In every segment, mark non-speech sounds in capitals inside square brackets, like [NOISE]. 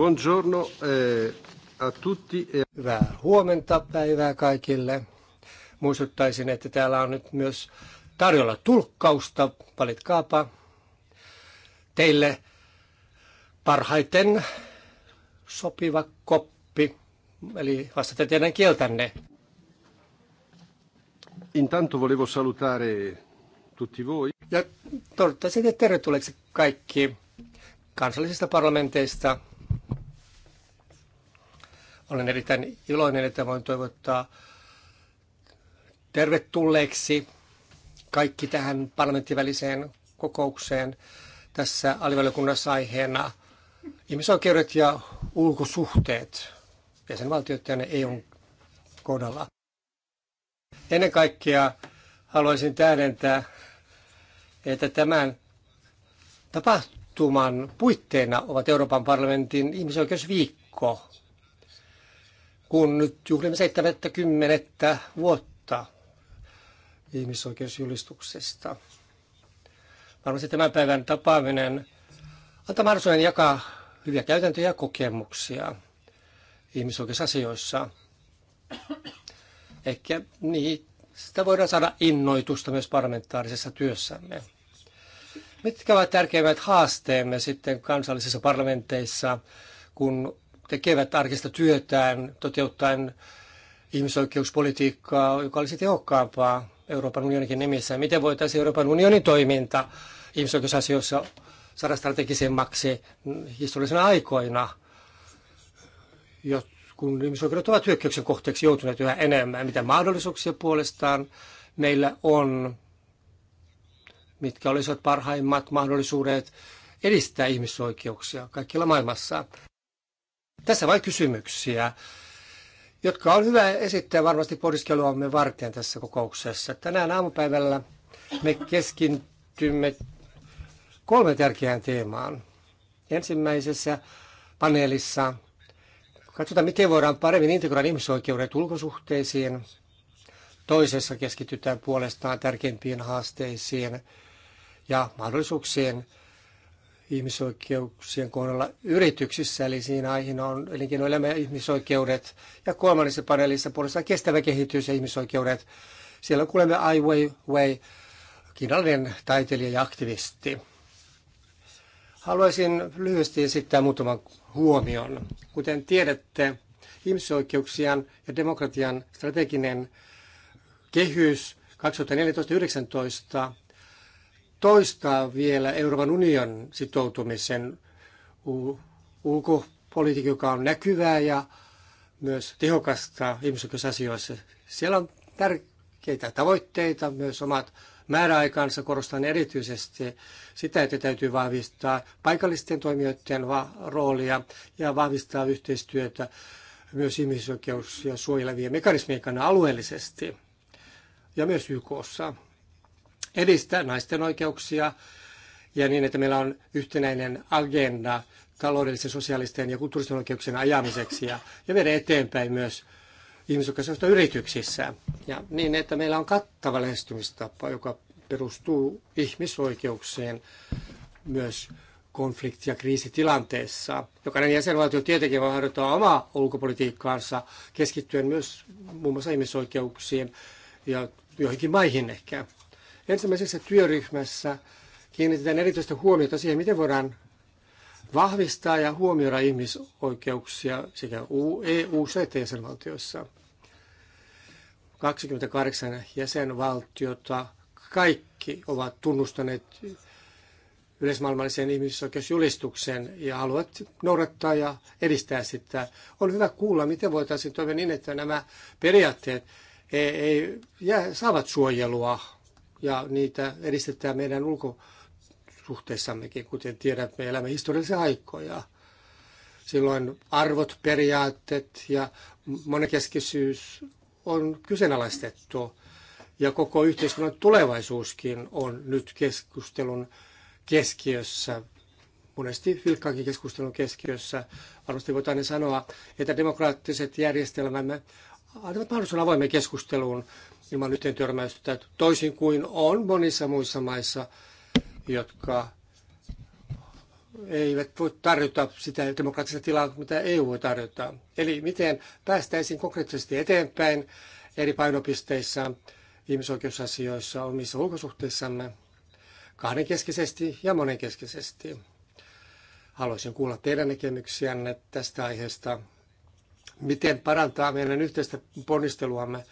Buongiorno eh, a tutti. E Hyvää huomenta päivää kaikille. Muistuttaisin, että täällä on nyt myös tarjolla tulkkausta. Valitkaapa teille parhaiten sopiva koppi, eli vastata teidän kieltänne. Intanto volevo salutare tutti voi. Ja toivottavasti tervetulleeksi kaikki kansallisista parlamenteista – olen erittäin iloinen, että voin toivottaa tervetulleeksi kaikki tähän parlamenttiväliseen kokoukseen tässä alivaliokunnassa aiheena ihmisoikeudet ja ulkosuhteet jäsenvaltioiden EUn kohdalla. Ennen kaikkea haluaisin tähdentää, että tämän tapahtuman puitteena ovat Euroopan parlamentin ihmisoikeusviikko kun nyt juhlimme 70 vuotta ihmisoikeusjulistuksesta. Varmasti tämän päivän tapaaminen antaa mahdollisuuden jakaa hyviä käytäntöjä ja kokemuksia ihmisoikeusasioissa. Ehkä niistä voidaan saada innoitusta myös parlamentaarisessa työssämme. Mitkä ovat tärkeimmät haasteemme sitten kansallisissa parlamenteissa, kun tekevät arkista työtään toteuttaen ihmisoikeuspolitiikkaa, joka olisi tehokkaampaa Euroopan unioninkin nimissä. Miten voitaisiin Euroopan unionin toiminta ihmisoikeusasioissa saada strategisemmaksi historiallisena aikoina, kun ihmisoikeudet ovat hyökkäyksen kohteeksi joutuneet yhä enemmän. Mitä mahdollisuuksia puolestaan meillä on, mitkä olisivat parhaimmat mahdollisuudet edistää ihmisoikeuksia kaikkialla maailmassa. Tässä vain kysymyksiä, jotka on hyvä esittää varmasti pohdiskeluamme varten tässä kokouksessa. Tänään aamupäivällä me keskitymme kolme tärkeään teemaan. Ensimmäisessä paneelissa katsotaan, miten voidaan paremmin integroida ihmisoikeudet ulkosuhteisiin. Toisessa keskitytään puolestaan tärkeimpiin haasteisiin ja mahdollisuuksiin ihmisoikeuksien kohdalla yrityksissä, eli siinä aiheena on elinkeinoelämä ja ihmisoikeudet. Ja kolmannessa paneelissa puolestaan kestävä kehitys ja ihmisoikeudet. Siellä kuulemme Ai Weiwei, kiinalainen taiteilija ja aktivisti. Haluaisin lyhyesti esittää muutaman huomion. Kuten tiedätte, ihmisoikeuksien ja demokratian strateginen kehys 2014 toistaa vielä Euroopan union sitoutumisen ulkopolitiikka, joka on näkyvää ja myös tehokasta ihmisoikeusasioissa. Siellä on tärkeitä tavoitteita, myös omat määräaikansa korostan erityisesti sitä, että täytyy vahvistaa paikallisten toimijoiden roolia ja vahvistaa yhteistyötä myös ihmisoikeus- ja suojelevien mekanismien kannalta alueellisesti ja myös YKssa edistää naisten oikeuksia ja niin, että meillä on yhtenäinen agenda taloudellisen, sosiaalisten ja kulttuuristen oikeuksien ajamiseksi ja, ja viedä eteenpäin myös ihmisoikeuksista yrityksissä. Ja niin, että meillä on kattava lähestymistapa, joka perustuu ihmisoikeuksien myös konflikti- ja kriisitilanteessa. Jokainen jäsenvaltio tietenkin voi harjoittaa omaa ulkopolitiikkaansa keskittyen myös muun muassa ihmisoikeuksiin ja joihinkin maihin ehkä. Ensimmäisessä työryhmässä kiinnitetään erityistä huomiota siihen, miten voidaan vahvistaa ja huomioida ihmisoikeuksia sekä EU- että jäsenvaltioissa. 28 jäsenvaltiota kaikki ovat tunnustaneet yleismaailmallisen ihmisoikeusjulistuksen ja haluavat noudattaa ja edistää sitä. On hyvä kuulla, miten voitaisiin toimia niin, että nämä periaatteet ei, ei jää, saavat suojelua ja niitä edistetään meidän ulkosuhteissammekin, kuten tiedät, me elämme historiallisia aikoja. Silloin arvot, periaatteet ja monenkeskisyys on kyseenalaistettu ja koko yhteiskunnan tulevaisuuskin on nyt keskustelun keskiössä, monesti vilkkaankin keskustelun keskiössä. Varmasti voidaan sanoa, että demokraattiset järjestelmämme antavat mahdollisuuden avoimeen keskusteluun ilman yhteen törmäystä, toisin kuin on monissa muissa maissa, jotka eivät voi tarjota sitä demokraattista tilaa, mitä EU voi tarjota. Eli miten päästäisiin konkreettisesti eteenpäin eri painopisteissa, ihmisoikeusasioissa, omissa ulkosuhteissamme, kahdenkeskisesti ja monenkeskisesti. Haluaisin kuulla teidän näkemyksiänne tästä aiheesta. Miten parantaa meidän yhteistä ponnisteluamme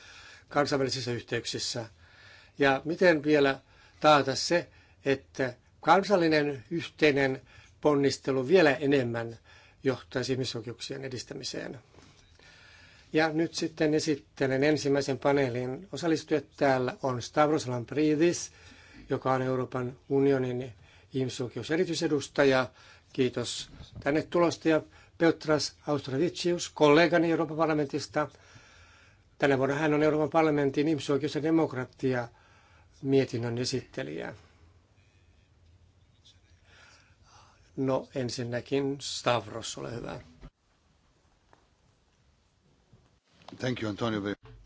kansainvälisissä yhteyksissä. Ja miten vielä taata se, että kansallinen yhteinen ponnistelu vielä enemmän johtaisi ihmisoikeuksien edistämiseen. Ja nyt sitten esittelen ensimmäisen paneelin osallistujat. Täällä on Stavros Lampridis, joka on Euroopan unionin ihmisoikeuserityisedustaja. Kiitos tänne tulosta ja Petras Austravicius, kollegani Euroopan parlamentista, Tänä vuonna hän on Euroopan parlamentin ihmisoikeus- ja demokratia mietinnön esittelijä. No ensinnäkin Stavros, ole hyvä. Thank you, Antonio.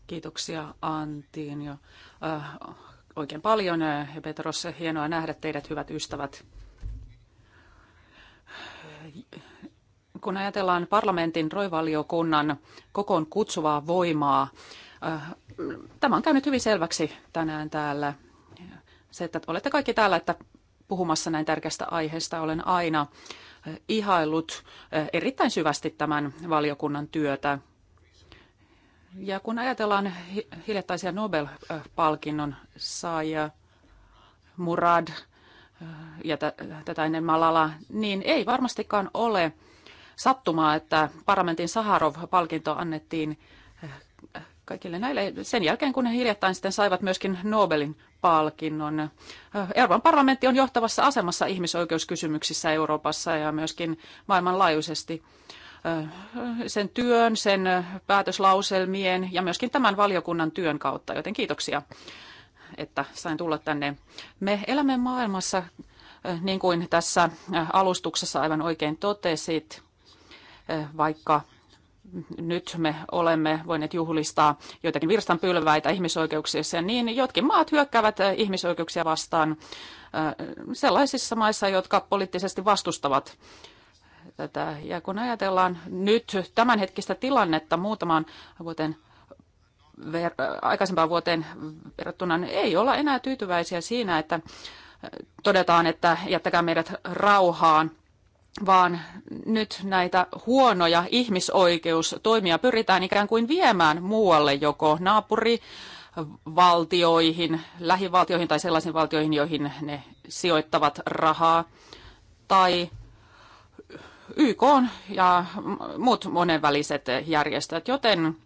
Kiitoksia Antiin jo äh, oikein paljon. Ja äh, Petros, hienoa nähdä teidät, hyvät ystävät kun ajatellaan parlamentin roivaliokunnan kokoon kutsuvaa voimaa, äh, tämä on käynyt hyvin selväksi tänään täällä. Se, että olette kaikki täällä, että puhumassa näin tärkeästä aiheesta olen aina äh, ihaillut äh, erittäin syvästi tämän valiokunnan työtä. Ja kun ajatellaan hiljattaisia Nobel-palkinnon saajia, Murad ja tätä ennen Malala, niin ei varmastikaan ole sattumaa, että parlamentin Saharov-palkinto annettiin eh, kaikille näille sen jälkeen, kun he hiljattain sitten saivat myöskin Nobelin palkinnon. Eh, Euroopan parlamentti on johtavassa asemassa ihmisoikeuskysymyksissä Euroopassa ja myöskin maailmanlaajuisesti eh, sen työn, sen päätöslauselmien ja myöskin tämän valiokunnan työn kautta. Joten kiitoksia, että sain tulla tänne. Me elämme maailmassa, niin kuin tässä alustuksessa aivan oikein totesit, Eh, vaikka nyt me olemme voineet juhlistaa joitakin virstanpylväitä ihmisoikeuksissa, niin jotkin maat hyökkäävät eh, ihmisoikeuksia vastaan eh, sellaisissa maissa, jotka poliittisesti vastustavat tätä. Ja kun ajatellaan nyt tämänhetkistä tilannetta muutamaan vuoteen ver- aikaisempaan vuoteen verrattuna, niin ei olla enää tyytyväisiä siinä, että todetaan, että jättäkää meidät rauhaan – vaan nyt näitä huonoja ihmisoikeustoimia pyritään ikään kuin viemään muualle joko naapuri, valtioihin, lähivaltioihin tai sellaisiin valtioihin, joihin ne sijoittavat rahaa, tai YK ja muut monenväliset järjestöt, joten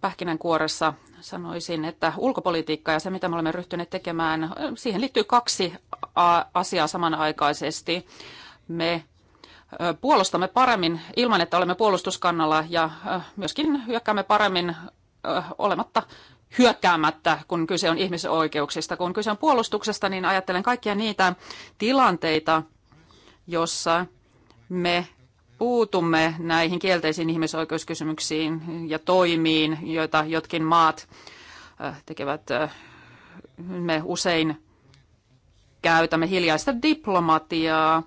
pähkinänkuoressa sanoisin, että ulkopolitiikka ja se, mitä me olemme ryhtyneet tekemään, siihen liittyy kaksi asiaa samanaikaisesti. Me puolustamme paremmin ilman, että olemme puolustuskannalla ja myöskin hyökkäämme paremmin olematta hyökkäämättä, kun kyse on ihmisoikeuksista. Kun kyse on puolustuksesta, niin ajattelen kaikkia niitä tilanteita, jossa me puutumme näihin kielteisiin ihmisoikeuskysymyksiin ja toimiin, joita jotkin maat tekevät. Me usein käytämme hiljaista diplomatiaa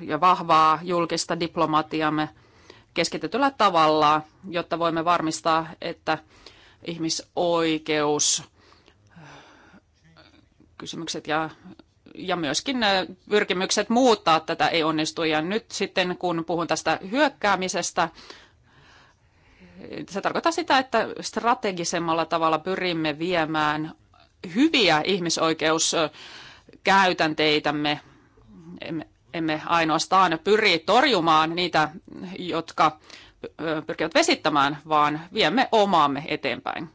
ja vahvaa julkista diplomatiamme keskitetyllä tavalla, jotta voimme varmistaa, että ihmisoikeus kysymykset ja, ja myöskin äh, pyrkimykset muuttaa tätä ei onnistu. Ja nyt sitten kun puhun tästä hyökkäämisestä, se tarkoittaa sitä, että strategisemmalla tavalla pyrimme viemään hyviä ihmisoikeuskäytänteitämme emme ainoastaan pyri torjumaan niitä, jotka pyrkivät vesittämään, vaan viemme omaamme eteenpäin.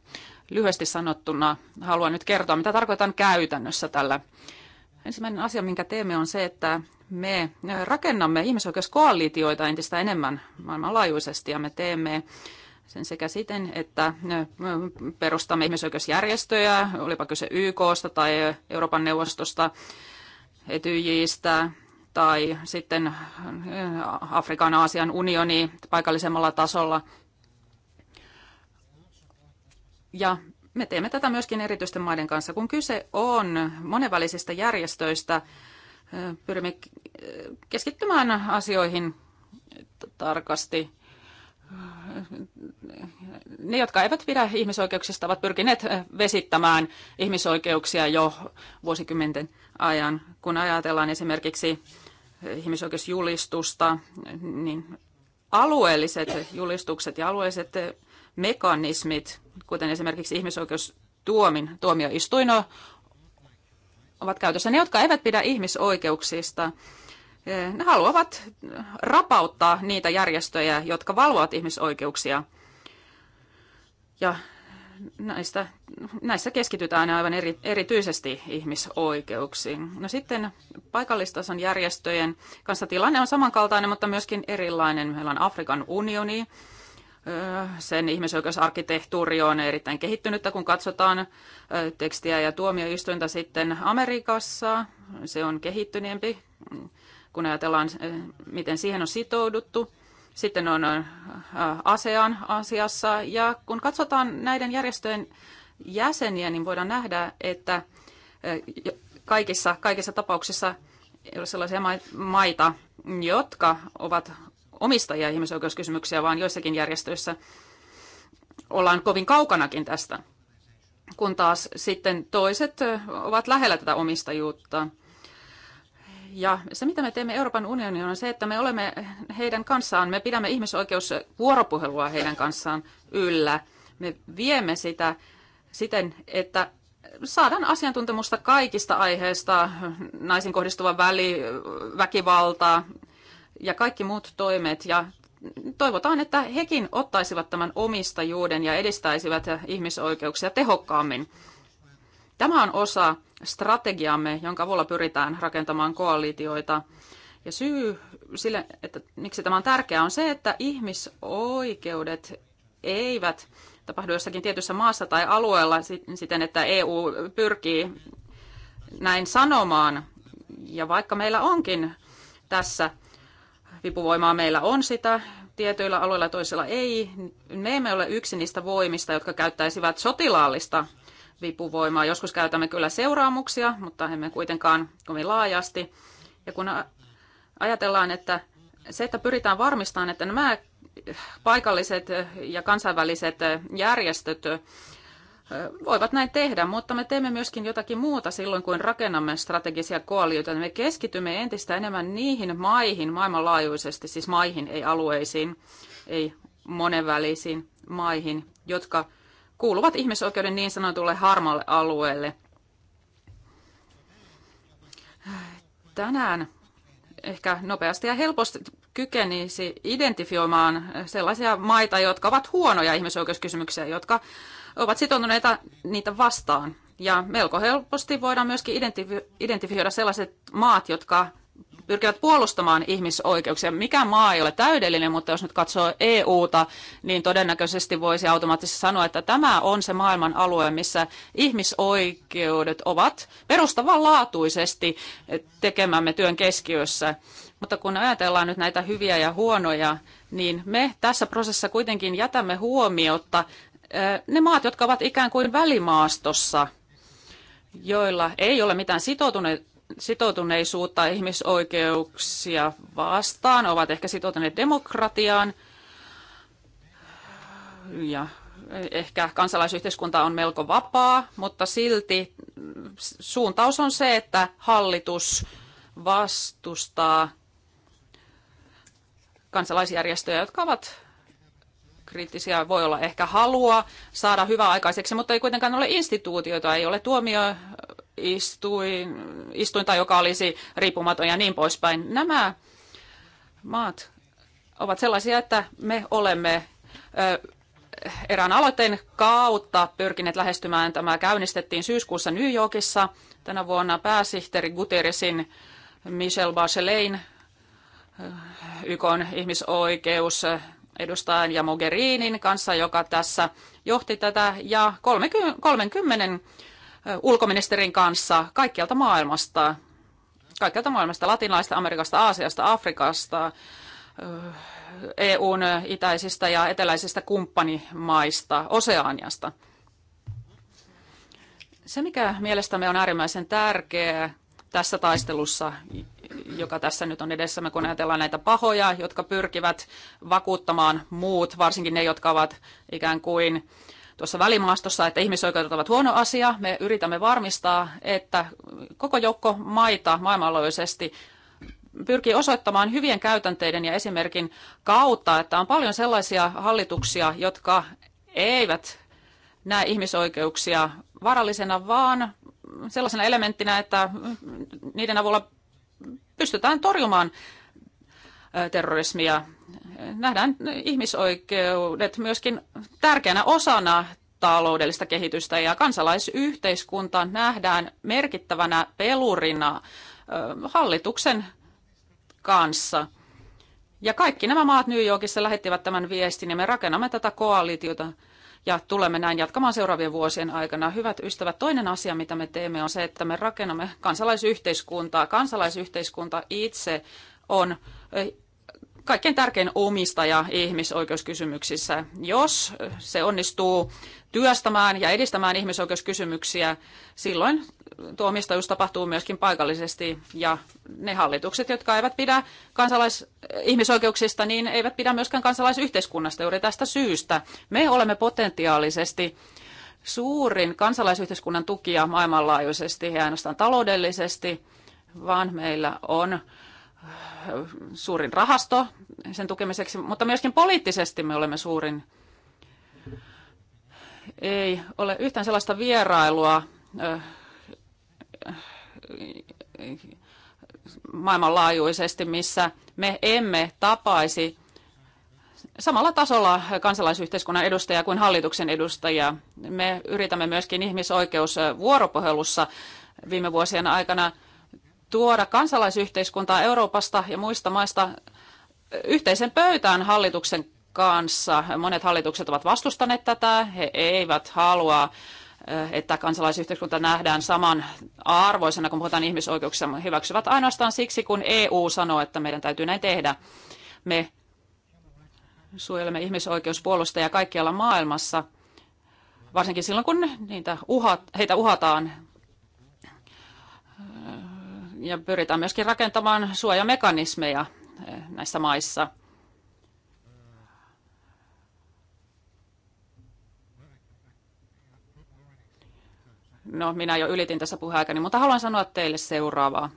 Lyhyesti sanottuna haluan nyt kertoa, mitä tarkoitan käytännössä tällä. Ensimmäinen asia, minkä teemme, on se, että me rakennamme ihmisoikeuskoalitioita entistä enemmän maailmanlaajuisesti ja me teemme sen sekä siten, että perustamme ihmisoikeusjärjestöjä, olipa kyse YKsta tai Euroopan neuvostosta, Etyjistä, tai sitten äh, Afrikan Aasian unioni paikallisemmalla tasolla. Ja me teemme tätä myöskin erityisten maiden kanssa. Kun kyse on monenvälisistä järjestöistä, äh, pyrimme äh, keskittymään asioihin tarkasti. Ne, jotka eivät pidä ihmisoikeuksista, ovat pyrkineet vesittämään ihmisoikeuksia jo vuosikymmenten ajan. Kun ajatellaan esimerkiksi ihmisoikeusjulistusta, niin alueelliset julistukset ja alueelliset mekanismit, kuten esimerkiksi ihmisoikeustuomin tuomioistuin, ovat käytössä. Ne, jotka eivät pidä ihmisoikeuksista, ne haluavat rapauttaa niitä järjestöjä, jotka valvovat ihmisoikeuksia. Ja näistä, näissä keskitytään aivan eri, erityisesti ihmisoikeuksiin. No sitten paikallistason järjestöjen kanssa tilanne on samankaltainen, mutta myöskin erilainen. Meillä on Afrikan unioni, sen ihmisoikeusarkkitehtuuri on erittäin kehittynyttä, kun katsotaan tekstiä ja tuomioistuinta sitten Amerikassa. Se on kehittyneempi, kun ajatellaan, miten siihen on sitouduttu sitten on äh, ASEAN asiassa. Ja kun katsotaan näiden järjestöjen jäseniä, niin voidaan nähdä, että äh, kaikissa, kaikissa tapauksissa ei ole sellaisia maita, jotka ovat omistajia ihmisoikeuskysymyksiä, vaan joissakin järjestöissä ollaan kovin kaukanakin tästä, kun taas sitten toiset äh, ovat lähellä tätä omistajuutta – ja se, mitä me teemme Euroopan unionin, on se, että me olemme heidän kanssaan, me pidämme ihmisoikeusvuoropuhelua heidän kanssaan yllä. Me viemme sitä siten, että saadaan asiantuntemusta kaikista aiheista, naisiin kohdistuva väli, väkivalta ja kaikki muut toimet. Ja toivotaan, että hekin ottaisivat tämän omistajuuden ja edistäisivät ihmisoikeuksia tehokkaammin. Tämä on osa strategiamme, jonka avulla pyritään rakentamaan koalitioita. Ja syy sille, että miksi tämä on tärkeää, on se, että ihmisoikeudet eivät tapahdu jossakin tietyssä maassa tai alueella siten, että EU pyrkii näin sanomaan. Ja vaikka meillä onkin tässä vipuvoimaa, meillä on sitä tietyillä alueilla toisilla ei, me emme ole yksi niistä voimista, jotka käyttäisivät sotilaallista vipuvoimaa. Joskus käytämme kyllä seuraamuksia, mutta emme kuitenkaan kovin laajasti. Ja kun ajatellaan, että se, että pyritään varmistamaan, että nämä paikalliset ja kansainväliset järjestöt voivat näin tehdä, mutta me teemme myöskin jotakin muuta silloin, kun rakennamme strategisia koalioita. Me keskitymme entistä enemmän niihin maihin maailmanlaajuisesti, siis maihin, ei alueisiin, ei monenvälisiin maihin, jotka kuuluvat ihmisoikeuden niin sanotulle harmalle alueelle. Tänään ehkä nopeasti ja helposti kykenisi identifioimaan sellaisia maita, jotka ovat huonoja ihmisoikeuskysymyksiä, jotka ovat sitoutuneita niitä vastaan. Ja melko helposti voidaan myöskin identifioida sellaiset maat, jotka pyrkivät puolustamaan ihmisoikeuksia. Mikä maa ei ole täydellinen, mutta jos nyt katsoo EUta, niin todennäköisesti voisi automaattisesti sanoa, että tämä on se maailman alue, missä ihmisoikeudet ovat perustavanlaatuisesti tekemämme työn keskiössä. Mutta kun ajatellaan nyt näitä hyviä ja huonoja, niin me tässä prosessissa kuitenkin jätämme huomiota ne maat, jotka ovat ikään kuin välimaastossa, joilla ei ole mitään sitoutuneita sitoutuneisuutta ihmisoikeuksia vastaan, ovat ehkä sitoutuneet demokratiaan ja ehkä kansalaisyhteiskunta on melko vapaa, mutta silti suuntaus on se, että hallitus vastustaa kansalaisjärjestöjä, jotka ovat kriittisiä, voi olla ehkä halua saada hyvää aikaiseksi, mutta ei kuitenkaan ole instituutioita, ei ole tuomio, istuin, tai joka olisi riippumaton ja niin poispäin. Nämä maat ovat sellaisia, että me olemme erään aloitteen kautta pyrkineet lähestymään. Tämä käynnistettiin syyskuussa New Yorkissa tänä vuonna pääsihteeri Guterresin Michel Bachelain YK ihmisoikeus edustajan ja Mogherinin kanssa, joka tässä johti tätä, ja 30, 30 ulkoministerin kanssa kaikkialta maailmasta, kaikkialta maailmasta, latinalaista Amerikasta, Aasiasta, Afrikasta, EUn itäisistä ja eteläisistä kumppanimaista, Oseaniasta. Se, mikä mielestämme on äärimmäisen tärkeää tässä taistelussa, joka tässä nyt on edessämme, kun ajatellaan näitä pahoja, jotka pyrkivät vakuuttamaan muut, varsinkin ne, jotka ovat ikään kuin tuossa välimaastossa, että ihmisoikeudet ovat huono asia. Me yritämme varmistaa, että koko joukko maita maailmanlaajuisesti pyrkii osoittamaan hyvien käytänteiden ja esimerkin kautta, että on paljon sellaisia hallituksia, jotka eivät näe ihmisoikeuksia varallisena, vaan sellaisena elementtinä, että niiden avulla pystytään torjumaan terrorismia nähdään ihmisoikeudet myöskin tärkeänä osana taloudellista kehitystä ja kansalaisyhteiskunta nähdään merkittävänä pelurina hallituksen kanssa. Ja kaikki nämä maat New Yorkissa lähettivät tämän viestin ja me rakennamme tätä koalitiota ja tulemme näin jatkamaan seuraavien vuosien aikana. Hyvät ystävät, toinen asia, mitä me teemme, on se, että me rakennamme kansalaisyhteiskuntaa. Kansalaisyhteiskunta itse on kaikkein tärkein omistaja ihmisoikeuskysymyksissä. Jos se onnistuu työstämään ja edistämään ihmisoikeuskysymyksiä, silloin tuo omistajuus tapahtuu myöskin paikallisesti ja ne hallitukset, jotka eivät pidä kansalais- ihmisoikeuksista, niin eivät pidä myöskään kansalaisyhteiskunnasta juuri tästä syystä. Me olemme potentiaalisesti suurin kansalaisyhteiskunnan tukija maailmanlaajuisesti ja ainoastaan taloudellisesti, vaan meillä on suurin rahasto sen tukemiseksi, mutta myöskin poliittisesti me olemme suurin. Ei ole yhtään sellaista vierailua maailmanlaajuisesti, missä me emme tapaisi samalla tasolla kansalaisyhteiskunnan edustajia kuin hallituksen edustajia. Me yritämme myöskin ihmisoikeusvuoropuhelussa viime vuosien aikana tuoda kansalaisyhteiskuntaa Euroopasta ja muista maista yhteisen pöytään hallituksen kanssa. Monet hallitukset ovat vastustaneet tätä. He eivät halua eh, että kansalaisyhteiskunta nähdään saman arvoisena, kun puhutaan ihmisoikeuksia, hyväksyvät ainoastaan siksi, kun EU sanoo, että meidän täytyy näin tehdä. Me suojelemme ihmisoikeuspuolustajia kaikkialla maailmassa, varsinkin silloin, kun niitä uhat, heitä uhataan ja pyritään myöskin rakentamaan suojamekanismeja eh, näissä maissa. No, minä jo ylitin tässä puheaikani, mutta haluan sanoa teille seuraavaa.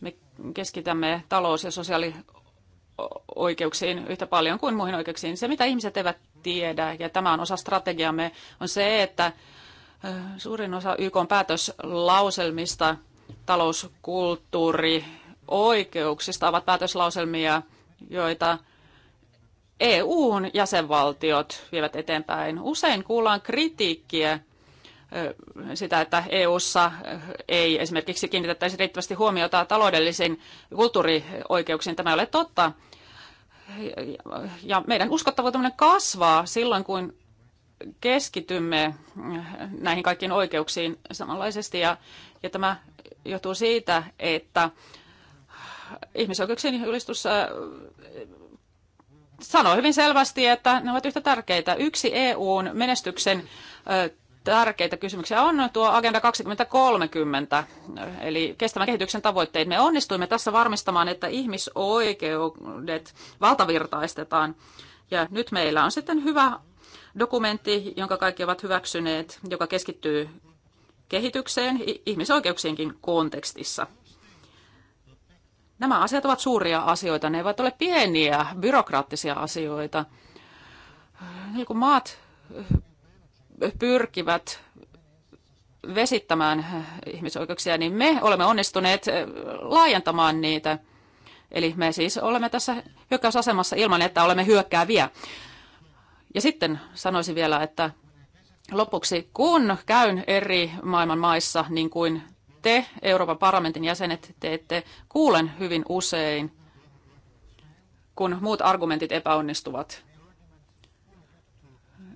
Me keskitämme talous- ja sosiaalioikeuksiin yhtä paljon kuin muihin oikeuksiin. Se, mitä ihmiset eivät tiedä, ja tämä on osa strategiamme, on se, että eh, suurin osa YK päätöslauselmista talouskulttuuri oikeuksista ovat päätöslauselmia, joita EUn jäsenvaltiot vievät eteenpäin. Usein kuullaan kritiikkiä sitä, että EUssa ei esimerkiksi kiinnitettäisi riittävästi huomiota taloudellisiin kulttuurioikeuksiin. Tämä ei ole totta. Ja meidän uskottavuutemme kasvaa silloin, kun keskitymme näihin kaikkiin oikeuksiin samanlaisesti. Ja, ja tämä johtuu siitä, että ihmisoikeuksien julistus äh, sanoo hyvin selvästi, että ne ovat yhtä tärkeitä. Yksi EUn menestyksen äh, tärkeitä kysymyksiä on tuo Agenda 2030, äh, eli kestävän kehityksen tavoitteet. Me onnistuimme tässä varmistamaan, että ihmisoikeudet valtavirtaistetaan. Ja nyt meillä on sitten hyvä dokumentti, jonka kaikki ovat hyväksyneet, joka keskittyy kehitykseen ihmisoikeuksienkin kontekstissa. Nämä asiat ovat suuria asioita, ne eivät ole pieniä byrokraattisia asioita. Niin kun maat pyrkivät vesittämään ihmisoikeuksia, niin me olemme onnistuneet laajentamaan niitä. Eli me siis olemme tässä hyökkäysasemassa ilman, että olemme hyökkääviä. Ja sitten sanoisin vielä, että Lopuksi, kun käyn eri maailman maissa, niin kuin te, Euroopan parlamentin jäsenet, teette, kuulen hyvin usein, kun muut argumentit epäonnistuvat.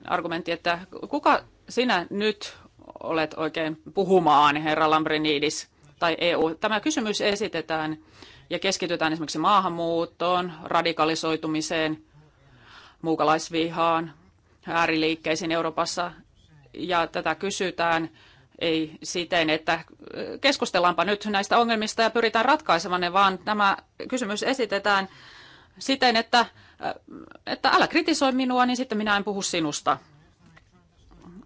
Argumentti, että kuka sinä nyt olet oikein puhumaan, herra Lambrinidis, tai EU. Tämä kysymys esitetään ja keskitytään esimerkiksi maahanmuuttoon, radikalisoitumiseen, muukalaisvihaan, ääriliikkeisiin Euroopassa ja tätä kysytään ei siten, että äh, keskustellaanpa nyt näistä ongelmista ja pyritään ratkaisemaan ne, vaan tämä kysymys esitetään siten, että, äh, että älä kritisoi minua, niin sitten minä en puhu sinusta.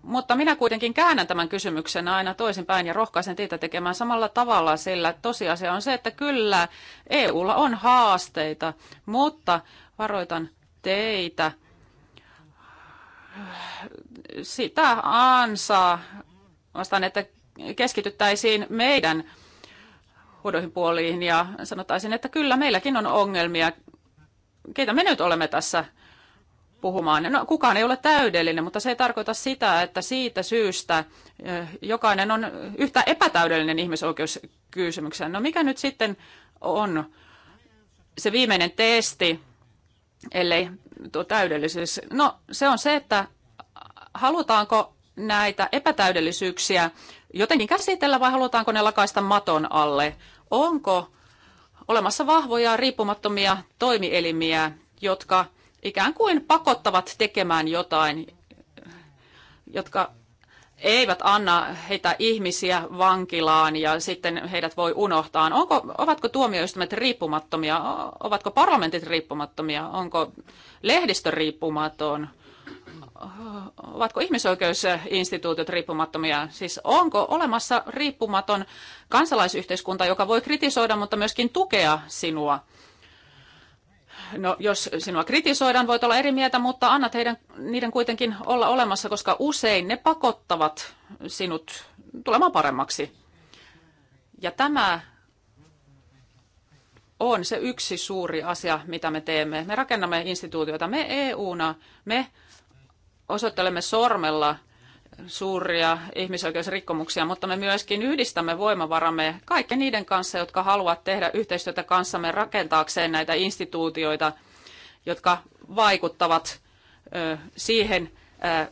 Mutta minä kuitenkin käännän tämän kysymyksen aina toisinpäin ja rohkaisen teitä tekemään samalla tavalla, sillä tosiasia on se, että kyllä EUlla on haasteita, mutta varoitan teitä sitä ansaa vastaan, että keskityttäisiin meidän huodoihin puoliin ja sanotaisin, että kyllä meilläkin on ongelmia. Keitä me nyt olemme tässä puhumaan? No, kukaan ei ole täydellinen, mutta se ei tarkoita sitä, että siitä syystä jokainen on yhtä epätäydellinen ihmisoikeuskysymyksen. No mikä nyt sitten on se viimeinen testi, ellei tuo täydellisyys? No se on se, että halutaanko näitä epätäydellisyyksiä jotenkin käsitellä vai halutaanko ne lakaista maton alle? Onko olemassa vahvoja riippumattomia toimielimiä, jotka ikään kuin pakottavat tekemään jotain, jotka eivät anna heitä ihmisiä vankilaan ja sitten heidät voi unohtaa. Onko, ovatko tuomioistuimet riippumattomia? Ovatko parlamentit riippumattomia? Onko lehdistö riippumaton? ovatko ihmisoikeusinstituutiot riippumattomia? Siis onko olemassa riippumaton kansalaisyhteiskunta, joka voi kritisoida, mutta myöskin tukea sinua? No, jos sinua kritisoidaan, voit olla eri mieltä, mutta annat heidän, niiden kuitenkin olla olemassa, koska usein ne pakottavat sinut tulemaan paremmaksi. Ja tämä on se yksi suuri asia, mitä me teemme. Me rakennamme instituutioita, me EUna, me osoittelemme sormella suuria ihmisoikeusrikkomuksia, mutta me myöskin yhdistämme voimavaramme kaikkien niiden kanssa, jotka haluavat tehdä yhteistyötä kanssamme rakentaakseen näitä instituutioita, jotka vaikuttavat siihen,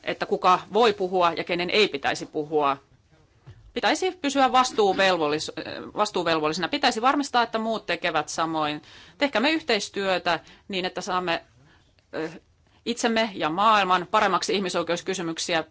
että kuka voi puhua ja kenen ei pitäisi puhua. Pitäisi pysyä vastuuvelvollis- vastuuvelvollisena. Pitäisi varmistaa, että muut tekevät samoin. Tehkäämme yhteistyötä niin, että saamme itsemme ja maailman paremmaksi ihmisoikeuskysymyksiä.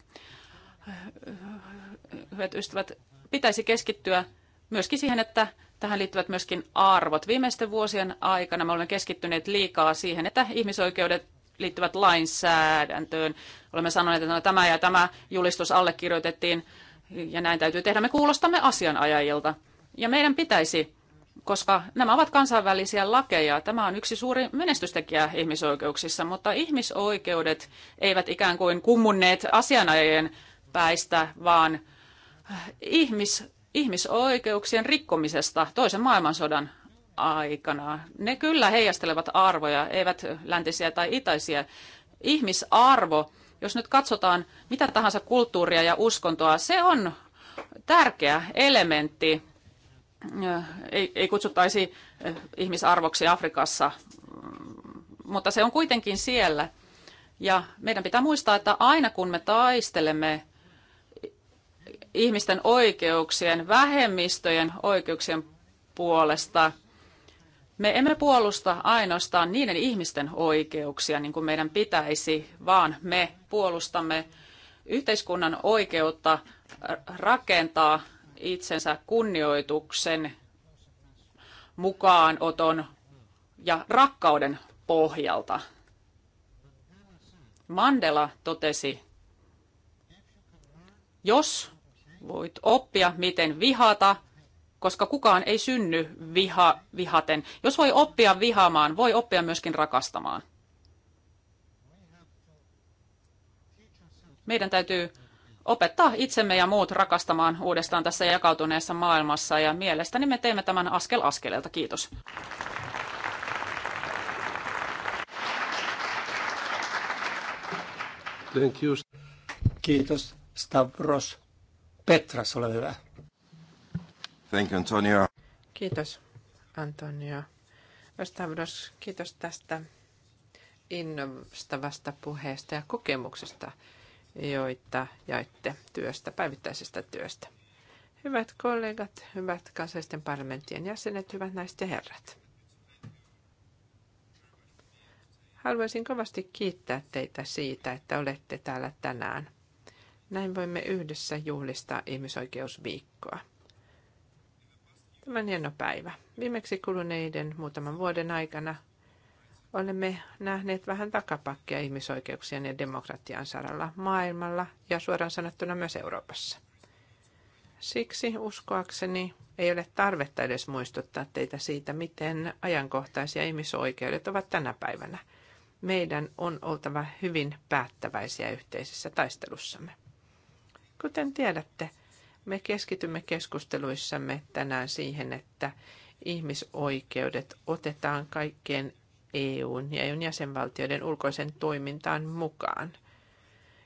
Hyvät ystävät, pitäisi keskittyä myöskin siihen, että tähän liittyvät myöskin arvot. Viimeisten vuosien aikana me olemme keskittyneet liikaa siihen, että ihmisoikeudet liittyvät lainsäädäntöön. Olemme sanoneet, että no, tämä ja tämä julistus allekirjoitettiin ja näin täytyy tehdä. Me kuulostamme asianajajilta ja meidän pitäisi koska nämä ovat kansainvälisiä lakeja. Tämä on yksi suuri menestystekijä ihmisoikeuksissa, mutta ihmisoikeudet eivät ikään kuin kummunneet asianajajien päistä, vaan ihmis, ihmisoikeuksien rikkomisesta toisen maailmansodan aikana. Ne kyllä heijastelevat arvoja, eivät läntisiä tai itäisiä. Ihmisarvo, jos nyt katsotaan mitä tahansa kulttuuria ja uskontoa, se on tärkeä elementti ei, ei kutsuttaisi ihmisarvoksi Afrikassa, mm, mutta se on kuitenkin siellä. Ja meidän pitää muistaa, että aina kun me taistelemme ihmisten oikeuksien, vähemmistöjen oikeuksien puolesta, me emme puolusta ainoastaan niiden ihmisten oikeuksia, niin kuin meidän pitäisi, vaan me puolustamme yhteiskunnan oikeutta rakentaa itsensä kunnioituksen mukaanoton ja rakkauden pohjalta. Mandela totesi, jos voit oppia, miten vihata, koska kukaan ei synny viha, vihaten. Jos voi oppia vihaamaan, voi oppia myöskin rakastamaan. Meidän täytyy opettaa itsemme ja muut rakastamaan uudestaan tässä jakautuneessa maailmassa. Ja mielestäni me teemme tämän askel askeleelta. Kiitos. Thank you. Kiitos Stavros. Petras, ole hyvä. Thank you, Antonio. Kiitos Antonio. Stavros, kiitos tästä innostavasta puheesta ja kokemuksesta, joita jaitte työstä, päivittäisestä työstä. Hyvät kollegat, hyvät kansallisten parlamenttien jäsenet, hyvät naiset ja herrat. Haluaisin kovasti kiittää teitä siitä, että olette täällä tänään. Näin voimme yhdessä juhlistaa ihmisoikeusviikkoa. Tämä on hieno päivä. Viimeksi kuluneiden muutaman vuoden aikana – olemme nähneet vähän takapakkia ihmisoikeuksien ja demokratian saralla maailmalla ja suoraan sanottuna myös Euroopassa. Siksi uskoakseni ei ole tarvetta edes muistuttaa teitä siitä, miten ajankohtaisia ihmisoikeudet ovat tänä päivänä. Meidän on oltava hyvin päättäväisiä yhteisessä taistelussamme. Kuten tiedätte, me keskitymme keskusteluissamme tänään siihen, että ihmisoikeudet otetaan kaikkeen EUn ja EUn jäsenvaltioiden ulkoisen toimintaan mukaan.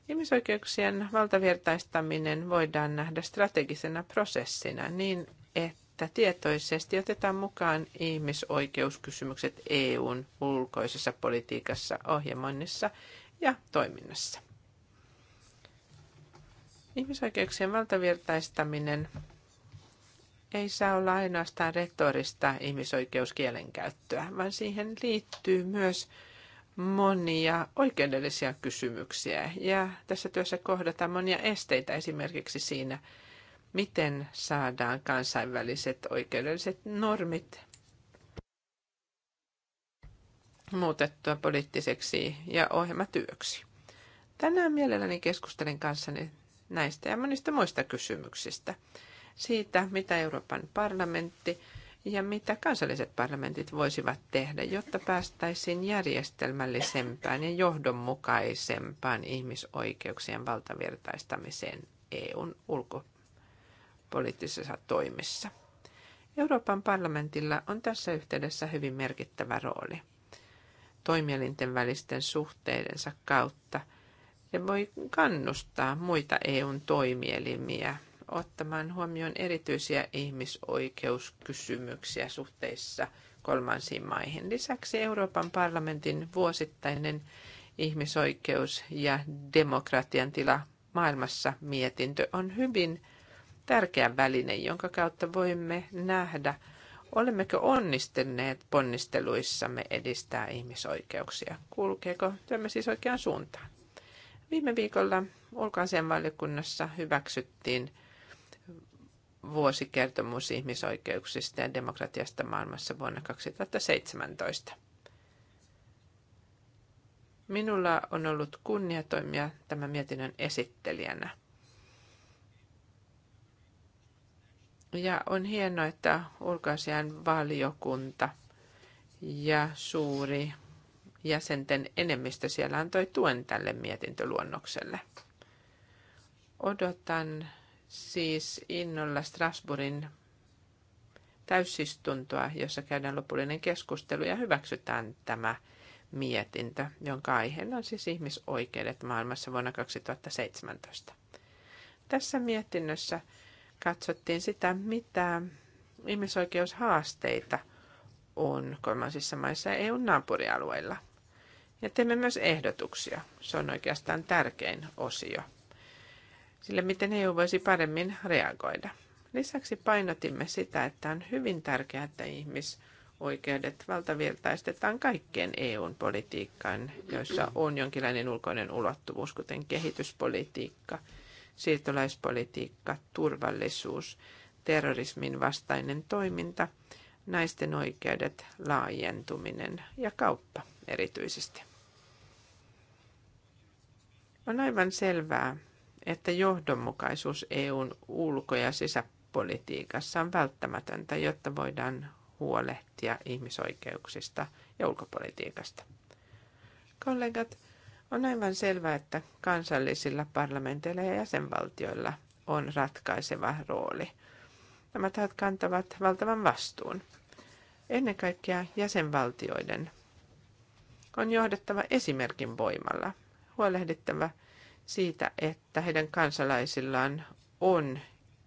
Ihmisoikeuksien valtavirtaistaminen voidaan nähdä strategisena prosessina niin, että tietoisesti otetaan mukaan ihmisoikeuskysymykset EUn ulkoisessa politiikassa, ohjelmoinnissa ja toiminnassa. Ihmisoikeuksien valtavirtaistaminen ei saa olla ainoastaan retorista ihmisoikeuskielenkäyttöä, vaan siihen liittyy myös monia oikeudellisia kysymyksiä. Ja tässä työssä kohdataan monia esteitä esimerkiksi siinä, miten saadaan kansainväliset oikeudelliset normit muutettua poliittiseksi ja ohjelmatyöksi. Tänään mielelläni keskustelen kanssani näistä ja monista muista kysymyksistä siitä, mitä Euroopan parlamentti ja mitä kansalliset parlamentit voisivat tehdä, jotta päästäisiin järjestelmällisempään ja johdonmukaisempaan ihmisoikeuksien valtavirtaistamiseen EUn ulkopoliittisessa toimissa. Euroopan parlamentilla on tässä yhteydessä hyvin merkittävä rooli. Toimielinten välisten suhteidensa kautta se voi kannustaa muita EUn toimielimiä ottamaan huomioon erityisiä ihmisoikeuskysymyksiä suhteissa kolmansiin maihin. Lisäksi Euroopan parlamentin vuosittainen ihmisoikeus- ja demokratian tila maailmassa mietintö on hyvin tärkeä väline, jonka kautta voimme nähdä, olemmeko onnistuneet ponnisteluissamme edistää ihmisoikeuksia. Kulkeeko työmme siis oikeaan suuntaan? Viime viikolla ulkoasianvaliokunnassa hyväksyttiin vuosikertomus ihmisoikeuksista ja demokratiasta maailmassa vuonna 2017. Minulla on ollut kunnia toimia tämän mietinnön esittelijänä. Ja on hienoa, että ulkoasian valiokunta ja suuri jäsenten enemmistö siellä antoi tuen tälle mietintöluonnokselle. Odotan siis innolla Strasbourgin täysistuntoa, jossa käydään lopullinen keskustelu ja hyväksytään tämä mietintö, jonka aiheena on siis ihmisoikeudet maailmassa vuonna 2017. Tässä mietinnössä katsottiin sitä, mitä ihmisoikeushaasteita on kolmansissa maissa ja EUn naapurialueilla. Ja teemme myös ehdotuksia. Se on oikeastaan tärkein osio – sille, miten EU voisi paremmin reagoida. Lisäksi painotimme sitä, että on hyvin tärkeää, että ihmisoikeudet valtavirtaistetaan kaikkeen EUn politiikkaan, joissa on jonkinlainen ulkoinen ulottuvuus, kuten kehityspolitiikka, siirtolaispolitiikka, turvallisuus, terrorismin vastainen toiminta, naisten oikeudet, laajentuminen ja kauppa erityisesti. On aivan selvää, että johdonmukaisuus EUn ulko- ja sisäpolitiikassa on välttämätöntä, jotta voidaan huolehtia ihmisoikeuksista ja ulkopolitiikasta. Kollegat, on aivan selvää, että kansallisilla parlamenteilla ja jäsenvaltioilla on ratkaiseva rooli. Nämä tahot kantavat valtavan vastuun. Ennen kaikkea jäsenvaltioiden on johdettava esimerkin voimalla, huolehdittava – siitä, että heidän kansalaisillaan on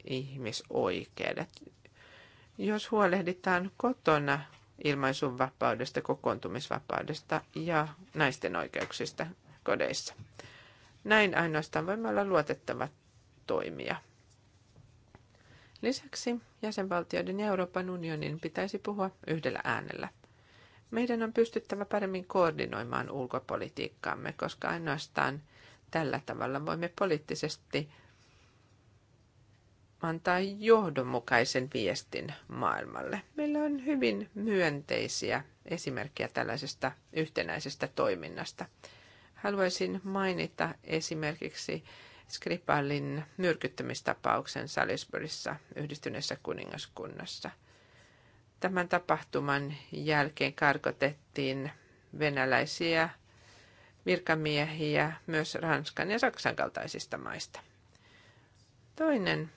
ihmisoikeudet. Jos huolehditaan kotona ilmaisunvapaudesta, kokoontumisvapaudesta ja naisten oikeuksista kodeissa. Näin ainoastaan voimme olla luotettava toimija. Lisäksi jäsenvaltioiden ja Euroopan unionin pitäisi puhua yhdellä äänellä. Meidän on pystyttävä paremmin koordinoimaan ulkopolitiikkaamme, koska ainoastaan – tällä tavalla voimme poliittisesti antaa johdonmukaisen viestin maailmalle. Meillä on hyvin myönteisiä esimerkkejä tällaisesta yhtenäisestä toiminnasta. Haluaisin mainita esimerkiksi Skripalin myrkyttämistapauksen Salisburyssa yhdistyneessä kuningaskunnassa. Tämän tapahtuman jälkeen karkotettiin venäläisiä virkamiehiä myös Ranskan ja Saksan kaltaisista maista. Toinen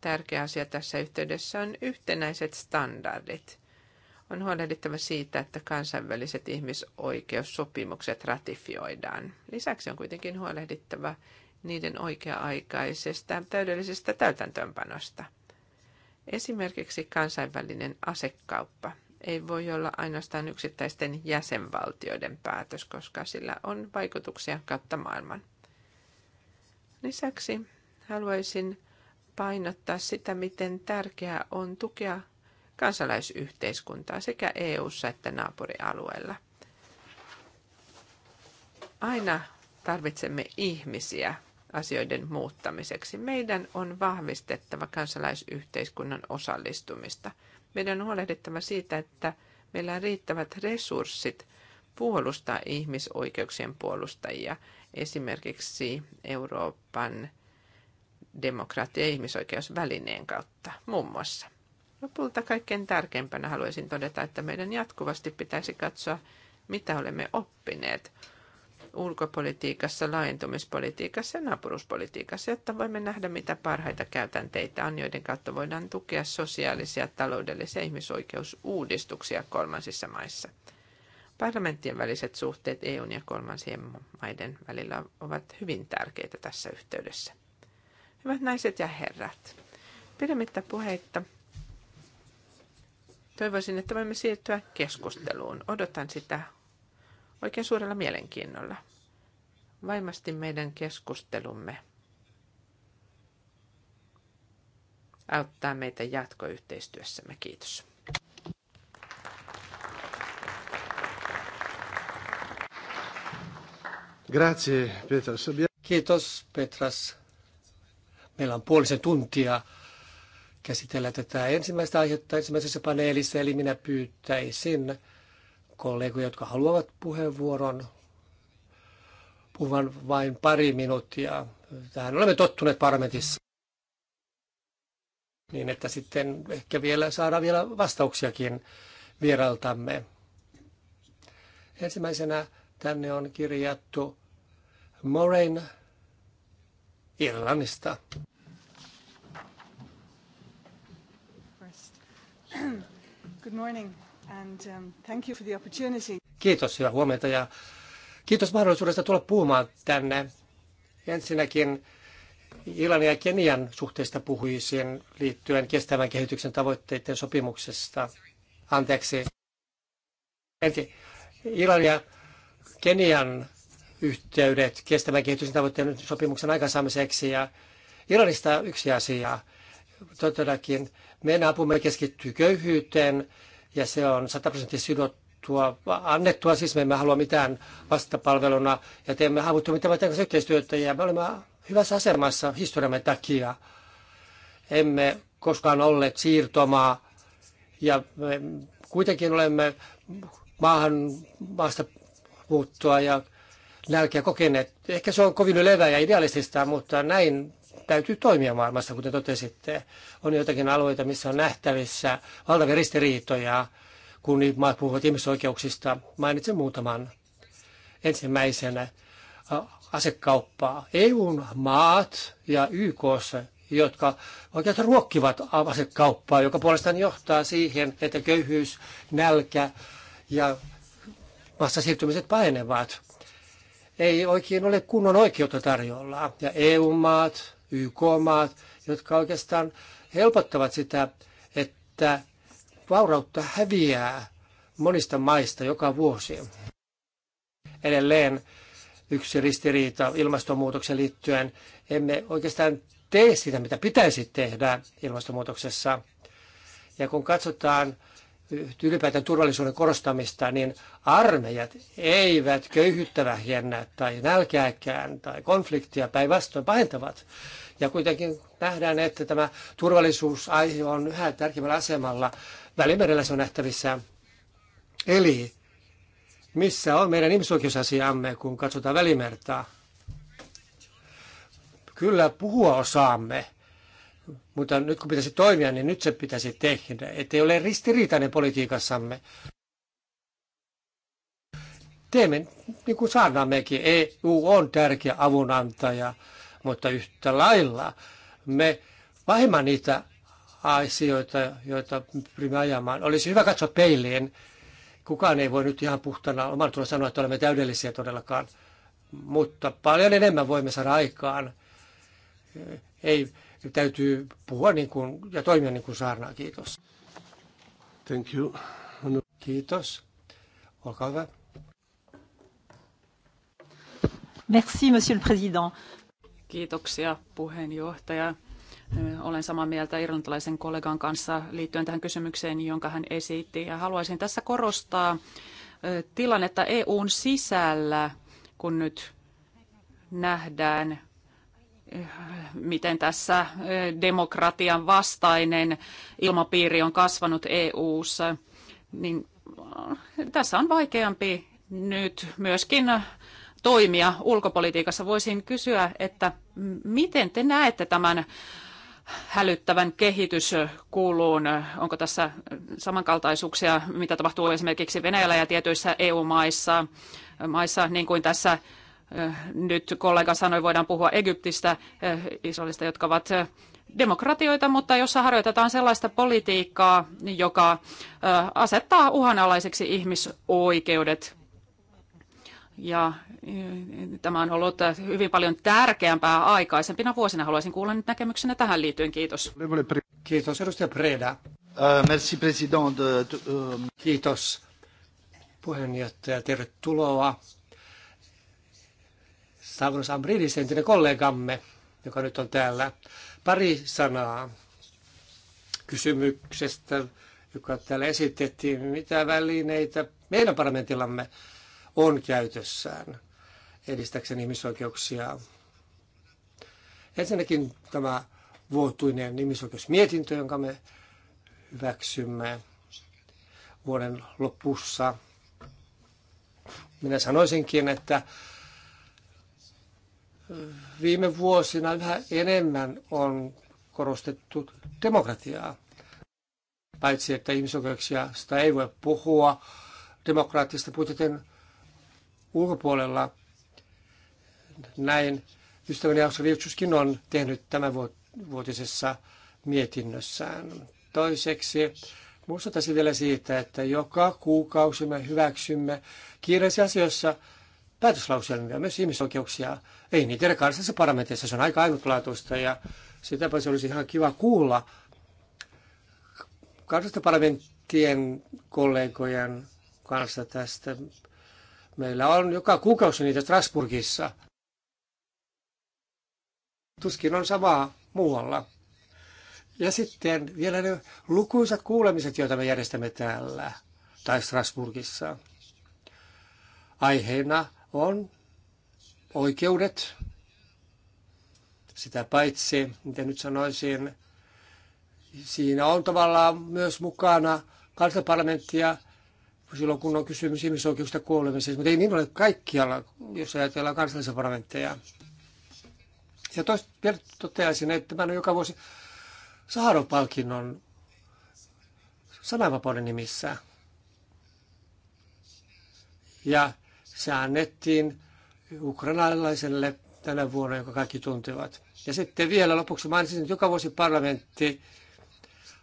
tärkeä asia tässä yhteydessä on yhtenäiset standardit. On huolehdittava siitä, että kansainväliset ihmisoikeussopimukset ratifioidaan. Lisäksi on kuitenkin huolehdittava niiden oikea-aikaisesta täydellisestä täytäntöönpanosta. Esimerkiksi kansainvälinen asekauppa ei voi olla ainoastaan yksittäisten jäsenvaltioiden päätös, koska sillä on vaikutuksia kautta maailman. Lisäksi haluaisin painottaa sitä, miten tärkeää on tukea kansalaisyhteiskuntaa sekä EU:ssa että naapurialueella. Aina tarvitsemme ihmisiä asioiden muuttamiseksi. Meidän on vahvistettava kansalaisyhteiskunnan osallistumista – meidän on huolehdittava siitä, että meillä on riittävät resurssit puolustaa ihmisoikeuksien puolustajia, esimerkiksi Euroopan demokratia- ja ihmisoikeusvälineen kautta muun muassa. Lopulta kaikkein tärkeimpänä haluaisin todeta, että meidän jatkuvasti pitäisi katsoa, mitä olemme oppineet ulkopolitiikassa, laajentumispolitiikassa ja naapuruspolitiikassa, jotta voimme nähdä, mitä parhaita käytänteitä on, joiden kautta voidaan tukea sosiaalisia, taloudellisia ja ihmisoikeusuudistuksia kolmansissa maissa. Parlamenttien väliset suhteet EUn ja kolmansien maiden välillä ovat hyvin tärkeitä tässä yhteydessä. Hyvät naiset ja herrat, pidemmittä puheitta toivoisin, että voimme siirtyä keskusteluun. Odotan sitä oikein suurella mielenkiinnolla. Vaimasti meidän keskustelumme auttaa meitä jatkoyhteistyössämme. Kiitos. Grazie, Petras. Kiitos, Petras. Meillä on puolisen tuntia käsitellä tätä ensimmäistä aihetta ensimmäisessä paneelissa, eli minä pyytäisin kollegoja, jotka haluavat puheenvuoron. Puhuvan vain pari minuuttia. Tähän olemme tottuneet parlamentissa. Niin, että sitten ehkä vielä saadaan vielä vastauksiakin vierailtamme. Ensimmäisenä tänne on kirjattu Moraine Irlannista. Good morning. And, um, thank you for the opportunity. Kiitos, hyvää huomenta ja kiitos mahdollisuudesta tulla puhumaan tänne. Ensinnäkin Ilanin ja Kenian suhteista puhuisin liittyen kestävän kehityksen tavoitteiden sopimuksesta. Anteeksi. Ensin Ilanin ja Kenian yhteydet kestävän kehityksen tavoitteiden sopimuksen aikaansaamiseksi. Ja Iranista yksi asia. Todellakin meidän apumme keskittyy köyhyyteen ja se on 100 prosenttia Tuo, annettua, siis me emme halua mitään vastapalveluna ja teemme avuttomia mitään yhteistyötä ja me olemme hyvässä asemassa historiamme takia. Emme koskaan olleet siirtomaa ja me kuitenkin olemme maahan, maasta puuttua ja nälkeä kokeneet. Ehkä se on kovin ylevää ja idealistista, mutta näin täytyy toimia maailmassa, kuten totesitte. On joitakin alueita, missä on nähtävissä valtavia ristiriitoja, kun maat puhuvat ihmisoikeuksista. Mainitsen muutaman. Ensimmäisenä asekauppaa. EUn maat ja YK, jotka oikeastaan ruokkivat asekauppaa, joka puolestaan johtaa siihen, että köyhyys, nälkä ja massasiirtymiset painevat. Ei oikein ole kunnon oikeutta tarjolla. Ja EU-maat YK-maat, jotka oikeastaan helpottavat sitä, että vaurautta häviää monista maista joka vuosi. Edelleen yksi ristiriita ilmastonmuutoksen liittyen. Emme oikeastaan tee sitä, mitä pitäisi tehdä ilmastonmuutoksessa. Ja kun katsotaan ylipäätään turvallisuuden korostamista, niin armeijat eivät köyhyyttä vähennä tai nälkääkään tai konfliktia päinvastoin pahentavat. Ja kuitenkin nähdään, että tämä turvallisuusaihe on yhä tärkeimmällä asemalla. Välimerellä se on nähtävissä. Eli missä on meidän ihmisoikeusasiamme, kun katsotaan välimertaa? Kyllä puhua osaamme, mutta nyt kun pitäisi toimia, niin nyt se pitäisi tehdä, ettei ole ristiriitainen politiikassamme. Teemme niin kuin saadaan EU on tärkeä avunantaja, mutta yhtä lailla me vähemmän niitä asioita, joita pyrimme ajamaan. Olisi hyvä katsoa peiliin. Kukaan ei voi nyt ihan puhtana oman tulla sanoa, että olemme täydellisiä todellakaan. Mutta paljon enemmän voimme saada aikaan. Ei täytyy puhua niin kuin, ja toimia niin kuin saarnaa. Kiitos. Thank you. No. Kiitos. Olkaa hyvä. Merci, monsieur le président. Kiitoksia puheenjohtaja. Olen samaa mieltä irlantilaisen kollegan kanssa liittyen tähän kysymykseen, jonka hän esitti. Ja haluaisin tässä korostaa tilannetta EUn sisällä, kun nyt nähdään miten tässä demokratian vastainen ilmapiiri on kasvanut EU:ssa, niin äh, tässä on vaikeampi nyt myöskin äh, toimia ulkopolitiikassa. Voisin kysyä, että miten te näette tämän hälyttävän kehityskulun? Onko tässä samankaltaisuuksia, mitä tapahtuu esimerkiksi Venäjällä ja tietyissä EU-maissa, maissa, niin kuin tässä Äh, nyt kollega sanoi, voidaan puhua Egyptistä, äh, Israelista, jotka ovat äh, demokratioita, mutta jossa harjoitetaan sellaista politiikkaa, joka asettaa uhanalaiseksi ihmisoikeudet. Ja tämä on ollut hyvin paljon tärkeämpää aikaisempina vuosina. Haluaisin kuulla nyt näkemyksenne tähän liittyen. Kiitos. Kiitos, edustaja Preda. Merci, president. Kiitos, puheenjohtaja. Tervetuloa Stavros Ambridis, entinen kollegamme, joka nyt on täällä. Pari sanaa kysymyksestä, joka täällä esitettiin. Mitä välineitä meidän parlamentillamme on käytössään edistäkseen ihmisoikeuksia? Ensinnäkin tämä vuotuinen ihmisoikeusmietintö, jonka me hyväksymme vuoden lopussa. Minä sanoisinkin, että viime vuosina yhä enemmän on korostettu demokratiaa. Paitsi, että ihmisoikeuksia sitä ei voi puhua demokraattista puitteiden ulkopuolella. Näin ystäväni Aksa Viuksuskin on tehnyt tämän vuotisessa mietinnössään. Toiseksi muistuttaisin vielä siitä, että joka kuukausi me hyväksymme kiireisiä asioissa – päätöslauselmia, myös ihmisoikeuksia. Ei niitä ole kansallisessa parlamentissa, se on aika ainutlaatuista ja sitäpä se olisi ihan kiva kuulla kansallisten parlamenttien kollegojen kanssa tästä. Meillä on joka kuukausi niitä Strasburgissa. Tuskin on samaa muualla. Ja sitten vielä ne lukuisat kuulemiset, joita me järjestämme täällä tai Strasburgissa. Aiheena on oikeudet. Sitä paitsi, mitä nyt sanoisin, siinä on tavallaan myös mukana kansanparlamenttia silloin, kun on kysymys ihmisoikeuksista kuolemisesta, mutta ei niin ole kaikkialla, jos ajatellaan kansallisia parlamentteja. Ja toista vielä toteaisin, että mä joka vuosi Saharov-palkinnon sananvapauden nimissä. Ja se annettiin ukrainalaiselle tänä vuonna, joka kaikki tuntevat. Ja sitten vielä lopuksi mainitsin, että joka vuosi parlamentti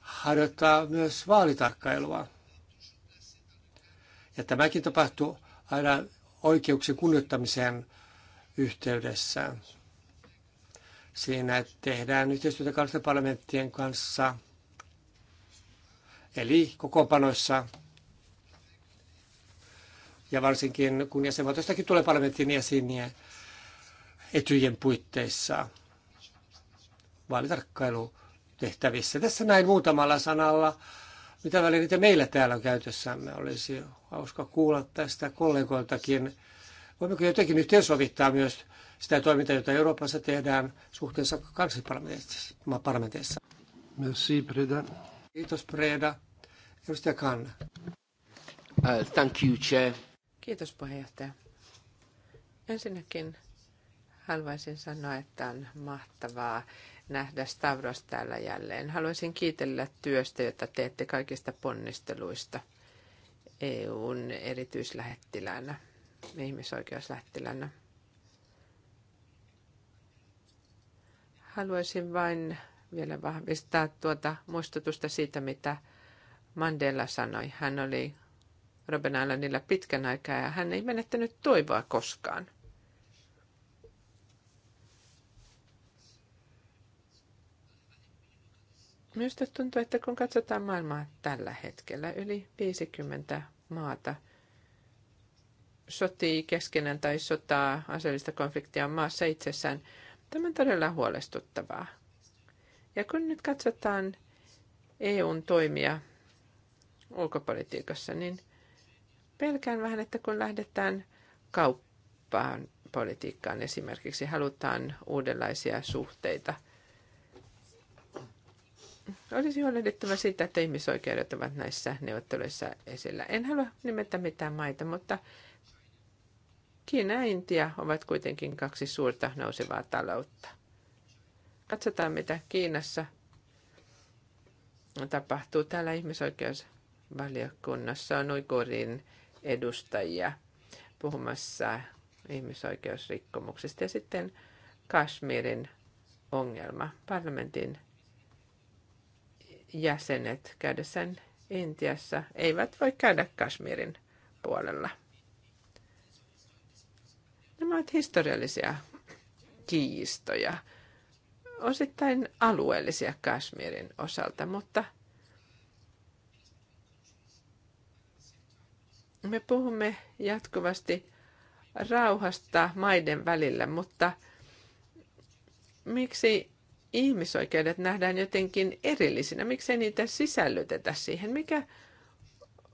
harjoittaa myös vaalitarkkailua. Ja tämäkin tapahtuu aina oikeuksien kunnioittamisen yhteydessä. Siinä tehdään yhteistyötä kansallisten parlamenttien kanssa, eli kokoonpanoissa ja varsinkin kun jäsenvaltiostakin tulee parlamentin jäseniä etyjen puitteissa vaalitarkkailutehtävissä. Tässä näin muutamalla sanalla, mitä välineitä meillä täällä on käytössämme. Olisi hauska kuulla tästä kollegoiltakin. Voimmeko jotenkin yhteensovittaa myös sitä toimintaa, jota Euroopassa tehdään suhteessa kansallisparlamenteissa? Merci, Preda. Kiitos, Preda. Edustaja Kanna. Uh, thank you, Chair. Kiitos puheenjohtaja. Ensinnäkin haluaisin sanoa, että on mahtavaa nähdä Stavros täällä jälleen. Haluaisin kiitellä työstä, jota teette kaikista ponnisteluista EUn erityislähettilänä, ihmisoikeuslähettilänä. Haluaisin vain vielä vahvistaa tuota muistutusta siitä, mitä Mandela sanoi. Hän oli Robben Islandilla pitkän aikaa ja hän ei menettänyt toivoa koskaan. Minusta tuntuu, että kun katsotaan maailmaa tällä hetkellä, yli 50 maata sotii keskenään tai sotaa aseellista konfliktia maassa itsessään. Tämä on todella huolestuttavaa. Ja kun nyt katsotaan EUn toimia ulkopolitiikassa, niin – Pelkään vähän, että kun lähdetään kauppaan, politiikkaan esimerkiksi, halutaan uudenlaisia suhteita. Olisi huolehdittava siitä, että ihmisoikeudet ovat näissä neuvotteluissa esillä. En halua nimetä mitään maita, mutta Kiina ja Intia ovat kuitenkin kaksi suurta nousevaa taloutta. Katsotaan, mitä Kiinassa tapahtuu. Täällä ihmisoikeusvaliokunnassa on uigurin edustajia puhumassa ihmisoikeusrikkomuksista. Ja sitten Kashmirin ongelma. Parlamentin jäsenet käydessään Intiassa eivät voi käydä Kashmirin puolella. Nämä ovat historiallisia kiistoja, osittain alueellisia Kashmirin osalta, mutta – Me puhumme jatkuvasti rauhasta maiden välillä, mutta miksi ihmisoikeudet nähdään jotenkin erillisinä? Miksei niitä sisällytetä siihen? Mikä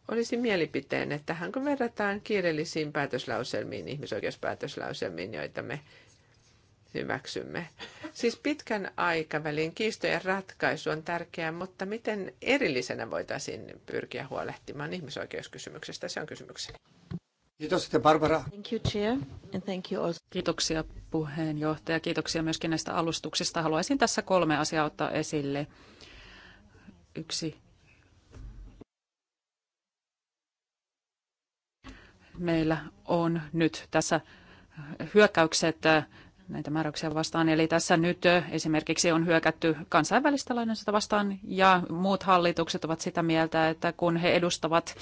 olisi mielipiteen, että hän kun verrataan kiireellisiin päätöslauselmiin, ihmisoikeuspäätöslauselmiin, joita me hyväksymme, Siis pitkän aikavälin kiistojen ratkaisu on tärkeää, mutta miten erillisenä voitaisiin pyrkiä huolehtimaan ihmisoikeuskysymyksestä? Se on kysymykseni. Kiitos sitten Barbara. Thank you, Chair, and thank you also. Kiitoksia puheenjohtaja. Kiitoksia myöskin näistä alustuksista. Haluaisin tässä kolme asiaa ottaa esille. Yksi. Meillä on nyt tässä hyökkäykset näitä määräyksiä vastaan. Eli tässä nyt esimerkiksi on hyökätty kansainvälistä lainsäädäntöä vastaan ja muut hallitukset ovat sitä mieltä, että kun he edustavat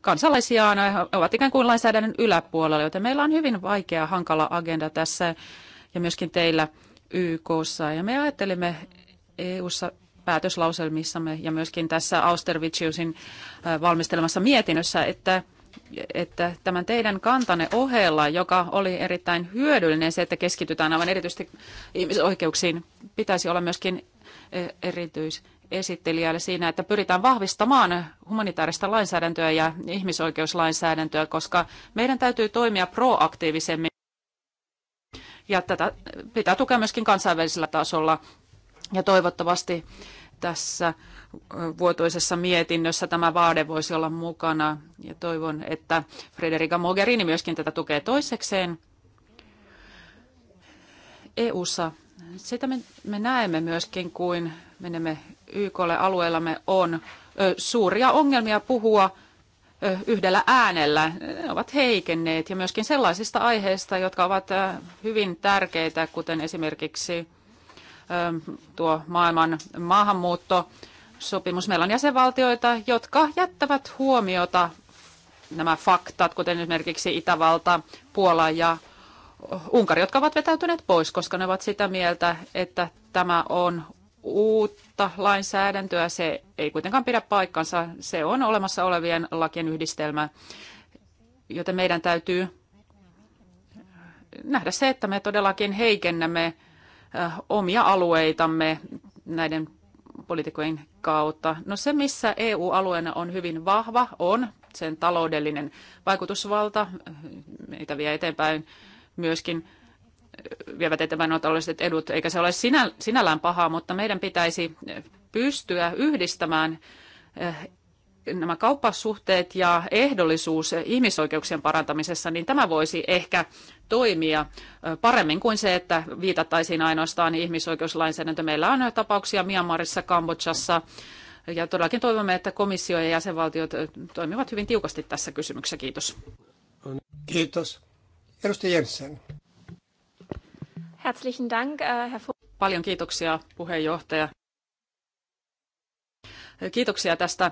kansalaisiaan, he ovat ikään kuin lainsäädännön yläpuolella, joten meillä on hyvin vaikea, hankala agenda tässä ja myöskin teillä YKssa. Ja me ajattelimme EUssa päätöslauselmissamme ja myöskin tässä Austervitziusin valmistelemassa mietinnössä, että että tämän teidän kantanne ohella, joka oli erittäin hyödyllinen, se, että keskitytään aivan erityisesti ihmisoikeuksiin, pitäisi olla myöskin eh, erityisesittelijälle siinä, että pyritään vahvistamaan humanitaarista lainsäädäntöä ja ihmisoikeuslainsäädäntöä, koska meidän täytyy toimia proaktiivisemmin. Ja tätä pitää tukea myöskin kansainvälisellä tasolla. Ja toivottavasti tässä vuotoisessa mietinnössä tämä vaade voisi olla mukana. Ja toivon, että Frederica Mogherini myöskin tätä tukee toisekseen. EU-ssa sitä me, me näemme myöskin, kuin menemme YKlle alueellamme on ö, suuria ongelmia puhua ö, yhdellä äänellä. Ne ovat heikenneet ja myöskin sellaisista aiheista, jotka ovat ö, hyvin tärkeitä, kuten esimerkiksi – tuo maailman maahanmuuttosopimus. Meillä on jäsenvaltioita, jotka jättävät huomiota nämä faktat, kuten esimerkiksi Itävalta, Puola ja Unkari, jotka ovat vetäytyneet pois, koska ne ovat sitä mieltä, että tämä on uutta lainsäädäntöä. Se ei kuitenkaan pidä paikkansa. Se on olemassa olevien lakien yhdistelmä, joten meidän täytyy nähdä se, että me todellakin heikennämme omia alueitamme näiden poliitikkojen kautta. No se, missä EU-alueena on hyvin vahva, on sen taloudellinen vaikutusvalta. Meitä vie eteenpäin myöskin vievät eteenpäin nuo taloudelliset edut, eikä se ole sinä, sinällään pahaa, mutta meidän pitäisi pystyä yhdistämään nämä kauppasuhteet ja ehdollisuus ihmisoikeuksien parantamisessa, niin tämä voisi ehkä toimia paremmin kuin se, että viitattaisiin ainoastaan ihmisoikeuslainsäädäntö. Meillä on tapauksia Myanmarissa, Kambodžassa, ja todellakin toivomme, että komissio ja jäsenvaltiot toimivat hyvin tiukasti tässä kysymyksessä. Kiitos. Kiitos. Edustaja Jensen. Herzlichen Dank, äh, Herr Paljon kiitoksia puheenjohtaja. Kiitoksia tästä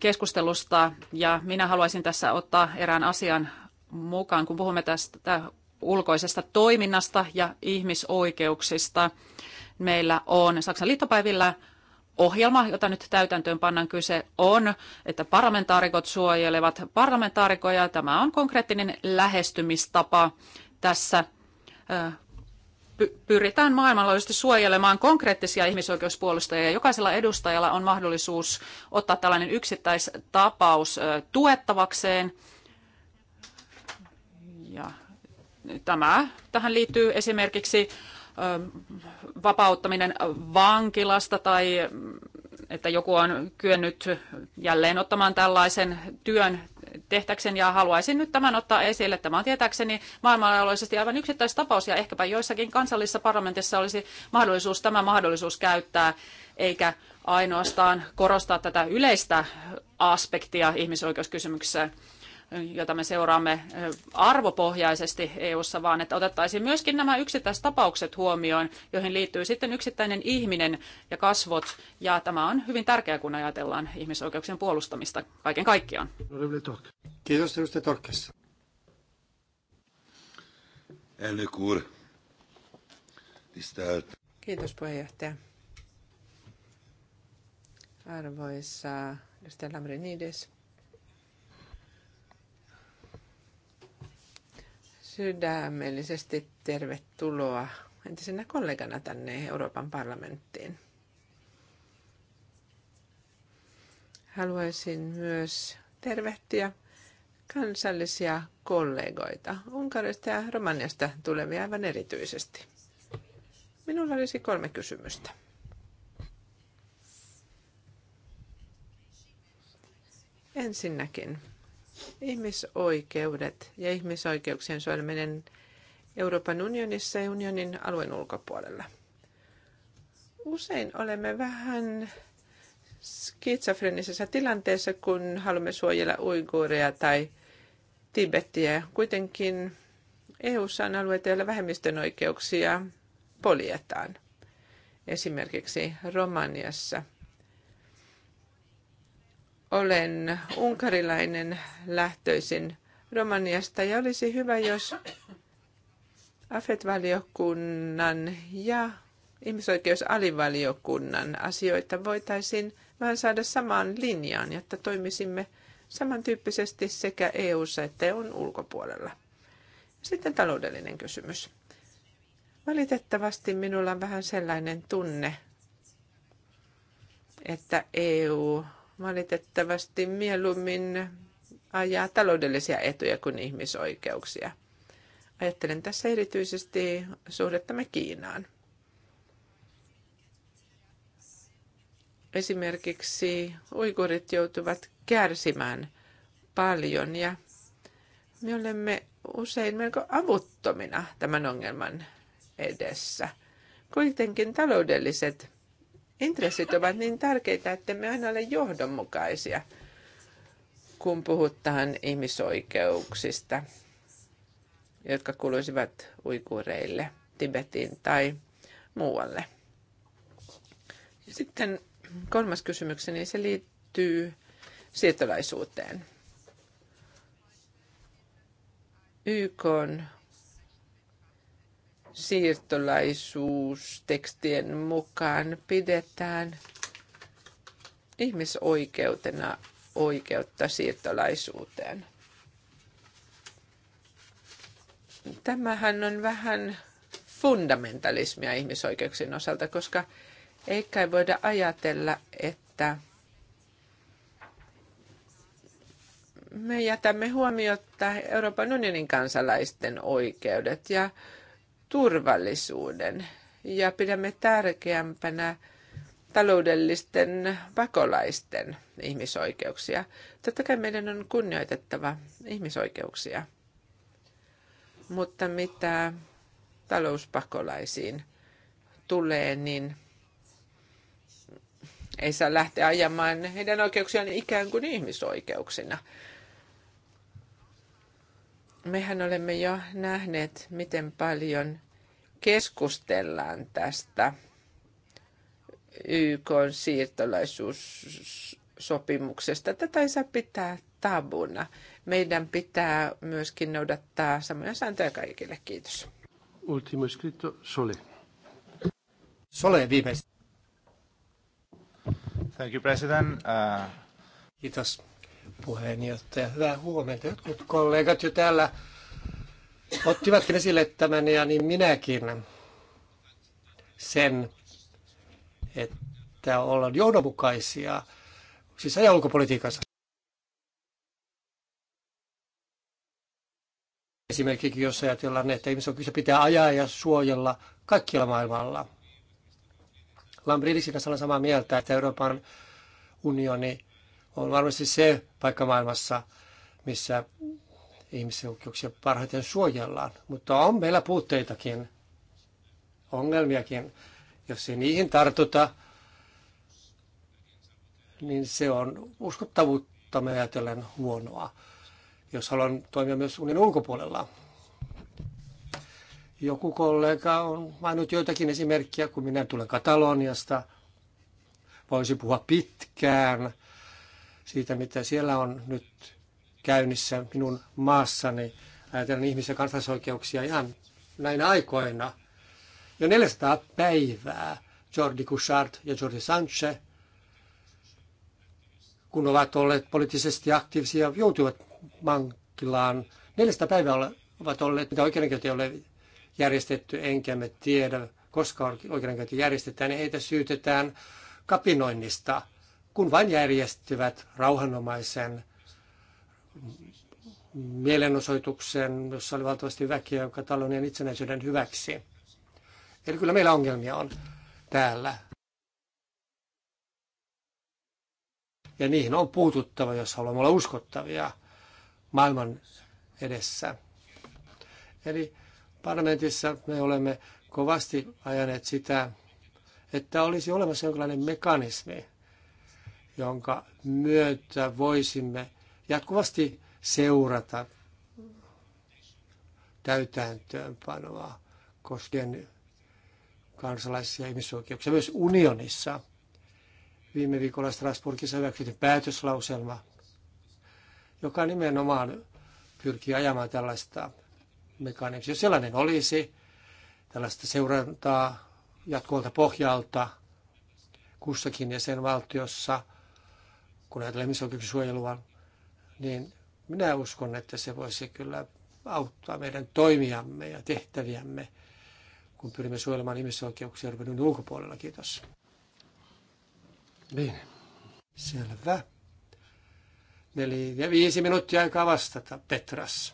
keskustelusta ja minä haluaisin tässä ottaa erään asian mukaan, kun puhumme tästä ulkoisesta toiminnasta ja ihmisoikeuksista. Meillä on Saksan liittopäivillä ohjelma, jota nyt täytäntöön pannan kyse on, että parlamentaarikot suojelevat parlamentaarikoja. Tämä on konkreettinen lähestymistapa tässä pyritään maailmanlaajuisesti suojelemaan konkreettisia ihmisoikeuspuolustajia. Jokaisella edustajalla on mahdollisuus ottaa tällainen yksittäistapaus tuettavakseen. Ja tämä, tähän liittyy esimerkiksi vapauttaminen vankilasta tai mm, että joku on kyennyt jälleen ottamaan tällaisen työn tehtäkseni ja haluaisin nyt tämän ottaa esille. Tämä on tietääkseni maailmanlaajuisesti aivan yksittäistapaus ja ehkäpä joissakin kansallisissa parlamentissa olisi mahdollisuus tämä mahdollisuus käyttää eikä ainoastaan korostaa tätä yleistä aspektia ihmisoikeuskysymyksessä jota me seuraamme arvopohjaisesti EU-ssa, vaan että otettaisiin myöskin nämä yksittäistapaukset huomioon, joihin liittyy sitten yksittäinen ihminen ja kasvot. Ja tämä on hyvin tärkeää, kun ajatellaan ihmisoikeuksien puolustamista kaiken kaikkiaan. Kiitos, edustaja Torkes. Kiitos, puheenjohtaja. Arvoisa edustaja Lamrenides, sydämellisesti tervetuloa entisenä kollegana tänne Euroopan parlamenttiin. Haluaisin myös tervehtiä kansallisia kollegoita Unkarista ja Romaniasta tulevia aivan erityisesti. Minulla olisi kolme kysymystä. Ensinnäkin, Ihmisoikeudet ja ihmisoikeuksien suojelminen Euroopan unionissa ja unionin alueen ulkopuolella. Usein olemme vähän skitsofrenisessa tilanteessa, kun haluamme suojella uiguureja tai Tibettiä. Kuitenkin EU-ssa on alueita, joilla vähemmistön oikeuksia poljetaan. Esimerkiksi Romaniassa – olen unkarilainen lähtöisin Romaniasta ja olisi hyvä, jos AFET-valiokunnan ja ihmisoikeusalivaliokunnan asioita voitaisiin vähän saada samaan linjaan, jotta toimisimme samantyyppisesti sekä EU-ssa että EUn ulkopuolella. Sitten taloudellinen kysymys. Valitettavasti minulla on vähän sellainen tunne, että EU valitettavasti mieluummin ajaa taloudellisia etuja kuin ihmisoikeuksia. Ajattelen tässä erityisesti suhdettamme Kiinaan. Esimerkiksi uigurit joutuvat kärsimään paljon ja me olemme usein melko avuttomina tämän ongelman edessä. Kuitenkin taloudelliset intressit ovat niin tärkeitä, että me aina ole johdonmukaisia, kun puhutaan ihmisoikeuksista, jotka kuuluisivat uikureille, Tibetiin tai muualle. Sitten kolmas kysymykseni, se liittyy siirtolaisuuteen. YK siirtolaisuustekstien mukaan pidetään ihmisoikeutena oikeutta siirtolaisuuteen. Tämähän on vähän fundamentalismia ihmisoikeuksien osalta, koska ei kai voida ajatella, että me jätämme huomiota Euroopan unionin kansalaisten oikeudet ja turvallisuuden ja pidämme tärkeämpänä taloudellisten pakolaisten ihmisoikeuksia. Totta kai meidän on kunnioitettava ihmisoikeuksia. Mutta mitä talouspakolaisiin tulee, niin ei saa lähteä ajamaan heidän oikeuksiaan ikään kuin ihmisoikeuksina mehän olemme jo nähneet, miten paljon keskustellaan tästä YK siirtolaisuussopimuksesta. Tätä ei saa pitää tabuna. Meidän pitää myöskin noudattaa samoja sääntöjä kaikille. Kiitos. Ultimo scritto Sole. Sole viimeistä. Thank you, President. Uh... Kiitos puheenjohtaja. Hyvää huomenta. Jotkut kollegat jo täällä ottivat esille tämän ja niin minäkin sen, että ollaan johdonmukaisia sisä- ja ulkopolitiikassa. Esimerkiksi jos ajatellaan, että ihmisoikeus pitää ajaa ja suojella kaikkialla maailmalla. Lambridi siinä samaa mieltä, että Euroopan unioni on varmasti se paikka maailmassa, missä ihmisoikeuksia parhaiten suojellaan. Mutta on meillä puutteitakin, ongelmiakin. Jos ei niihin tartuta, niin se on uskottavuutta me ajatellen huonoa, jos haluan toimia myös unionin ulkopuolella. Joku kollega on mainut joitakin esimerkkejä, kun minä tulen Kataloniasta. Voisi puhua pitkään siitä, mitä siellä on nyt käynnissä minun maassani. Ajatellaan ihmisiä kansalaisoikeuksia ihan näinä aikoina. Jo 400 päivää Jordi Couchard ja Jordi Sanchez, kun ovat olleet poliittisesti aktiivisia, joutuivat mankilaan. 400 päivää ovat olleet, mitä oikeudenkäyntiä ei ole järjestetty, enkä me tiedä, koska oikeudenkäynti järjestetään, niin heitä syytetään kapinoinnista – kun vain järjestyvät rauhanomaisen mielenosoituksen, jossa oli valtavasti väkeä Katalonian itsenäisyyden hyväksi. Eli kyllä meillä ongelmia on täällä. Ja niihin on puututtava, jos haluamme olla uskottavia maailman edessä. Eli parlamentissa me olemme kovasti ajaneet sitä, että olisi olemassa jonkinlainen mekanismi, jonka myötä voisimme jatkuvasti seurata täytäntöönpanoa koskien kansalaisia ja ihmisoikeuksia myös unionissa. Viime viikolla Strasbourgissa hyväksyttiin päätöslauselma, joka nimenomaan pyrkii ajamaan tällaista mekanismia. Jos sellainen olisi, tällaista seurantaa jatkuvalta pohjalta kussakin jäsenvaltiossa – kun ajatellaan ihmisoikeuksien suojelua, niin minä uskon, että se voisi kyllä auttaa meidän toimijamme ja tehtäviämme, kun pyrimme suojelemaan ihmisoikeuksia Euroopan ulkopuolella. Kiitos. Niin. Selvä. Eli ja viisi minuuttia aikaa vastata, Petras.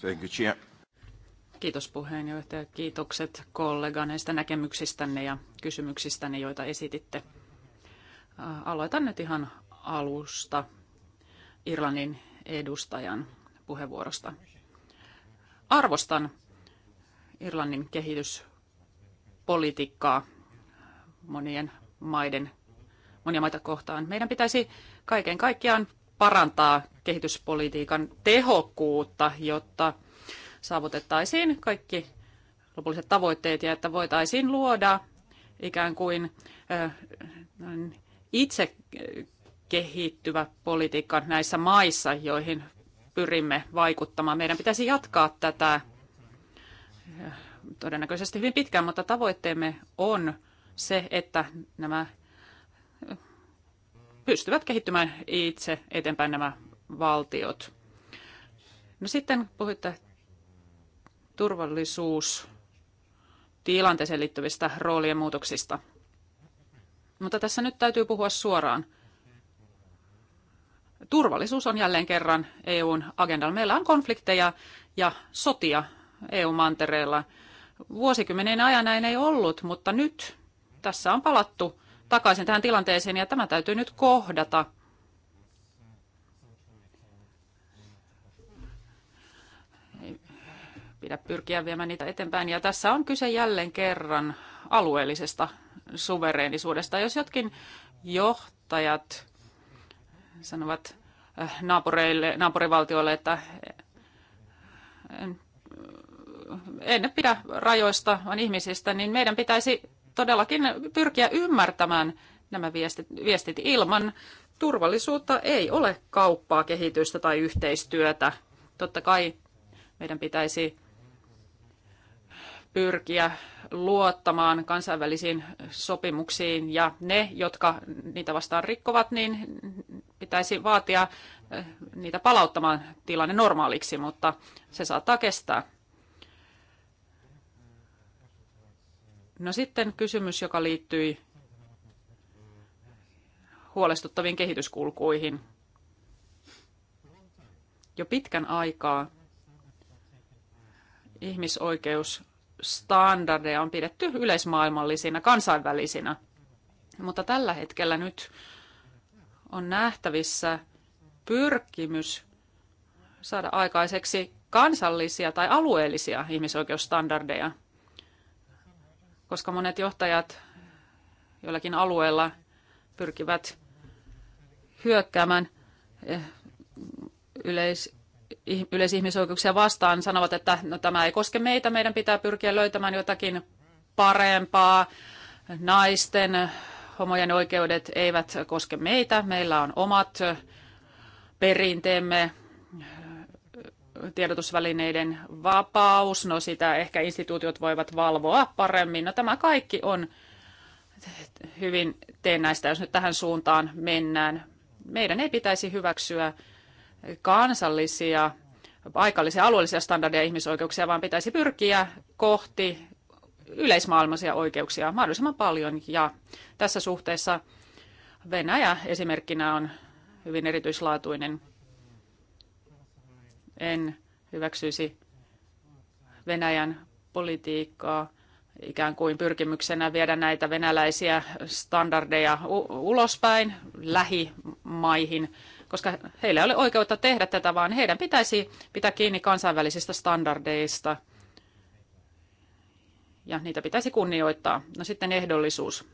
Thank you, Kiitos puheenjohtaja. Kiitokset kollega näistä näkemyksistänne ja kysymyksistänne, joita esititte. Äh, aloitan nyt ihan alusta Irlannin edustajan puheenvuorosta. Arvostan Irlannin kehityspolitiikkaa monien maiden, monia maita kohtaan. Meidän pitäisi kaiken kaikkiaan parantaa kehityspolitiikan tehokkuutta, jotta saavutettaisiin kaikki lopulliset tavoitteet ja että voitaisiin luoda ikään kuin äh, itse kehittyvä politiikan näissä maissa, joihin pyrimme vaikuttamaan. Meidän pitäisi jatkaa tätä eh, todennäköisesti hyvin pitkään, mutta tavoitteemme on se, että nämä eh, pystyvät kehittymään itse eteenpäin nämä valtiot. No sitten puhuitte turvallisuus tilanteeseen liittyvistä roolien muutoksista. Mutta tässä nyt täytyy puhua suoraan. Turvallisuus on jälleen kerran EUn agendalla. Meillä on konflikteja ja sotia EU-mantereella. Vuosikymmenen ajan näin ei ollut, mutta nyt tässä on palattu takaisin tähän tilanteeseen ja tämä täytyy nyt kohdata. Ei pidä pyrkiä viemään niitä eteenpäin. Ja tässä on kyse jälleen kerran alueellisesta suvereenisuudesta. Jos jotkin johtajat sanovat äh, naapureille, naapurivaltioille, että äh, äh, en pidä rajoista, vaan ihmisistä, niin meidän pitäisi todellakin pyrkiä ymmärtämään nämä viestit, viestit ilman turvallisuutta ei ole kauppaa, kehitystä tai yhteistyötä. Totta kai meidän pitäisi pyrkiä luottamaan kansainvälisiin sopimuksiin ja ne, jotka niitä vastaan rikkovat, niin pitäisi vaatia niitä palauttamaan tilanne normaaliksi, mutta se saattaa kestää. No sitten kysymys, joka liittyi huolestuttaviin kehityskulkuihin. Jo pitkän aikaa ihmisoikeus standardeja on pidetty yleismaailmallisina, kansainvälisinä. Mutta tällä hetkellä nyt on nähtävissä pyrkimys saada aikaiseksi kansallisia tai alueellisia ihmisoikeusstandardeja, koska monet johtajat jollakin alueella pyrkivät hyökkäämään eh, yleis- yleisihmisoikeuksia vastaan sanovat, että no, tämä ei koske meitä, meidän pitää pyrkiä löytämään jotakin parempaa. Naisten, homojen oikeudet eivät koske meitä, meillä on omat perinteemme, tiedotusvälineiden vapaus, no sitä ehkä instituutiot voivat valvoa paremmin. No tämä kaikki on hyvin teennäistä, jos nyt tähän suuntaan mennään. Meidän ei pitäisi hyväksyä kansallisia paikallisia alueellisia standardeja ihmisoikeuksia, vaan pitäisi pyrkiä kohti yleismaailmaisia oikeuksia mahdollisimman paljon. Ja tässä suhteessa Venäjä esimerkkinä on hyvin erityislaatuinen. En hyväksyisi Venäjän politiikkaa ikään kuin pyrkimyksenä viedä näitä venäläisiä standardeja ulospäin lähimaihin koska heillä ei ole oikeutta tehdä tätä, vaan heidän pitäisi pitää kiinni kansainvälisistä standardeista ja niitä pitäisi kunnioittaa. No sitten ehdollisuus.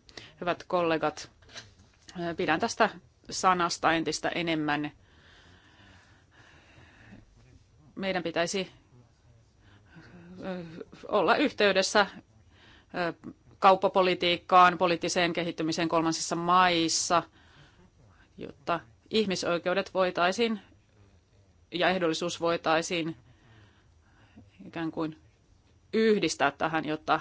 Hyvät kollegat, pidän tästä sanasta entistä enemmän. Meidän pitäisi olla yhteydessä kauppapolitiikkaan, poliittiseen kehittymiseen kolmansissa maissa, jotta ihmisoikeudet voitaisiin ja ehdollisuus voitaisiin ikään kuin yhdistää tähän, jotta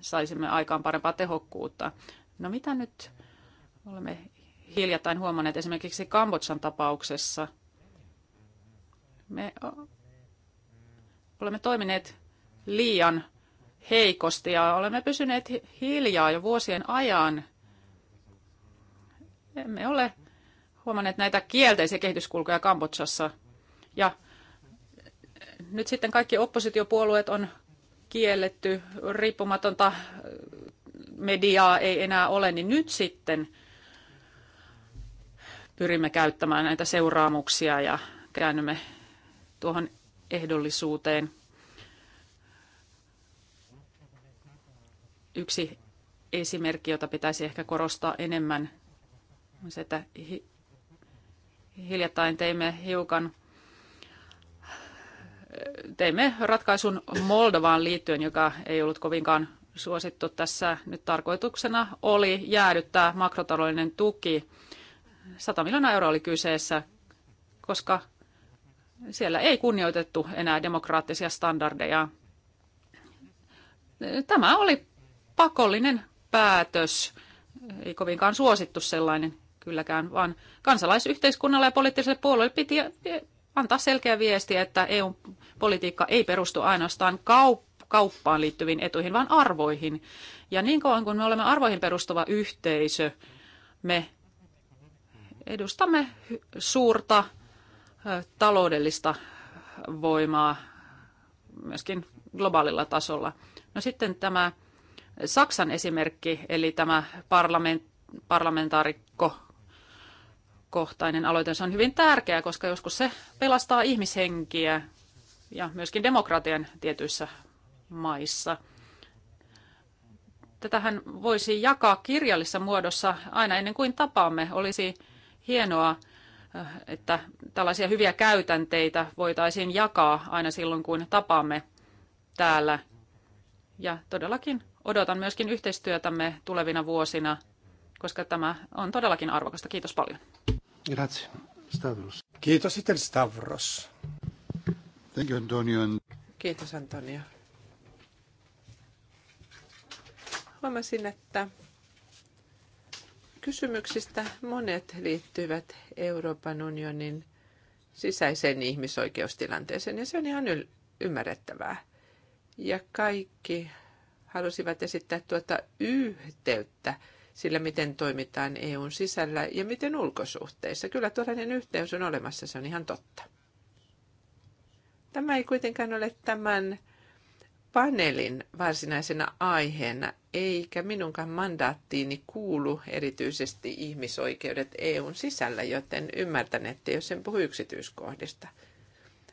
saisimme aikaan parempaa tehokkuutta. No mitä nyt olemme hiljattain huomanneet esimerkiksi Kambodsan tapauksessa? Me olemme toimineet liian heikosti ja olemme pysyneet hiljaa jo vuosien ajan. Emme ole huomanneet näitä kielteisiä kehityskulkuja Kambodsassa. Ja nyt sitten kaikki oppositiopuolueet on kielletty, riippumatonta äh, mediaa ei enää ole, niin nyt sitten pyrimme käyttämään näitä seuraamuksia ja käännymme tuohon ehdollisuuteen. Yksi esimerkki, jota pitäisi ehkä korostaa enemmän, on se, että hiljattain teimme hiukan teimme ratkaisun Moldovaan liittyen, joka ei ollut kovinkaan suosittu tässä. Nyt tarkoituksena oli jäädyttää makrotaloudellinen tuki. 100 miljoonaa euroa oli kyseessä, koska siellä ei kunnioitettu enää demokraattisia standardeja. Tämä oli pakollinen päätös, ei kovinkaan suosittu sellainen kylläkään, vaan kansalaisyhteiskunnalle ja poliittiselle puolueelle piti antaa selkeä viesti, että EU-politiikka ei perustu ainoastaan kauppaan liittyviin etuihin, vaan arvoihin. Ja niin kauan kuin me olemme arvoihin perustuva yhteisö, me edustamme suurta taloudellista voimaa myöskin globaalilla tasolla. No sitten tämä Saksan esimerkki, eli tämä parlament, parlamentaarikko kohtainen aloite. Se on hyvin tärkeää, koska joskus se pelastaa ihmishenkiä ja myöskin demokratian tietyissä maissa. Tätähän voisi jakaa kirjallisessa muodossa aina ennen kuin tapaamme. Olisi hienoa, äh, että tällaisia hyviä käytänteitä voitaisiin jakaa aina silloin, kun tapaamme täällä. Ja todellakin odotan myöskin yhteistyötämme tulevina vuosina, koska tämä on todellakin arvokasta. Kiitos paljon. Grazie. Stavros. Kiitos sitten Stavros. Thank you, Antonio. Kiitos Antonio. Huomasin, että kysymyksistä monet liittyvät Euroopan unionin sisäiseen ihmisoikeustilanteeseen ja se on ihan ymmärrettävää. Ja kaikki halusivat esittää tuota yhteyttä sillä, miten toimitaan EUn sisällä ja miten ulkosuhteissa. Kyllä tuollainen yhteys on olemassa, se on ihan totta. Tämä ei kuitenkaan ole tämän paneelin varsinaisena aiheena, eikä minunkaan mandaattiini kuulu erityisesti ihmisoikeudet EUn sisällä, joten että jos en puhu yksityiskohdista.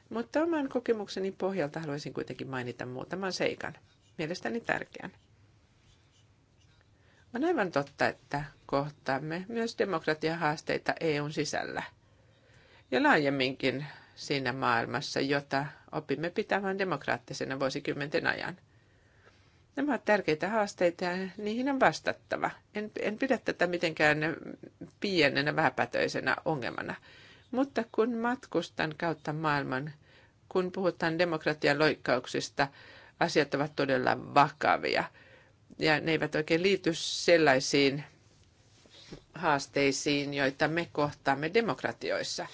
Mutta oman kokemukseni pohjalta haluaisin kuitenkin mainita muutaman seikan, mielestäni tärkeän. On aivan totta, että kohtaamme myös demokratiahaasteita EUn sisällä ja laajemminkin siinä maailmassa, jota opimme pitämään demokraattisena vuosikymmenten ajan. Nämä ovat tärkeitä haasteita ja niihin on vastattava. En, en pidä tätä mitenkään pienenä, vähäpätöisenä ongelmana. Mutta kun matkustan kautta maailman, kun puhutaan demokratian loikkauksista, asiat ovat todella vakavia – ja ne eivät oikein liity sellaisiin haasteisiin, joita me kohtaamme demokratioissa.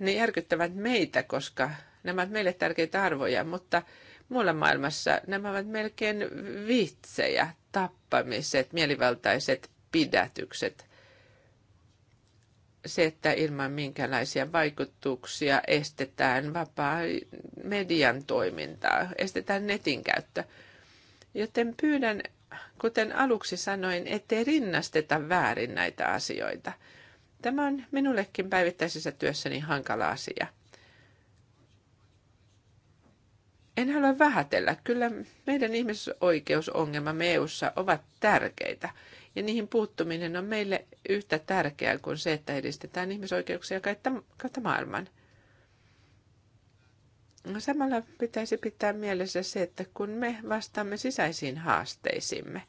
Ne järkyttävät meitä, koska nämä ovat meille tärkeitä arvoja, mutta muualla maailmassa nämä ovat melkein vitsejä, tappamiset, mielivaltaiset pidätykset. Se, että ilman minkälaisia vaikutuksia estetään vapaa median toimintaa, estetään netin käyttö – Joten pyydän, kuten aluksi sanoin, ettei rinnasteta väärin näitä asioita. Tämä on minullekin päivittäisessä työssäni hankala asia. En halua vähätellä. Kyllä meidän ihmisoikeusongelmamme EU:ssa ovat tärkeitä ja niihin puuttuminen on meille yhtä tärkeää kuin se, että edistetään ihmisoikeuksia kautta maailman. No, samalla pitäisi pitää mielessä se, että kun me vastaamme sisäisiin haasteisimme,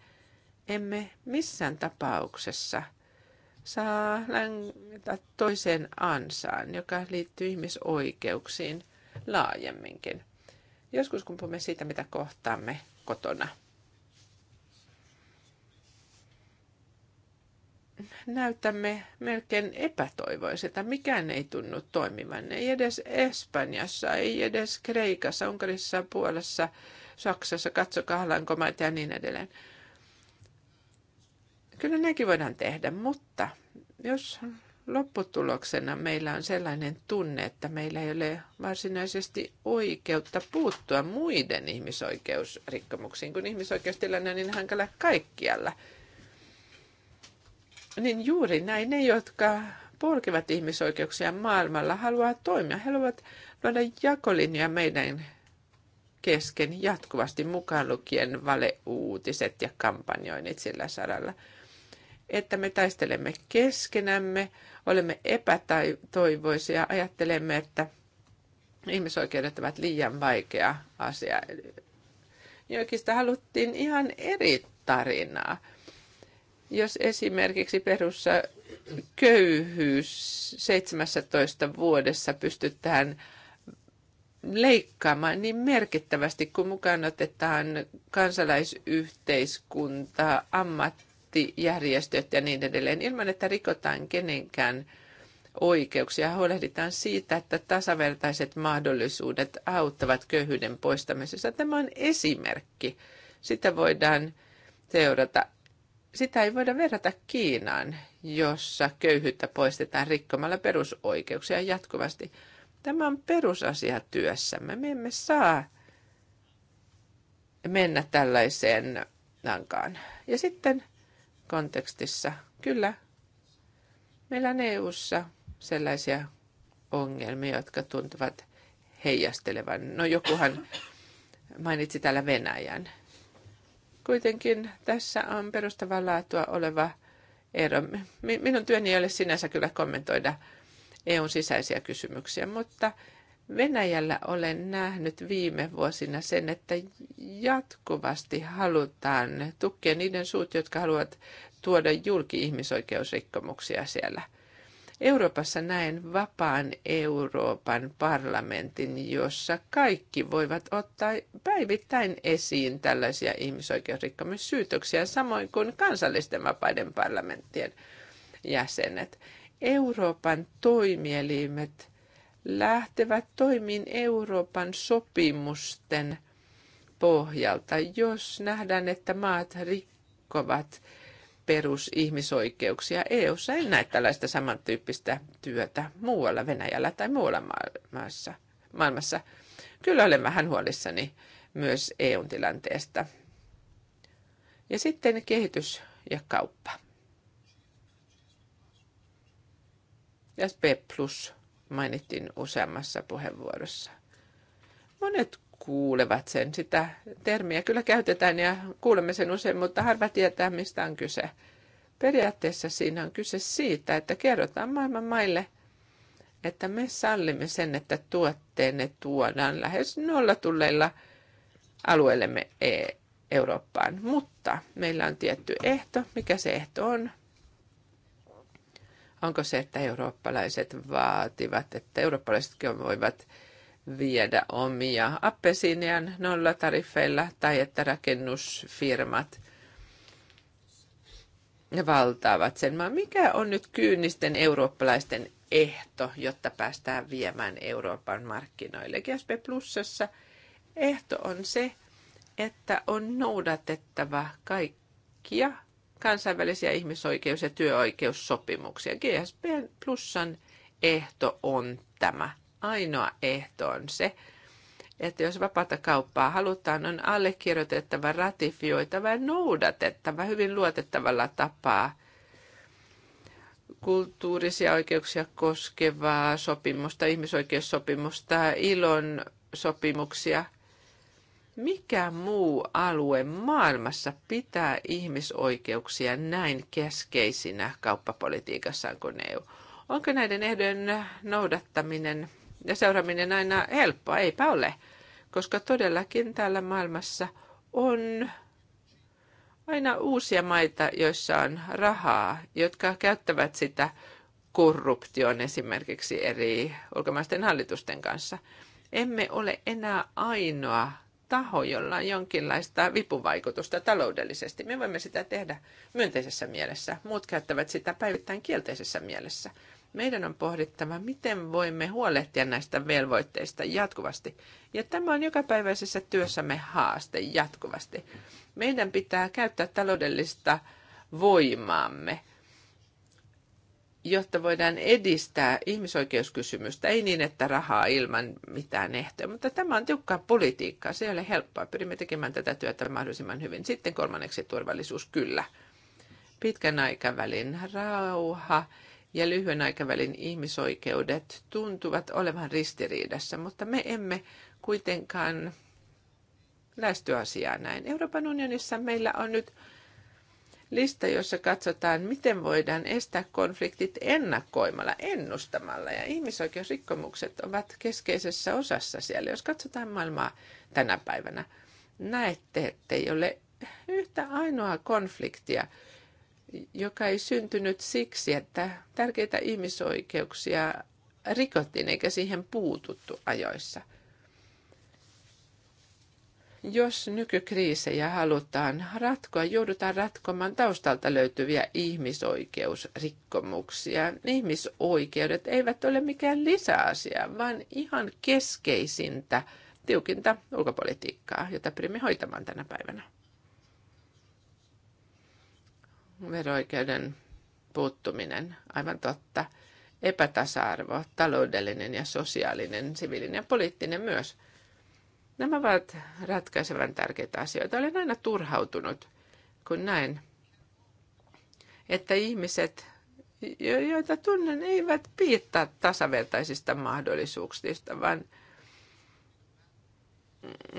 emme missään tapauksessa saa langeta toiseen ansaan, joka liittyy ihmisoikeuksiin laajemminkin. Joskus kun puhumme siitä, mitä kohtaamme kotona – näytämme melkein epätoivoiselta. Mikään ei tunnu toimivan. Ei edes Espanjassa, ei edes Kreikassa, Unkarissa, Puolassa, Saksassa, katsokaa hallankomaita ja niin edelleen. Kyllä näkin voidaan tehdä, mutta jos lopputuloksena meillä on sellainen tunne, että meillä ei ole varsinaisesti oikeutta puuttua muiden ihmisoikeusrikkomuksiin, kun ihmisoikeustilanne on niin hankala kaikkialla – niin juuri näin ne, jotka polkevat ihmisoikeuksia maailmalla, haluaa toimia. He haluavat luoda jakolinja meidän kesken jatkuvasti mukaan lukien valeuutiset ja kampanjoinnit sillä saralla. Että me taistelemme keskenämme, olemme epätoivoisia, ajattelemme, että ihmisoikeudet ovat liian vaikea asia. Joikista haluttiin ihan eri tarinaa. Jos esimerkiksi perussa köyhyys 17 vuodessa pystytään leikkaamaan niin merkittävästi, kun mukaan otetaan kansalaisyhteiskunta, ammattijärjestöt ja niin edelleen, ilman että rikotaan kenenkään oikeuksia. Huolehditaan siitä, että tasavertaiset mahdollisuudet auttavat köyhyyden poistamisessa. Tämä on esimerkki. Sitä voidaan seurata sitä ei voida verrata Kiinaan, jossa köyhyyttä poistetaan rikkomalla perusoikeuksia jatkuvasti. Tämä on perusasia työssämme. Me emme saa mennä tällaiseen nankaan. Ja sitten kontekstissa, kyllä, meillä on eu sellaisia ongelmia, jotka tuntuvat heijastelevan. No jokuhan mainitsi täällä Venäjän. Kuitenkin tässä on laatua oleva ero. Minun työni ei ole sinänsä kyllä kommentoida EUn sisäisiä kysymyksiä, mutta Venäjällä olen nähnyt viime vuosina sen, että jatkuvasti halutaan tukea niiden suut, jotka haluavat tuoda julki ihmisoikeusrikkomuksia siellä. Euroopassa näen vapaan Euroopan parlamentin, jossa kaikki voivat ottaa päivittäin esiin tällaisia ihmisoikeusrikkomissyytöksiä, samoin kuin kansallisten vapaiden parlamenttien jäsenet. Euroopan toimielimet lähtevät toimiin Euroopan sopimusten pohjalta, jos nähdään, että maat rikkovat perusihmisoikeuksia. EU-ssa ei näe tällaista samantyyppistä työtä muualla Venäjällä tai muualla maailmassa. maailmassa. Kyllä olen vähän huolissani myös EUn tilanteesta. Ja sitten kehitys ja kauppa. Ja P Plus mainittiin useammassa puheenvuorossa. Monet kuulevat sen. Sitä termiä kyllä käytetään ja kuulemme sen usein, mutta harva tietää, mistä on kyse. Periaatteessa siinä on kyse siitä, että kerrotaan maailman maille, että me sallimme sen, että tuotteenne tuodaan lähes nollatulleilla alueellemme e- Eurooppaan. Mutta meillä on tietty ehto. Mikä se ehto on? Onko se, että eurooppalaiset vaativat, että eurooppalaisetkin voivat viedä omia appesiiniaan nollatariffeilla tai että rakennusfirmat valtaavat sen maan. Mikä on nyt kyynisten eurooppalaisten ehto, jotta päästään viemään Euroopan markkinoille? GSP Plusassa ehto on se, että on noudatettava kaikkia kansainvälisiä ihmisoikeus- ja työoikeussopimuksia. GSP Plusan ehto on tämä – ainoa ehto on se, että jos vapaata kauppaa halutaan, on allekirjoitettava, ratifioitava ja noudatettava hyvin luotettavalla tapaa kulttuurisia oikeuksia koskevaa sopimusta, ihmisoikeussopimusta, ilon sopimuksia. Mikä muu alue maailmassa pitää ihmisoikeuksia näin keskeisinä kauppapolitiikassaan kuin EU? Onko näiden ehdojen noudattaminen ja seuraaminen aina helppoa, eipä ole, koska todellakin täällä maailmassa on aina uusia maita, joissa on rahaa, jotka käyttävät sitä korruption esimerkiksi eri ulkomaisten hallitusten kanssa. Emme ole enää ainoa taho, jolla on jonkinlaista vipuvaikutusta taloudellisesti. Me voimme sitä tehdä myönteisessä mielessä. Muut käyttävät sitä päivittäin kielteisessä mielessä. Meidän on pohdittava, miten voimme huolehtia näistä velvoitteista jatkuvasti. Ja tämä on jokapäiväisessä työssämme haaste jatkuvasti. Meidän pitää käyttää taloudellista voimaamme, jotta voidaan edistää ihmisoikeuskysymystä. Ei niin, että rahaa ilman mitään ehtoja, mutta tämä on tiukkaa politiikkaa. Se ei ole helppoa. Pyrimme tekemään tätä työtä mahdollisimman hyvin. Sitten kolmanneksi turvallisuus, kyllä. Pitkän aikavälin rauha ja lyhyen aikavälin ihmisoikeudet tuntuvat olevan ristiriidassa, mutta me emme kuitenkaan lähesty asiaa näin. Euroopan unionissa meillä on nyt lista, jossa katsotaan, miten voidaan estää konfliktit ennakoimalla, ennustamalla. Ja ihmisoikeusrikkomukset ovat keskeisessä osassa siellä. Jos katsotaan maailmaa tänä päivänä, näette, ettei ole yhtä ainoa konfliktia, joka ei syntynyt siksi, että tärkeitä ihmisoikeuksia rikottiin eikä siihen puututtu ajoissa. Jos nykykriisejä halutaan ratkoa, joudutaan ratkomaan taustalta löytyviä ihmisoikeusrikkomuksia. Ihmisoikeudet eivät ole mikään lisäasia, vaan ihan keskeisintä tiukinta ulkopolitiikkaa, jota pyrimme hoitamaan tänä päivänä vero-oikeuden puuttuminen, aivan totta, epätasa-arvo, taloudellinen ja sosiaalinen, siviilinen ja poliittinen myös. Nämä ovat ratkaisevan tärkeitä asioita. Olen aina turhautunut, kun näen, että ihmiset, joita tunnen, eivät piittaa tasavertaisista mahdollisuuksista, vaan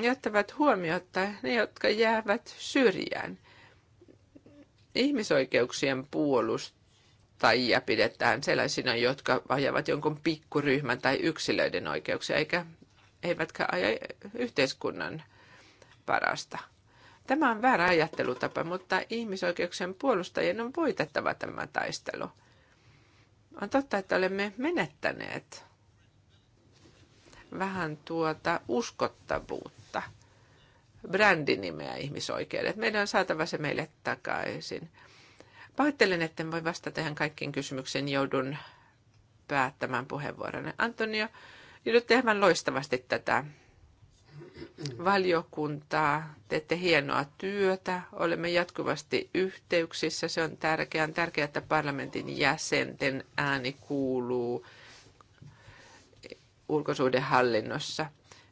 jättävät huomiota ne, jotka jäävät syrjään ihmisoikeuksien puolustajia pidetään sellaisina, jotka ajavat jonkun pikkuryhmän tai yksilöiden oikeuksia, eikä, eivätkä aja yhteiskunnan parasta. Tämä on väärä ajattelutapa, mutta ihmisoikeuksien puolustajien on voitettava tämä taistelu. On totta, että olemme menettäneet vähän tuota uskottavuutta brändinimeä ihmisoikeudet. Meidän on saatava se meille takaisin. Pahoittelen, että en voi vastata tähän kaikkiin kysymyksiin. Joudun päättämään puheenvuoron. Antonio, joudut tehdään loistavasti tätä valiokuntaa. Teette hienoa työtä. Olemme jatkuvasti yhteyksissä. Se on tärkeää. On tärkeää, että parlamentin jäsenten ääni kuuluu ulkosuhdehallinnossa.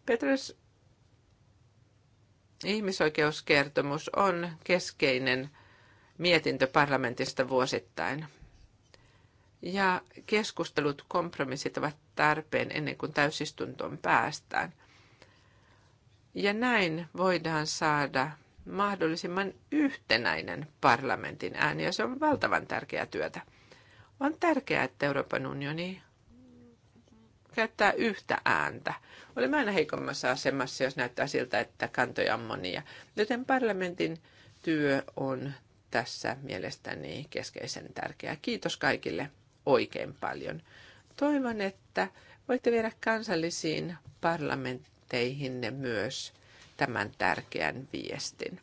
Petrus Ihmisoikeuskertomus on keskeinen mietintö parlamentista vuosittain. Ja keskustelut, kompromissit ovat tarpeen ennen kuin täysistuntoon päästään. Ja näin voidaan saada mahdollisimman yhtenäinen parlamentin ääni, ja se on valtavan tärkeää työtä. On tärkeää, että Euroopan unioni käyttää yhtä ääntä. Olemme aina heikommassa asemassa, jos näyttää siltä, että kantoja on monia. Joten parlamentin työ on tässä mielestäni keskeisen tärkeää. Kiitos kaikille oikein paljon. Toivon, että voitte viedä kansallisiin parlamentteihinne myös tämän tärkeän viestin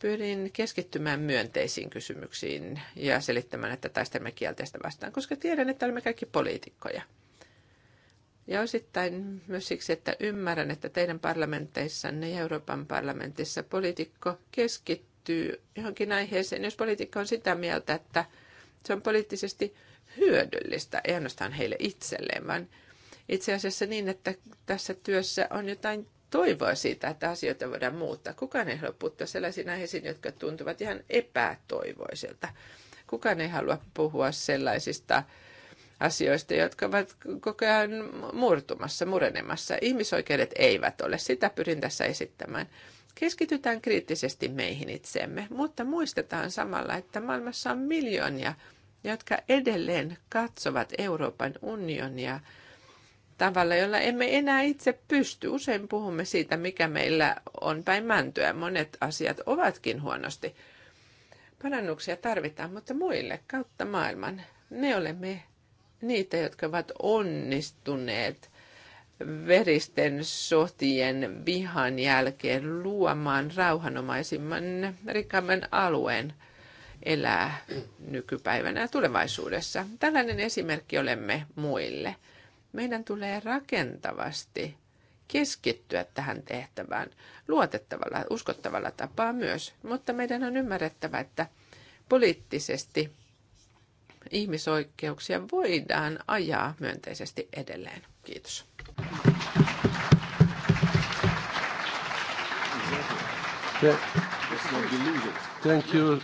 pyrin keskittymään myönteisiin kysymyksiin ja selittämään, että taistelemme kielteistä vastaan, koska tiedän, että olemme kaikki poliitikkoja. Ja osittain myös siksi, että ymmärrän, että teidän parlamenteissanne ja Euroopan parlamentissa poliitikko keskittyy johonkin aiheeseen, jos poliitikko on sitä mieltä, että se on poliittisesti hyödyllistä, ei ainoastaan heille itselleen, vaan itse asiassa niin, että tässä työssä on jotain toivoa siitä, että asioita voidaan muuttaa. Kukaan ei halua puuttua sellaisiin aiheisiin, jotka tuntuvat ihan epätoivoisilta. Kukaan ei halua puhua sellaisista asioista, jotka ovat koko ajan murtumassa, murenemassa. Ihmisoikeudet eivät ole. Sitä pyrin tässä esittämään. Keskitytään kriittisesti meihin itsemme, mutta muistetaan samalla, että maailmassa on miljoonia, jotka edelleen katsovat Euroopan unionia – tavalla, jolla emme enää itse pysty. Usein puhumme siitä, mikä meillä on päin mäntyä. Monet asiat ovatkin huonosti. Parannuksia tarvitaan, mutta muille kautta maailman. Me olemme niitä, jotka ovat onnistuneet veristen sotien vihan jälkeen luomaan rauhanomaisimman rikkaamman alueen elää nykypäivänä ja tulevaisuudessa. Tällainen esimerkki olemme muille – meidän tulee rakentavasti keskittyä tähän tehtävään luotettavalla, uskottavalla tapaa myös, mutta meidän on ymmärrettävä, että poliittisesti ihmisoikeuksia voidaan ajaa myönteisesti edelleen. Kiitos. Thank you.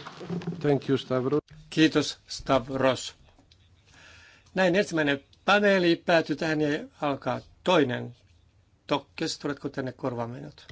Thank you, Stavros. Kiitos, Stavros. Näin ensimmäinen paneeli päätytään ja alkaa toinen. Tokkes, tuletko tänne korvaamaan minut?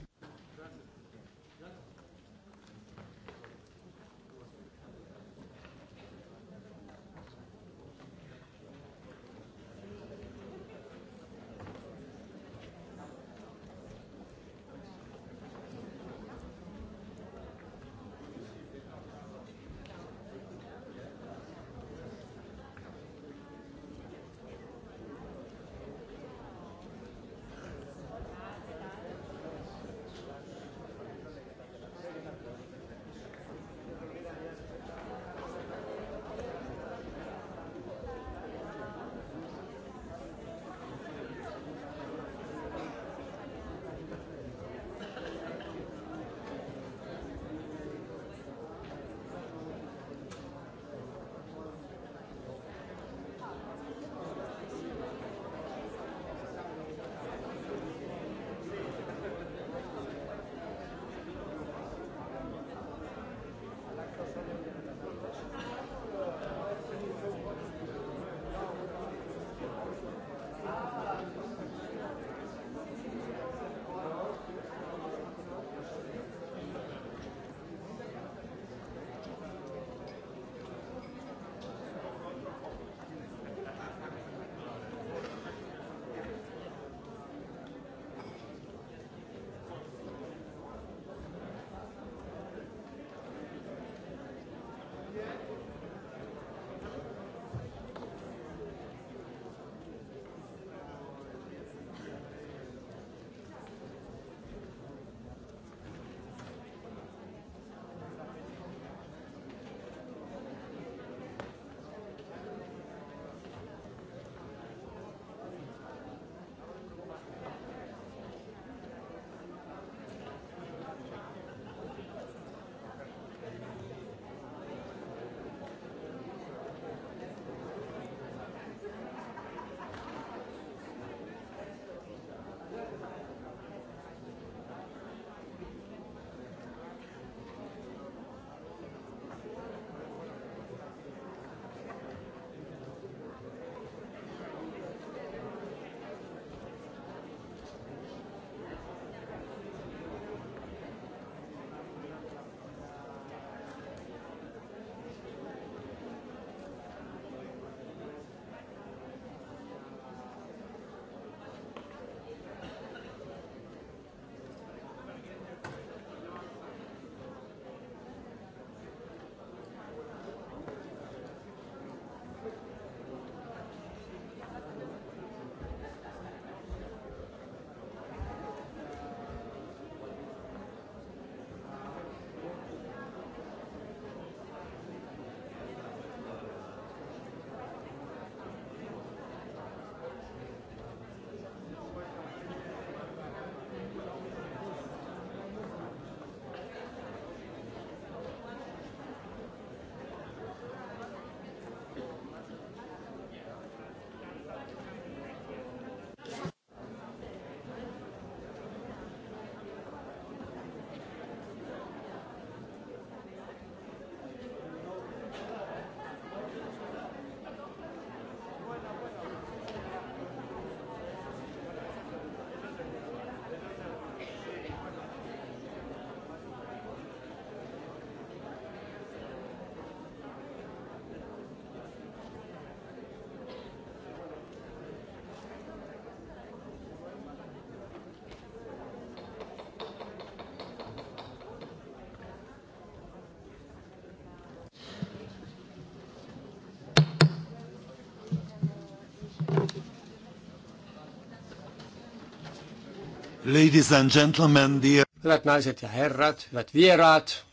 Ladies and gentlemen, dear. Hyvät naiset ja herrat, hyvät vieraat,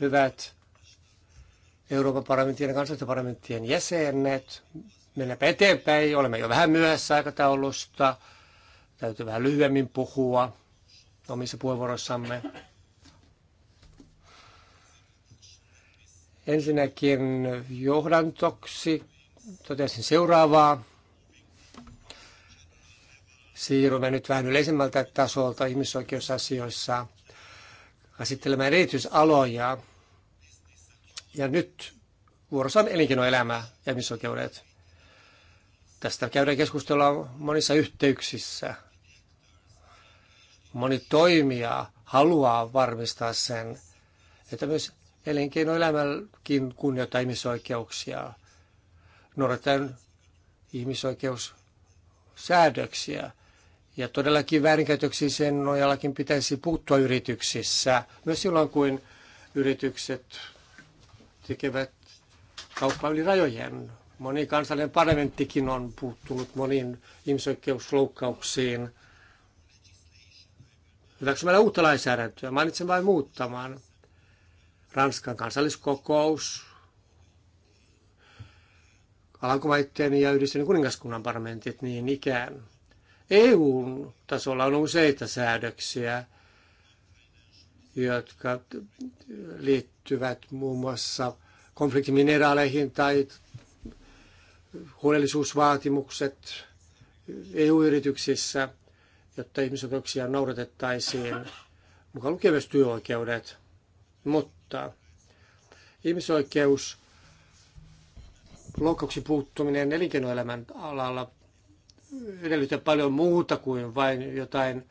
hyvät Euroopan parlamentin ja kansallisten parlamenttien jäsenet. Mennäänpä eteenpäin, olemme jo vähän myöhässä aikataulusta. Täytyy vähän lyhyemmin puhua omissa puheenvuoroissamme. Ensinnäkin johdantoksi totesin seuraavaa siirrymme nyt vähän yleisemmältä tasolta ihmisoikeusasioissa käsittelemään erityisaloja. Ja nyt vuorossa on elinkeinoelämä ja ihmisoikeudet. Tästä käydään keskustelua monissa yhteyksissä. Moni toimija haluaa varmistaa sen, että myös elinkeinoelämälläkin kunnioittaa ihmisoikeuksia. Noudatetaan ihmisoikeussäädöksiä. Ja todellakin väärinkäytöksiin sen nojallakin pitäisi puuttua yrityksissä, myös silloin kun yritykset tekevät kauppaa yli rajojen. Moni kansallinen parlamenttikin on puuttunut moniin ihmisoikeusloukkauksiin hyväksymällä uutta lainsäädäntöä. Mainitsen vain muuttamaan. Ranskan kansalliskokous, Alankomaitteen ja yhdistyneen kuningaskunnan parlamentit niin ikään – EU-tasolla on useita säädöksiä, jotka liittyvät muun muassa konfliktimineraaleihin tai huolellisuusvaatimukset EU-yrityksissä, jotta ihmisoikeuksia noudatettaisiin, mukaan lukien myös työoikeudet. Mutta ihmisoikeus loukkauksi puuttuminen elinkeinoelämän alalla edellytä paljon muuta kuin vain jotain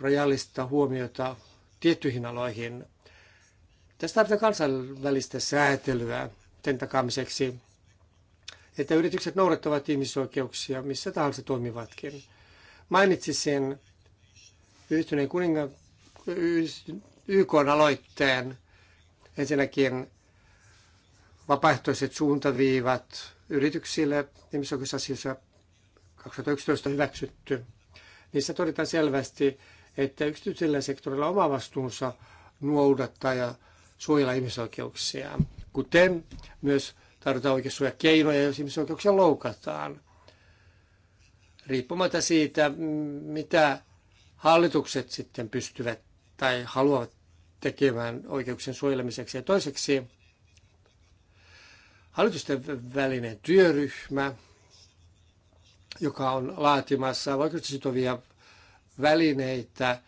rajallista huomiota tiettyihin aloihin. Tässä tarvitaan kansainvälistä säätelyä sen takaamiseksi, että yritykset noudattavat ihmisoikeuksia missä tahansa toimivatkin. Mainitsisin yhtyneen kuningan YK-aloitteen ensinnäkin vapaaehtoiset suuntaviivat yrityksille ihmisoikeusasioissa 2011 hyväksytty. Niissä todetaan selvästi, että yksityisellä sektorilla oma vastuunsa noudattaa ja suojella ihmisoikeuksia, kuten myös tarvitaan oikeussuoja keinoja, jos ihmisoikeuksia loukataan. Riippumatta siitä, mitä hallitukset sitten pystyvät tai haluavat tekemään oikeuksien suojelemiseksi. Ja toiseksi hallitusten välinen työryhmä – joka on laatimassa oikeusitovia välineitä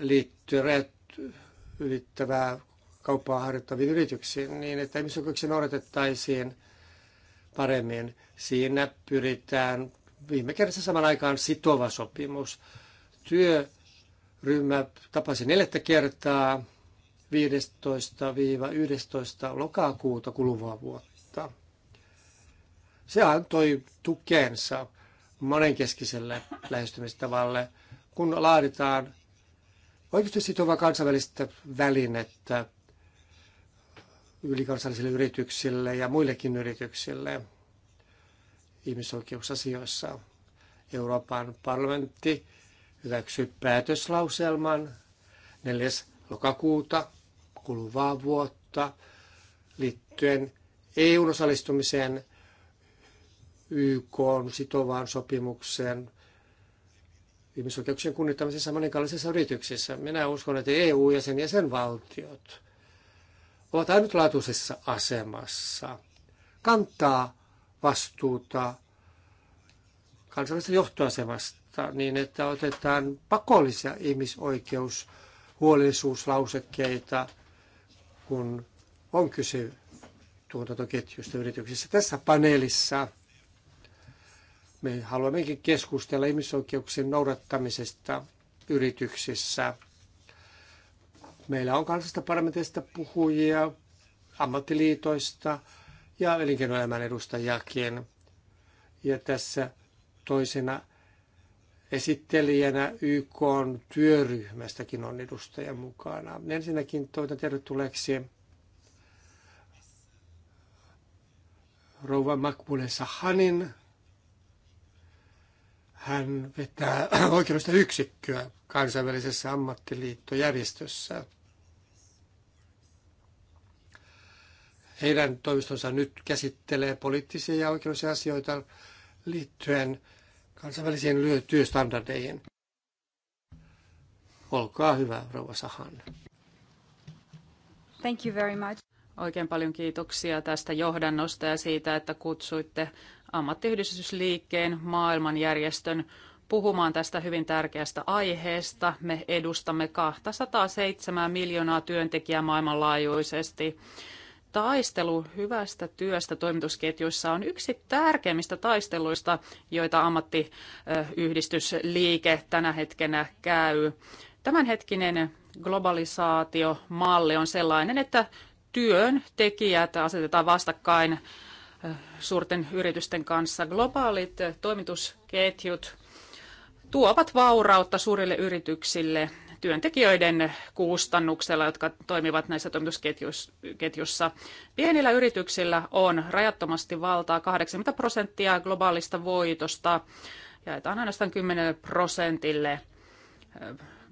liittyen rajat ylittävää kauppaa harjoittaviin yrityksiin, niin että ihmisoikeuksia noudatettaisiin paremmin. Siinä pyritään viime kerrassa saman aikaan sitova sopimus. Työryhmä tapasi neljättä kertaa 15-11 lokakuuta kuluvaa vuotta se antoi tukensa monenkeskiselle lähestymistavalle, kun laaditaan oikeasti sitovaa kansainvälistä välinettä ylikansallisille yrityksille ja muillekin yrityksille ihmisoikeusasioissa. Euroopan parlamentti hyväksyi päätöslauselman 4. lokakuuta kuluvaa vuotta liittyen EUn osallistumiseen YK on sitovaan sopimukseen ihmisoikeuksien kunnittamisessa monikansallisissa yrityksissä. Minä uskon, että EU ja sen jäsenvaltiot ovat ainutlaatuisessa asemassa kantaa vastuuta kansallisesta johtoasemasta niin, että otetaan pakollisia ihmisoikeus huolellisuuslausekkeita, kun on kyse tuotantoketjusta yrityksissä. Tässä paneelissa me haluammekin keskustella ihmisoikeuksien noudattamisesta yrityksissä. Meillä on kansallista parlamentista puhujia, ammattiliitoista ja elinkeinoelämän edustajakin. Ja tässä toisena esittelijänä YK on työryhmästäkin on edustaja mukana. Ensinnäkin toivotan tervetulleeksi rouva Makbule Sahanin hän vetää [CLEARS THROAT] oikeudesta yksikköä kansainvälisessä ammattiliittojärjestössä. Heidän toimistonsa nyt käsittelee poliittisia ja oikeudellisia asioita liittyen kansainvälisiin työstandardeihin. Olkaa hyvä, rouva Sahan. Thank you very much. Oikein paljon kiitoksia tästä johdannosta ja siitä, että kutsuitte ammattiyhdistysliikkeen, maailmanjärjestön puhumaan tästä hyvin tärkeästä aiheesta. Me edustamme 207 miljoonaa työntekijää maailmanlaajuisesti. Taistelu hyvästä työstä toimitusketjuissa on yksi tärkeimmistä taisteluista, joita ammattiyhdistysliike tänä hetkenä käy. Tämänhetkinen globalisaatiomalli on sellainen, että työntekijät asetetaan vastakkain suurten yritysten kanssa. Globaalit toimitusketjut tuovat vaurautta suurille yrityksille työntekijöiden kustannuksella, jotka toimivat näissä toimitusketjussa. Pienillä yrityksillä on rajattomasti valtaa 80 prosenttia globaalista voitosta, jaetaan ainoastaan 10 prosentille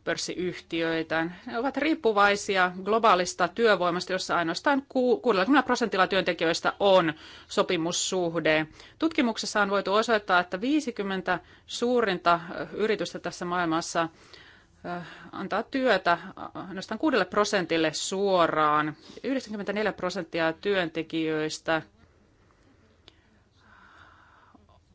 pörssiyhtiöitä Ne ovat riippuvaisia globaalista työvoimasta, jossa ainoastaan 60 prosentilla työntekijöistä on sopimussuhde. Tutkimuksessa on voitu osoittaa, että 50 suurinta yritystä tässä maailmassa äh, antaa työtä ainoastaan 6 prosentille suoraan. 94 prosenttia työntekijöistä –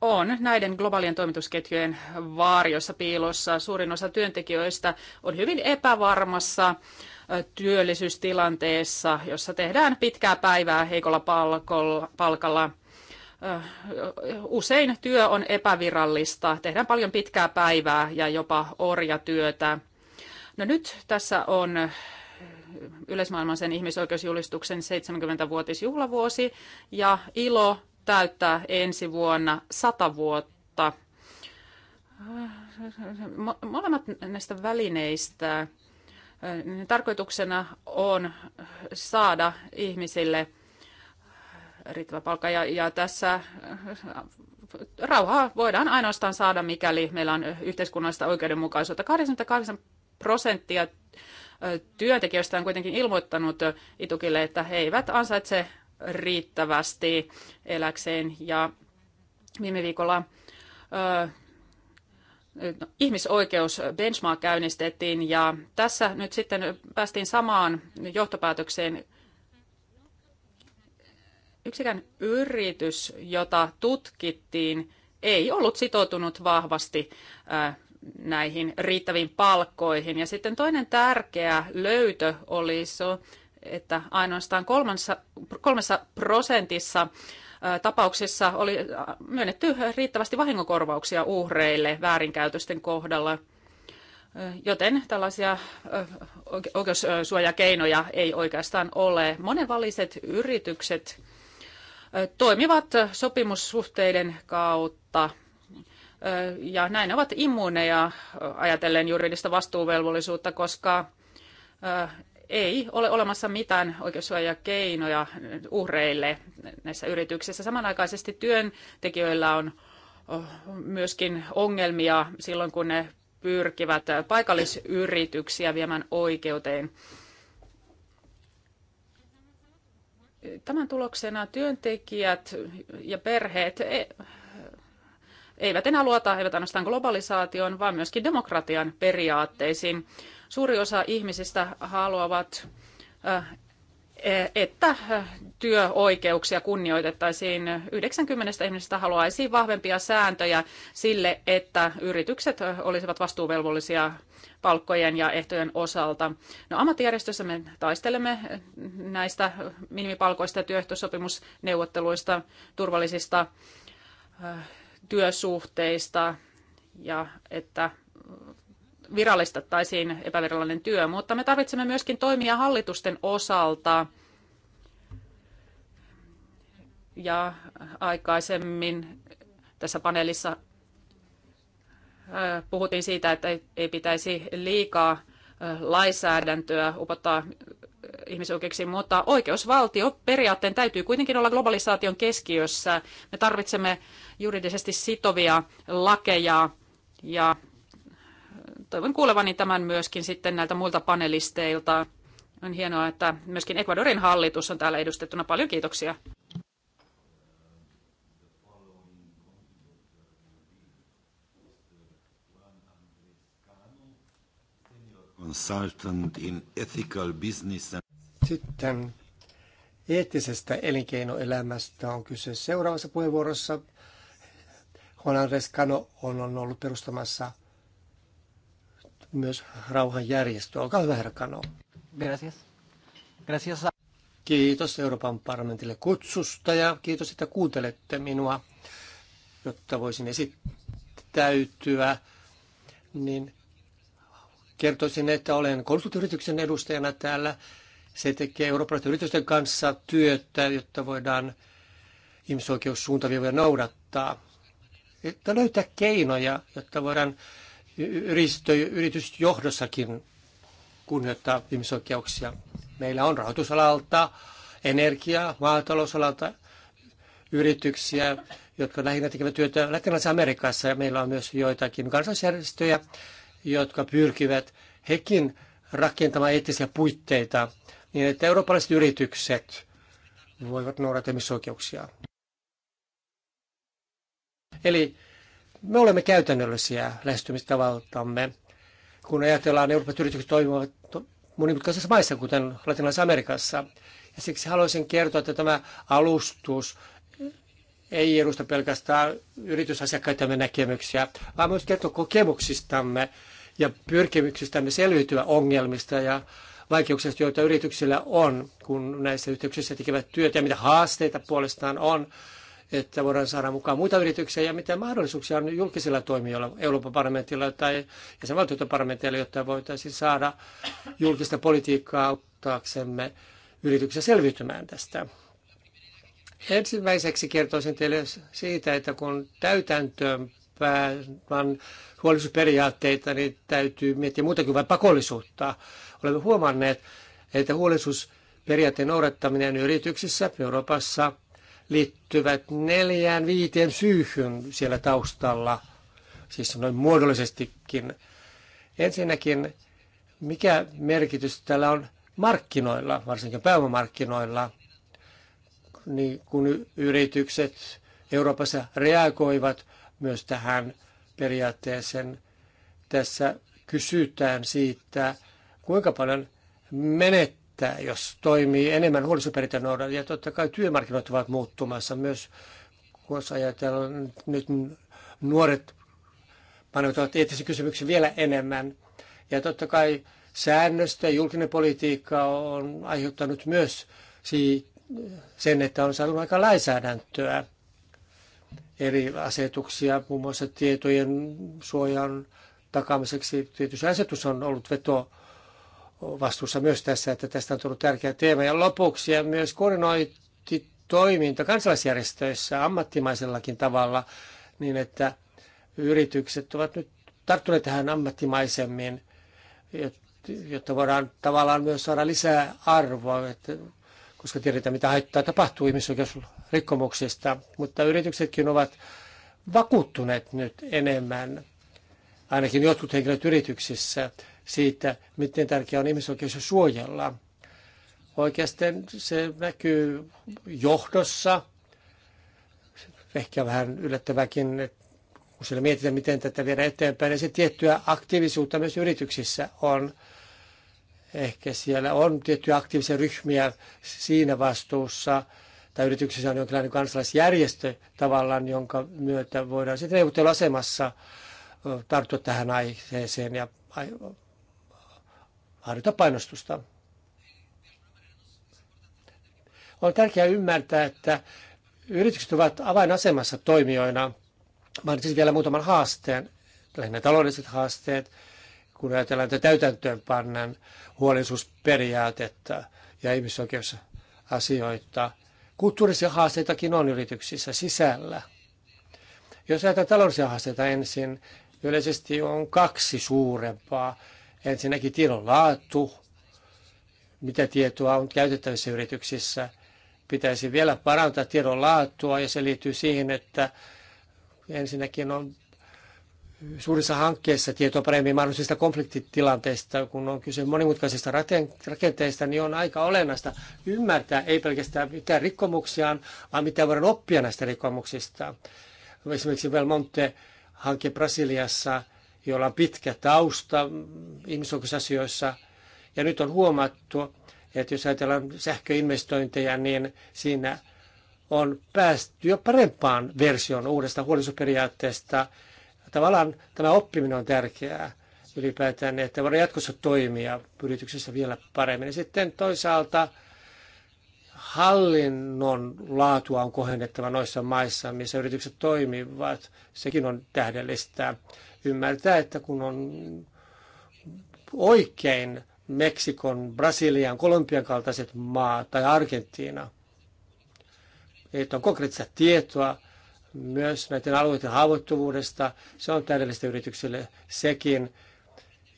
on näiden globaalien toimitusketjujen vaariossa piilossa. Suurin osa työntekijöistä on hyvin epävarmassa työllisyystilanteessa, jossa tehdään pitkää päivää heikolla palkalla. Usein työ on epävirallista, tehdään paljon pitkää päivää ja jopa orjatyötä. No nyt tässä on yleismaailman ihmisoikeusjulistuksen 70-vuotisjuhlavuosi ja ILO täyttää ensi vuonna sata vuotta. Molemmat näistä välineistä tarkoituksena on saada ihmisille riittävä palkka. Ja, ja tässä rauhaa voidaan ainoastaan saada, mikäli meillä on yhteiskunnallista oikeudenmukaisuutta. 88 prosenttia työntekijöistä on kuitenkin ilmoittanut Itukille, että he eivät ansaitse riittävästi eläkseen. Ja viime viikolla no, ihmisoikeusbenchmark käynnistettiin ja tässä nyt sitten päästiin samaan johtopäätökseen. Yksikään yritys, jota tutkittiin, ei ollut sitoutunut vahvasti näihin riittäviin palkkoihin. Ja sitten toinen tärkeä löytö oli että ainoastaan kolmansa, kolmessa prosentissa tapauksissa oli myönnetty riittävästi vahingokorvauksia uhreille väärinkäytösten kohdalla, joten tällaisia oikeussuojakeinoja ei oikeastaan ole. Monenvaliset yritykset toimivat sopimussuhteiden kautta ja näin ovat immuuneja ajatellen juridista vastuuvelvollisuutta, koska ei ole olemassa mitään oikeussuojakeinoja uhreille näissä yrityksissä. Samanaikaisesti työntekijöillä on oh, myöskin ongelmia silloin, kun ne pyrkivät paikallisyrityksiä viemään oikeuteen. Tämän tuloksena työntekijät ja perheet e- eivät enää luota, eivät ainoastaan globalisaation, vaan myöskin demokratian periaatteisiin. Suuri osa ihmisistä haluavat, e, että työoikeuksia kunnioitettaisiin. 90 ihmisestä haluaisi vahvempia sääntöjä sille, että yritykset olisivat vastuuvelvollisia palkkojen ja ehtojen osalta. No, ammattijärjestössä me taistelemme näistä minimipalkoista ja työehtosopimusneuvotteluista, turvallisista työsuhteista ja että virallistettaisiin epävirallinen työ, mutta me tarvitsemme myöskin toimia hallitusten osalta. Ja aikaisemmin tässä paneelissa äh, puhuttiin siitä, että ei pitäisi liikaa äh, lainsäädäntöä upottaa äh, ihmisoikeuksiin, mutta oikeusvaltio periaatteen täytyy kuitenkin olla globalisaation keskiössä. Me tarvitsemme juridisesti sitovia lakeja ja toivon kuulevani tämän myöskin sitten näiltä muilta panelisteilta. On hienoa, että myöskin Ecuadorin hallitus on täällä edustettuna. Paljon kiitoksia. Consultant in ethical business Sitten eettisestä elinkeinoelämästä on kyse seuraavassa puheenvuorossa. Juan Andrés Cano on ollut perustamassa myös rauhanjärjestö. Olkaa hyvä, herra Kano. Gracias. Gracias. Kiitos Euroopan parlamentille kutsusta ja kiitos, että kuuntelette minua, jotta voisin esittäytyä. Niin kertoisin, että olen konsulttiyrityksen edustajana täällä. Se tekee eurooppalaisten yritysten kanssa työtä, jotta voidaan ihmisoikeussuuntaviivoja noudattaa. Että löytää keinoja, jotta voidaan yristö, yritysjohdossakin kunnioittaa ihmisoikeuksia. Meillä on rahoitusalalta, energia, maatalousalalta yrityksiä, jotka lähinnä tekevät työtä Latinalaisessa Amerikassa ja meillä on myös joitakin kansallisjärjestöjä, jotka pyrkivät hekin rakentamaan eettisiä puitteita niin, että eurooppalaiset yritykset voivat noudattaa ihmisoikeuksia. Eli me olemme käytännöllisiä lähestymistavaltamme. Kun ajatellaan, Euroopan yritykset toimivat monimutkaisissa maissa, kuten Latinalaisessa Amerikassa. Ja siksi haluaisin kertoa, että tämä alustus ei edusta pelkästään yritysasiakkaitamme näkemyksiä, vaan myös kertoo kokemuksistamme ja pyrkimyksistämme selviytyä ongelmista ja vaikeuksista, joita yrityksillä on, kun näissä yhteyksissä tekevät työtä ja mitä haasteita puolestaan on että voidaan saada mukaan muita yrityksiä ja mitä mahdollisuuksia on julkisilla toimijoilla, Euroopan parlamentilla tai jäsenvaltioiden parlamentilla, jotta voitaisiin saada julkista politiikkaa auttaaksemme yrityksiä selviytymään tästä. Ensimmäiseksi kertoisin teille siitä, että kun täytäntöön pääsevän huolellisuusperiaatteita, niin täytyy miettiä muutakin vain pakollisuutta. Olemme huomanneet, että huolellisuusperiaatteen noudattaminen yrityksissä Euroopassa – liittyvät neljään viiteen syyhyn siellä taustalla, siis noin muodollisestikin. Ensinnäkin, mikä merkitys tällä on markkinoilla, varsinkin pääomamarkkinoilla, niin kun yritykset Euroopassa reagoivat myös tähän periaatteeseen. Tässä kysytään siitä, kuinka paljon menettää että jos toimii enemmän huolisoperinteen noudat, ja totta kai työmarkkinat ovat muuttumassa myös, kun ajatellaan nyt nuoret paneutuvat eettisiin kysymyksiin vielä enemmän. Ja totta kai säännöstä ja julkinen politiikka on aiheuttanut myös sen, että on saanut aika lainsäädäntöä eri asetuksia, muun muassa tietojen suojan takaamiseksi. Tietysti asetus on ollut veto vastuussa myös tässä, että tästä on tullut tärkeä teema. Ja lopuksi ja myös koordinointi toiminta kansalaisjärjestöissä ammattimaisellakin tavalla niin, että yritykset ovat nyt tarttuneet tähän ammattimaisemmin, jotta voidaan tavallaan myös saada lisää arvoa, että, koska tiedetään mitä haittaa tapahtuu ihmisoikeusrikkomuksista, mutta yrityksetkin ovat vakuuttuneet nyt enemmän, ainakin jotkut henkilöt yrityksissä, siitä, miten tärkeää on ihmisoikeus suojella. Oikeastaan se näkyy johdossa, ehkä vähän yllättäväkin, kun siellä mietitään, miten tätä viedä eteenpäin, niin se tiettyä aktiivisuutta myös yrityksissä on. Ehkä siellä on tiettyjä aktiivisia ryhmiä siinä vastuussa, tai yrityksessä on jonkinlainen kansalaisjärjestö tavallaan, jonka myötä voidaan sitten neuvotteluasemassa tarttua tähän aiheeseen ja harjoita painostusta. On tärkeää ymmärtää, että yritykset ovat avainasemassa toimijoina. Mainitsin vielä muutaman haasteen, lähinnä taloudelliset haasteet, kun ajatellaan, että täytäntöönpannan huolellisuusperiaatetta ja ihmisoikeusasioita. Kulttuurisia haasteitakin on yrityksissä sisällä. Jos ajatellaan taloudellisia haasteita ensin, yleisesti on kaksi suurempaa Ensinnäkin tiedon laatu, mitä tietoa on käytettävissä yrityksissä. Pitäisi vielä parantaa tiedon laatua ja se liittyy siihen, että ensinnäkin on suurissa hankkeissa tietoa paremmin mahdollisista konfliktitilanteista, kun on kyse monimutkaisista rakenteista, niin on aika olennaista ymmärtää ei pelkästään mitä rikkomuksia on, vaan mitä voidaan oppia näistä rikkomuksista. Esimerkiksi Belmonte-hanke Brasiliassa – joilla on pitkä tausta ihmisoikeusasioissa. Ja nyt on huomattu, että jos ajatellaan sähköinvestointeja, niin siinä on päästy jo parempaan versioon uudesta huolisuusperiaatteesta. Tavallaan tämä oppiminen on tärkeää ylipäätään, että voidaan jatkossa toimia yrityksessä vielä paremmin. Ja sitten toisaalta hallinnon laatua on kohennettava noissa maissa, missä yritykset toimivat. Sekin on tähdellistä ymmärtää, että kun on oikein Meksikon, Brasilian, Kolumbian kaltaiset maat tai Argentiina, että on konkreettista tietoa myös näiden alueiden haavoittuvuudesta. Se on täydellistä yrityksille sekin,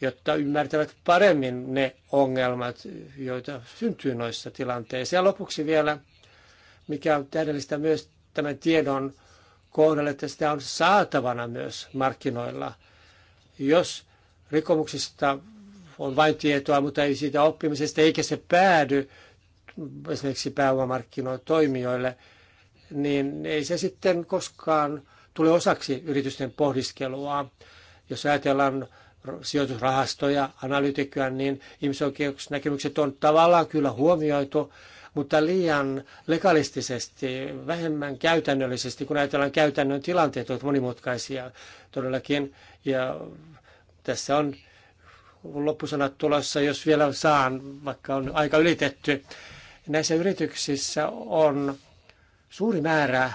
jotta ymmärtävät paremmin ne ongelmat, joita syntyy noissa tilanteissa. Ja lopuksi vielä, mikä on täydellistä myös tämän tiedon kohdalle, että sitä on saatavana myös markkinoilla. Jos rikomuksista on vain tietoa, mutta ei siitä oppimisesta, eikä se päädy esimerkiksi pääomamarkkinoille toimijoille, niin ei se sitten koskaan tule osaksi yritysten pohdiskelua. Jos ajatellaan sijoitusrahastoja, analyytikkoja, niin ihmisoikeusnäkemykset on tavallaan kyllä huomioitu, mutta liian legalistisesti, vähemmän käytännöllisesti, kun ajatellaan käytännön tilanteet ovat monimutkaisia todellakin. Ja tässä on loppusanat tulossa, jos vielä saan, vaikka on aika ylitetty. Näissä yrityksissä on suuri määrä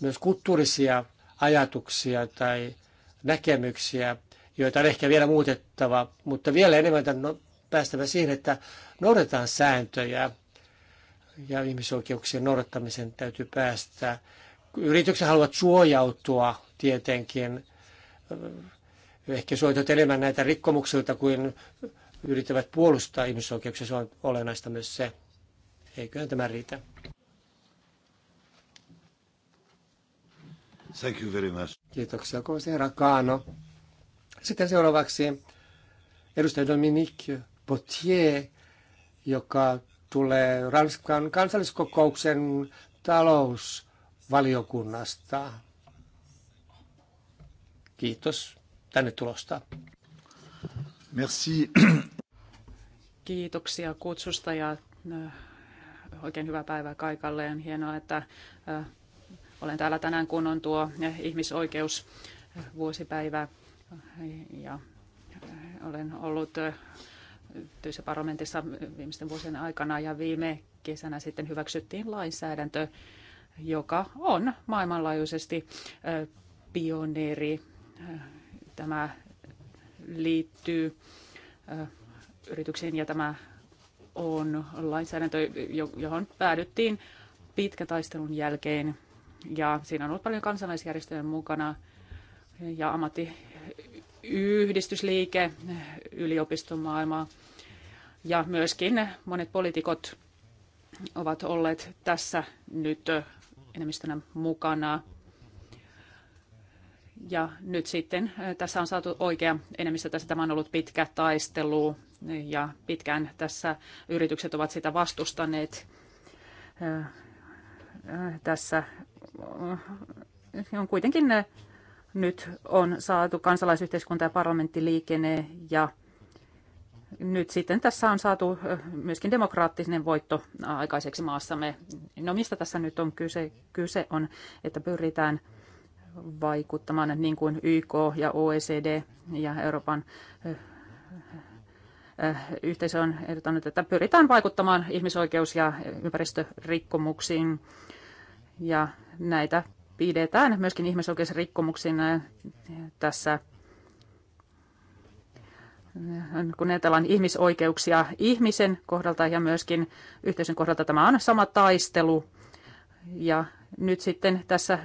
myös kulttuurisia ajatuksia tai näkemyksiä, joita on ehkä vielä muutettava, mutta vielä enemmän tämän no, päästävä siihen, että noudatetaan sääntöjä, ja ihmisoikeuksien noudattamisen täytyy päästä. Yritykset haluavat suojautua tietenkin, ehkä suojautua enemmän näitä rikkomuksilta kuin yrittävät puolustaa ihmisoikeuksia. Se on olennaista myös se. Eiköhän tämä riitä. Thank you very much. Kiitoksia kovasti, herra Kaano. Sitten seuraavaksi edustaja Dominique Potier, joka tulee Ranskan kansalliskokouksen talousvaliokunnasta. Kiitos tänne tulosta. Merci. Kiitoksia kutsusta ja äh, oikein hyvää päivää On Hienoa, että äh, olen täällä tänään, kun on tuo äh, ihmisoikeus vuosipäivä ja olen ollut tyysä parlamentissa viimeisten vuosien aikana ja viime kesänä sitten hyväksyttiin lainsäädäntö, joka on maailmanlaajuisesti pioneeri. Tämä liittyy yrityksiin ja tämä on lainsäädäntö, johon päädyttiin pitkän taistelun jälkeen. Ja siinä on ollut paljon kansalaisjärjestöjen mukana ja ammattiyhdistysliike, yliopistomaailma, ja myöskin monet poliitikot ovat olleet tässä nyt enemmistönä mukana. Ja nyt sitten tässä on saatu oikea enemmistö. Tässä tämä on ollut pitkä taistelu ja pitkään tässä yritykset ovat sitä vastustaneet. Tässä on kuitenkin nyt on saatu kansalaisyhteiskunta ja parlamentti liikenee ja nyt sitten tässä on saatu myöskin demokraattinen voitto aikaiseksi maassamme. No mistä tässä nyt on kyse? Kyse on, että pyritään vaikuttamaan niin kuin YK ja OECD ja Euroopan yhteisö on ehdottanut, että pyritään vaikuttamaan ihmisoikeus- ja ympäristörikkomuksiin ja näitä pidetään myöskin ihmisoikeusrikkomuksina tässä kun ajatellaan ihmisoikeuksia ihmisen kohdalta ja myöskin yhteisön kohdalta, tämä on sama taistelu. Ja nyt sitten tässä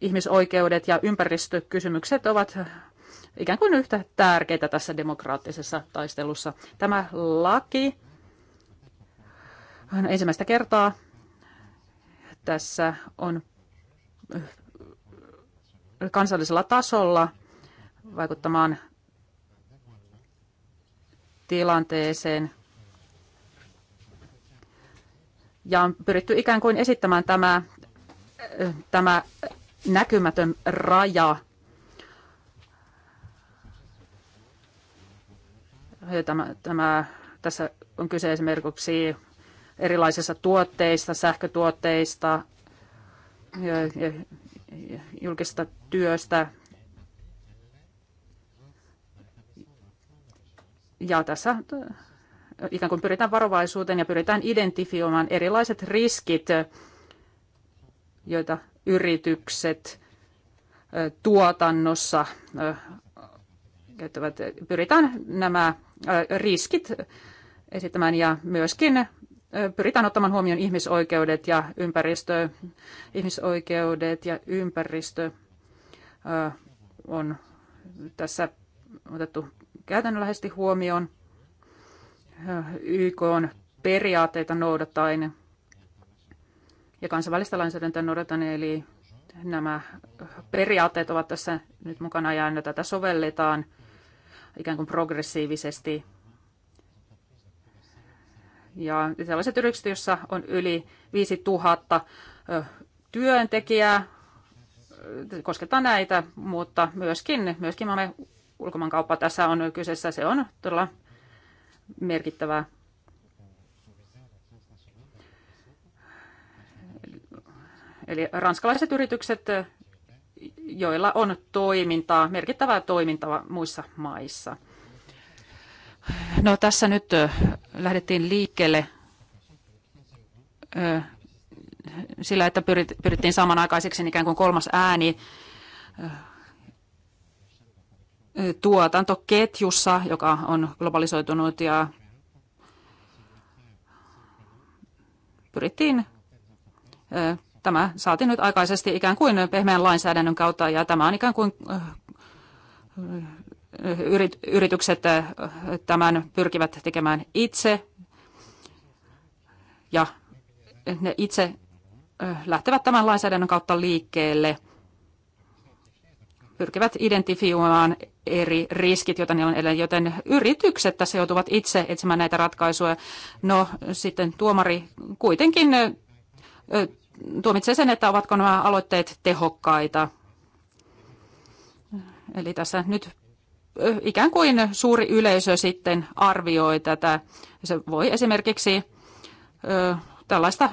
ihmisoikeudet ja ympäristökysymykset ovat ikään kuin yhtä tärkeitä tässä demokraattisessa taistelussa. Tämä laki on ensimmäistä kertaa. Tässä on kansallisella tasolla vaikuttamaan tilanteeseen. Ja on pyritty ikään kuin esittämään tämä, tämä näkymätön raja tämä, tämä, tässä on kyse esimerkiksi erilaisissa tuotteista, sähkötuotteista, julkisesta työstä, Ja tässä ikään kuin pyritään varovaisuuteen ja pyritään identifioimaan erilaiset riskit, joita yritykset tuotannossa käyttävät. Pyritään nämä riskit esittämään ja myöskin pyritään ottamaan huomioon ihmisoikeudet ja ympäristö. Ihmisoikeudet ja ympäristö on tässä otettu käytännönläheisesti huomioon YK on periaatteita noudattaen ja kansainvälistä lainsäädäntöä noudattaen, eli nämä periaatteet ovat tässä nyt mukana ja tätä sovelletaan ikään kuin progressiivisesti. Ja sellaiset yritykset, joissa on yli 5000 työntekijää, koskettaa näitä, mutta myöskin, myöskin me ulkomaankauppa tässä on kyseessä. Se on todella merkittävää. Eli ranskalaiset yritykset, joilla on toimintaa, merkittävää toimintaa muissa maissa. No tässä nyt lähdettiin liikkeelle sillä, että pyrittiin samanaikaiseksi ikään kuin kolmas ääni tuotantoketjussa, joka on globalisoitunut ja pyrittiin Tämä saatiin nyt aikaisesti ikään kuin pehmeän lainsäädännön kautta ja tämä on ikään kuin yritykset tämän pyrkivät tekemään itse ja ne itse lähtevät tämän lainsäädännön kautta liikkeelle, pyrkivät identifioimaan eri riskit, joita niillä on edelleen, joten yritykset tässä joutuvat itse etsimään näitä ratkaisuja. No sitten tuomari kuitenkin tuomitsee sen, että ovatko nämä aloitteet tehokkaita. Eli tässä nyt ikään kuin suuri yleisö sitten arvioi tätä. Se voi esimerkiksi tällaista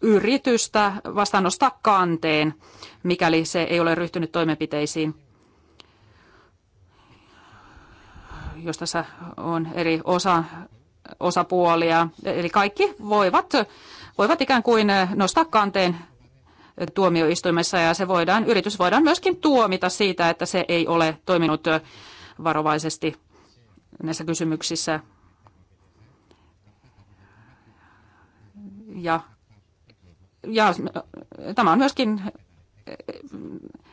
yritystä vastaan nostaa kanteen, mikäli se ei ole ryhtynyt toimenpiteisiin. jos tässä on eri osa, osapuolia. Eli kaikki voivat, voivat ikään kuin nostaa kanteen tuomioistuimessa ja se voidaan, yritys voidaan myöskin tuomita siitä, että se ei ole toiminut varovaisesti näissä kysymyksissä. Ja, ja tämä on myöskin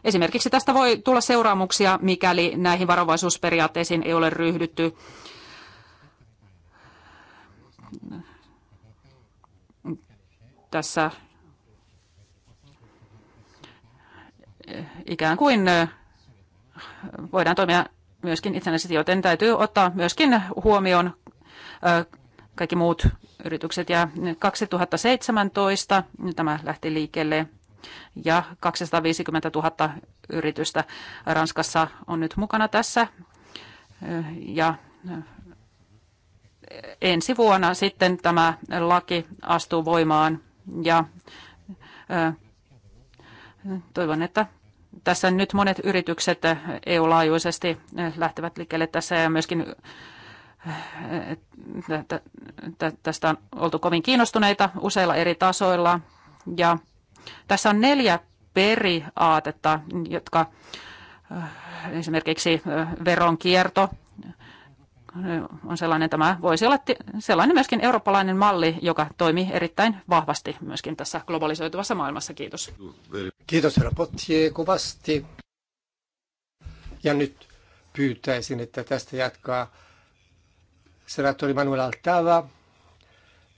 esimerkiksi tästä voi tulla seuraamuksia, mikäli näihin varovaisuusperiaatteisiin ei ole ryhdytty. Tässä ikään kuin voidaan toimia myöskin itsenäisesti, joten täytyy ottaa myöskin huomioon kaikki muut yritykset. Ja 2017 tämä lähti liikkeelle ja 250 000 yritystä Ranskassa on nyt mukana tässä. Ja ensi vuonna sitten tämä laki astuu voimaan ja toivon, että tässä nyt monet yritykset EU-laajuisesti lähtevät liikkeelle tässä ja myöskin tästä on oltu kovin kiinnostuneita useilla eri tasoilla ja tässä on neljä periaatetta, jotka äh, esimerkiksi äh, veronkierto äh, on sellainen, tämä voisi olla sellainen myöskin eurooppalainen malli, joka toimii erittäin vahvasti myöskin tässä globalisoituvassa maailmassa. Kiitos. Kiitos herra Potier kovasti. Ja nyt pyytäisin, että tästä jatkaa senaattori Manuel Altava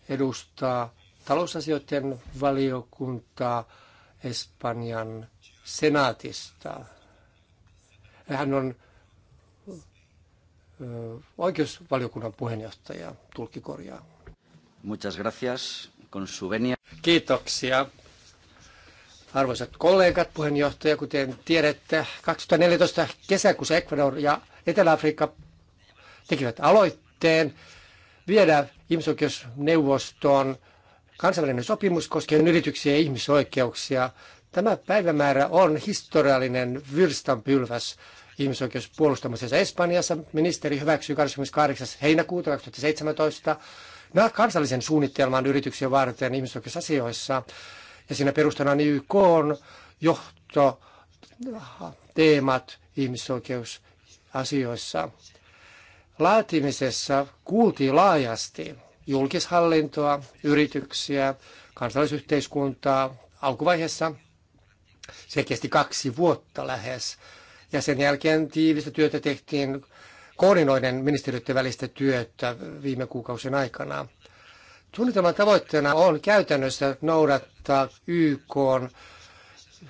edustaa talousasioiden valiokuntaa Espanjan senaatista. Hän on oikeusvaliokunnan puheenjohtaja, tulkikorjaa. Muchas gracias. Con su venia. Kiitoksia. Arvoisat kollegat, puheenjohtaja, kuten tiedätte, 2014 kesäkuussa Ecuador ja Etelä-Afrikka tekivät aloitteen viedä ihmisoikeusneuvostoon Kansainvälinen sopimus koskien yrityksiä ja ihmisoikeuksia. Tämä päivämäärä on historiallinen virstanpylväs ihmisoikeuspuolustamisessa. Espanjassa ministeri hyväksyi 28. heinäkuuta 2017 Nämä kansallisen suunnitelman yrityksiä varten ihmisoikeusasioissa. Ja siinä perustana on YK on johto teemat ihmisoikeusasioissa. Laatimisessa kuultiin laajasti julkishallintoa, yrityksiä, kansalaisyhteiskuntaa alkuvaiheessa. Se kesti kaksi vuotta lähes. Ja sen jälkeen tiivistä työtä tehtiin koordinoiden ministeriöiden välistä työtä viime kuukausien aikana. Suunnitelman tavoitteena on käytännössä noudattaa YK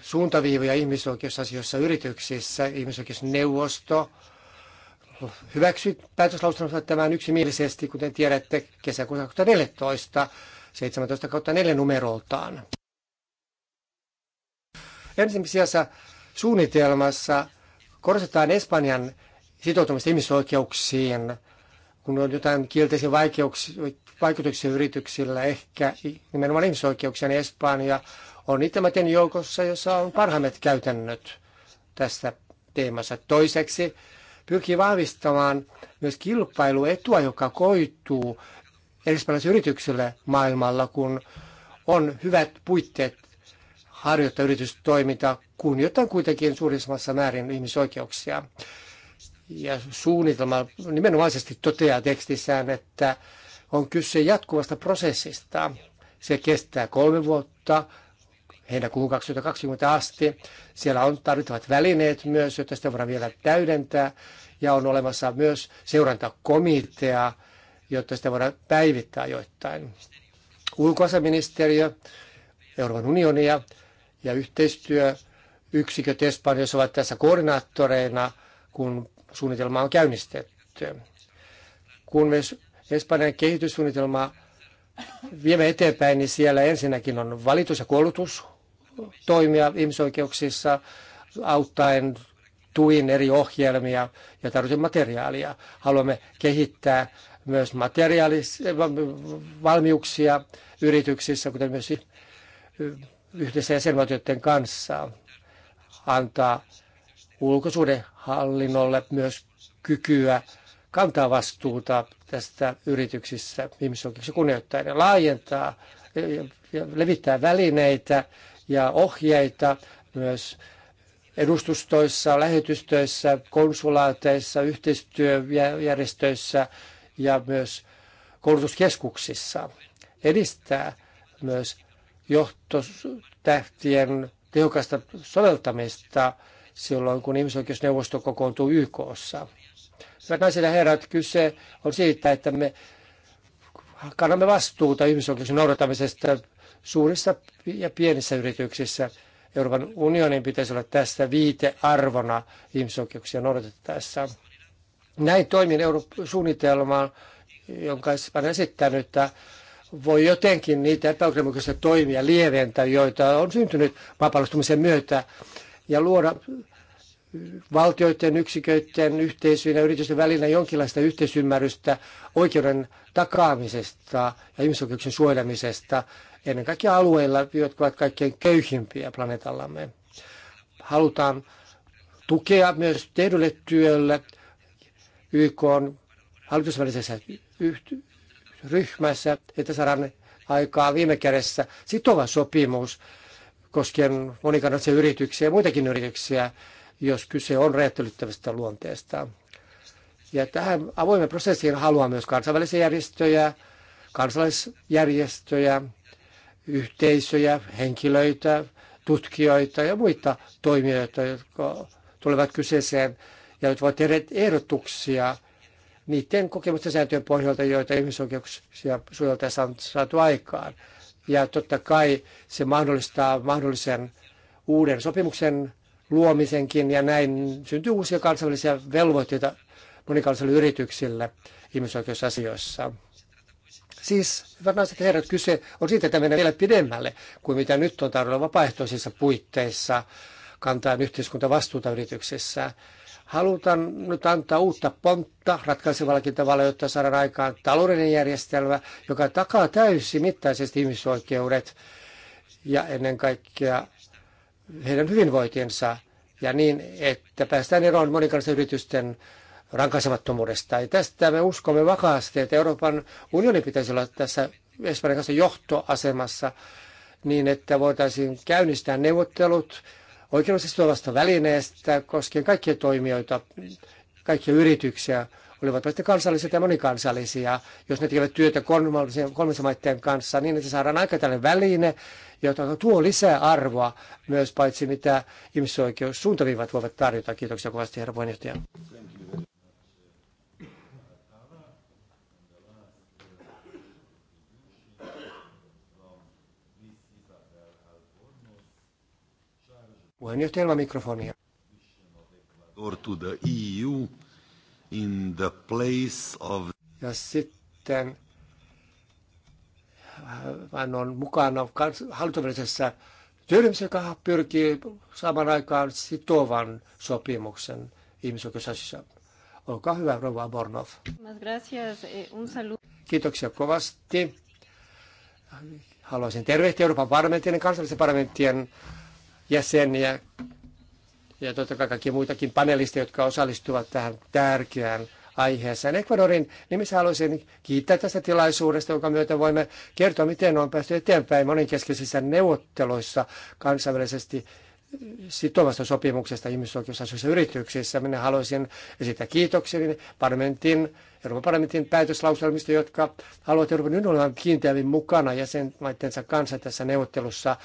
suuntaviivoja ihmisoikeusasioissa yrityksissä, ihmisoikeusneuvosto, hyväksyi päätöslauselmansa tämän yksimielisesti, kuten tiedätte, kesäkuun 2014 17 kautta 4 numeroltaan. Ensimmäisessä suunnitelmassa korostetaan Espanjan sitoutumista ihmisoikeuksiin, kun on jotain kielteisiä vaikeuksia, vaikutuksia yrityksillä, ehkä nimenomaan ihmisoikeuksia, niin Espanja on niiden joukossa, jossa on parhaimmat käytännöt tässä teemassa. Toiseksi pyrkii vahvistamaan myös kilpailuetua, joka koituu espanjalaisille yrityksille maailmalla, kun on hyvät puitteet harjoittaa yritystoimintaa, kunnioittaa kuitenkin suurimmassa määrin ihmisoikeuksia. Ja suunnitelma nimenomaisesti toteaa tekstissään, että on kyse jatkuvasta prosessista. Se kestää kolme vuotta, heinäkuun 2020 asti. Siellä on tarvittavat välineet myös, joita sitä voidaan vielä täydentää. Ja on olemassa myös seurantakomitea, jotta sitä voidaan päivittää joittain. Ulkoasaministeriö, Euroopan unionia ja yhteistyöyksiköt Espanjassa ovat tässä koordinaattoreina, kun suunnitelma on käynnistetty. Kun myös Espanjan kehityssuunnitelma viemme eteenpäin, niin siellä ensinnäkin on valitus ja koulutus toimia ihmisoikeuksissa auttaen tuin eri ohjelmia ja tarvitsen materiaalia. Haluamme kehittää myös valmiuksia yrityksissä, kuten myös yhdessä jäsenvaltioiden kanssa antaa ulkosuhdehallinnolle myös kykyä kantaa vastuuta tästä yrityksissä ihmisoikeuksia kunnioittain ja laajentaa ja levittää välineitä, ja ohjeita myös edustustoissa, lähetystöissä, konsulaateissa, yhteistyöjärjestöissä ja myös koulutuskeskuksissa. Edistää myös johtotähtien tehokasta soveltamista silloin, kun ihmisoikeusneuvosto kokoontuu YKssa. Hyvät naiset ja herrat, kyse on siitä, että me kannamme vastuuta ihmisoikeuksien noudattamisesta Suurissa ja pienissä yrityksissä Euroopan unionin pitäisi olla tässä viitearvona ihmisoikeuksia noudatettaessa. Näin toimin suunnitelmaan, jonka olen esittänyt, että voi jotenkin niitä epäoikeudenmukaisia toimia lieventää, joita on syntynyt maapallostumisen myötä, ja luoda valtioiden, yksiköiden, yhteisöjen ja yritysten välillä jonkinlaista yhteisymmärrystä oikeuden takaamisesta ja ihmisoikeuksien suojelemisesta ennen kaikkea alueilla, jotka ovat kaikkein köyhimpiä planeetallamme. Halutaan tukea myös tehdylle työlle YK on hallitusvälisessä ryhmässä, että saadaan aikaa viime kädessä sitova sopimus koskien monikannaisia yrityksiä ja muitakin yrityksiä, jos kyse on räjähtelyttävästä luonteesta. Ja tähän avoimen prosessiin haluaa myös kansainvälisiä järjestöjä, kansalaisjärjestöjä, yhteisöjä, henkilöitä, tutkijoita ja muita toimijoita, jotka tulevat kyseeseen ja jotka ovat tehneet ehdotuksia niiden kokemusten sääntöjen pohjalta, joita ihmisoikeuksia suojeltaessa on saatu aikaan. Ja totta kai se mahdollistaa mahdollisen uuden sopimuksen luomisenkin ja näin syntyy uusia kansainvälisiä velvoitteita monikansallisille yrityksille ihmisoikeusasioissa. Siis, hyvät naiset ja herrat, kyse on siitä, että mennään vielä pidemmälle kuin mitä nyt on tarjolla vapaaehtoisissa puitteissa kantaa vastuuta yrityksessä. Halutaan nyt antaa uutta pontta ratkaisevallakin tavalla, jotta saadaan aikaan taloudellinen järjestelmä, joka takaa täysimittaisesti ihmisoikeudet ja ennen kaikkea heidän hyvinvointinsa ja niin, että päästään eroon monikansallisten yritysten rankaisemattomuudesta. Ja tästä me uskomme vakaasti, että Euroopan unioni pitäisi olla tässä Espanjan kanssa johtoasemassa niin, että voitaisiin käynnistää neuvottelut oikeudellisesti välineestä koskien kaikkia toimijoita, kaikkia yrityksiä, olivat sitten kansallisia tai monikansallisia, jos ne tekevät työtä kolmessa maitteen kanssa, niin että saadaan aika tällainen väline, jota tuo lisää arvoa myös paitsi mitä ihmisoikeussuuntaviivat voivat tarjota. Kiitoksia kovasti, herra puheenjohtaja. Puheenjohtaja ilman mikrofonia. E ja sitten vaan on mukana hallintovälisessä työryhmässä, joka pyrkii saman aikaan sitovan sopimuksen ihmisoikeusasiassa. Olkaa hyvä, Rova Bornov. Eh, Kiitoksia kovasti. Haluaisin tervehtiä Euroopan parlamentin ja kansallisen parlamenttien jäseniä ja totta kai kaikki muitakin panelisteja, jotka osallistuvat tähän tärkeään aiheeseen. Ecuadorin nimissä haluaisin kiittää tästä tilaisuudesta, jonka myötä voimme kertoa, miten on päästy eteenpäin monenkeskeisissä neuvotteluissa kansainvälisesti sitovasta sopimuksesta ihmisoikeusasioissa yrityksissä. Minä haluaisin esittää kiitokseni parlamentin, Euroopan parlamentin päätöslauselmista, jotka haluavat Euroopan unionin olevan kiinteämmin mukana jäsenmaittensa kanssa tässä neuvottelussa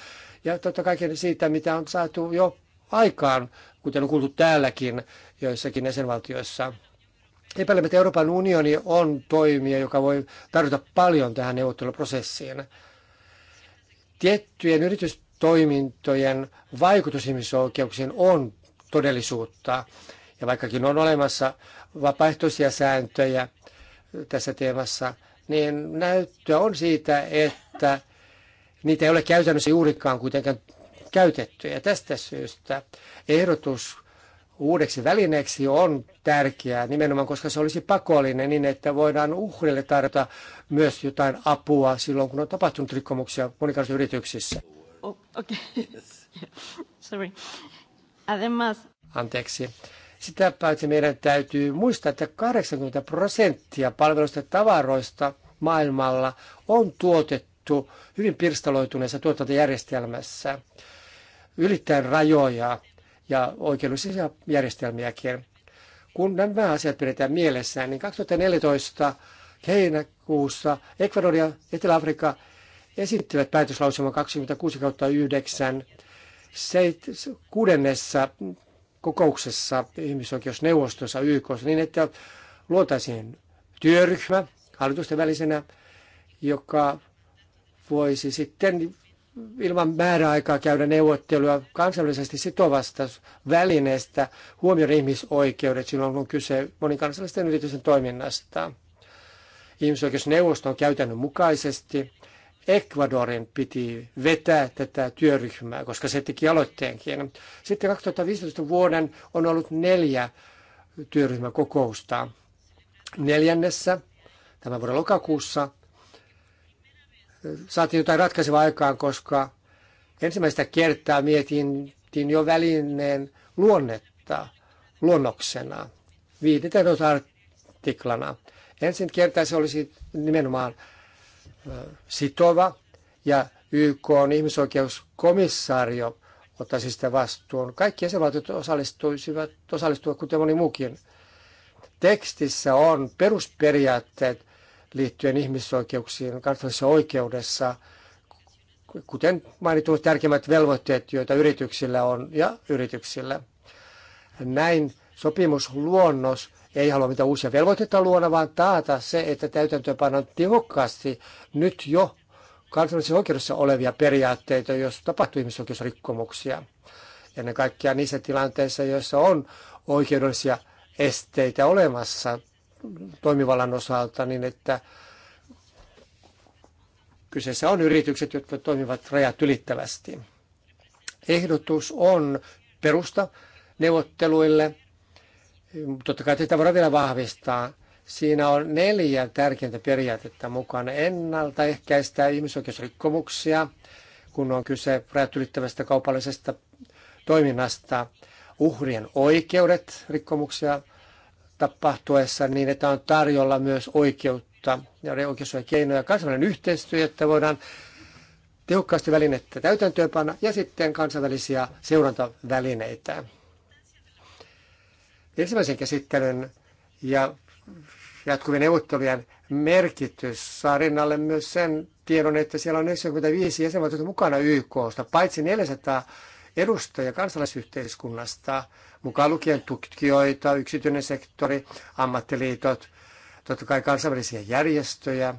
ja totta kai siitä, mitä on saatu jo aikaan, kuten on kuultu täälläkin joissakin jäsenvaltioissa. Epäilemme, että Euroopan unioni on toimija, joka voi tarjota paljon tähän neuvotteluprosessiin. Tiettyjen yritystoimintojen vaikutus ihmisoikeuksiin on todellisuutta. Ja vaikkakin on olemassa vapaaehtoisia sääntöjä tässä teemassa, niin näyttöä on siitä, että niitä ei ole käytännössä juurikaan kuitenkaan käytetty. Ja tästä syystä ehdotus uudeksi välineeksi on tärkeää, nimenomaan koska se olisi pakollinen niin, että voidaan uhrille tarjota myös jotain apua silloin, kun on tapahtunut rikkomuksia monikaisissa yrityksissä. Oh, okay. [LAUGHS] Sorry. Además... Anteeksi. Sitä paitsi meidän täytyy muistaa, että 80 prosenttia palveluista tavaroista maailmalla on tuotettu luotu hyvin pirstaloituneessa tuotantojärjestelmässä ylittäen rajoja ja oikeudellisia järjestelmiäkin. Kun nämä asiat pidetään mielessä, niin 2014 heinäkuussa Ecuador ja Etelä-Afrikka esittivät päätöslauselman 26 9 kuudennessa kokouksessa ihmisoikeusneuvostossa YKssa niin, että luotaisiin työryhmä hallitusten välisenä, joka voisi sitten ilman määräaikaa käydä neuvotteluja kansainvälisesti sitovasta välineestä huomioida ihmisoikeudet silloin, kun on kyse monikansallisten yritysten toiminnasta. ihmisoikeusneuvosto on käytännön mukaisesti Ecuadorin piti vetää tätä työryhmää, koska se teki aloitteenkin. Sitten 2015 vuoden on ollut neljä työryhmäkokousta. Neljännessä, tämän vuoden lokakuussa, saatiin jotain ratkaisevaa aikaan, koska ensimmäistä kertaa mietin jo välineen luonnetta luonnoksena, 15 artiklana. Ensin kertaa se olisi nimenomaan sitova ja YK on ihmisoikeuskomissaario ottaisi sitä vastuun. Kaikki jäsenvaltiot osallistuisivat, osallistua kuten moni muukin. Tekstissä on perusperiaatteet, liittyen ihmisoikeuksiin kansallisessa oikeudessa, kuten mainitut tärkeimmät velvoitteet, joita yrityksillä on ja yrityksillä. Näin sopimusluonnos ei halua mitään uusia velvoitteita luona, vaan taata se, että täytäntöön pannaan tehokkaasti nyt jo kansallisessa oikeudessa olevia periaatteita, jos tapahtuu ihmisoikeusrikkomuksia. Ennen kaikkea niissä tilanteissa, joissa on oikeudellisia esteitä olemassa toimivallan osalta niin, että kyseessä on yritykset, jotka toimivat rajat ylittävästi. Ehdotus on perusta neuvotteluille. Totta kai tätä voidaan vielä vahvistaa. Siinä on neljä tärkeintä periaatetta mukana. Ennaltaehkäistä ihmisoikeusrikkomuksia, kun on kyse rajat ylittävästä kaupallisesta toiminnasta. Uhrien oikeudet rikkomuksia tapahtuessa niin, että on tarjolla myös oikeutta ja oikeus ja keinoja, kansainvälinen yhteistyö, että voidaan tehokkaasti välinettä täytäntöönpanna ja sitten kansainvälisiä seurantavälineitä. Ensimmäisen käsittelyn ja jatkuvien neuvottelujen merkitys saa rinnalle myös sen tiedon, että siellä on 95 jäsenvaltiota mukana YKsta, paitsi 400 edustajia kansalaisyhteiskunnasta, mukaan lukien tutkijoita, yksityinen sektori, ammattiliitot, totta kai kansainvälisiä järjestöjä.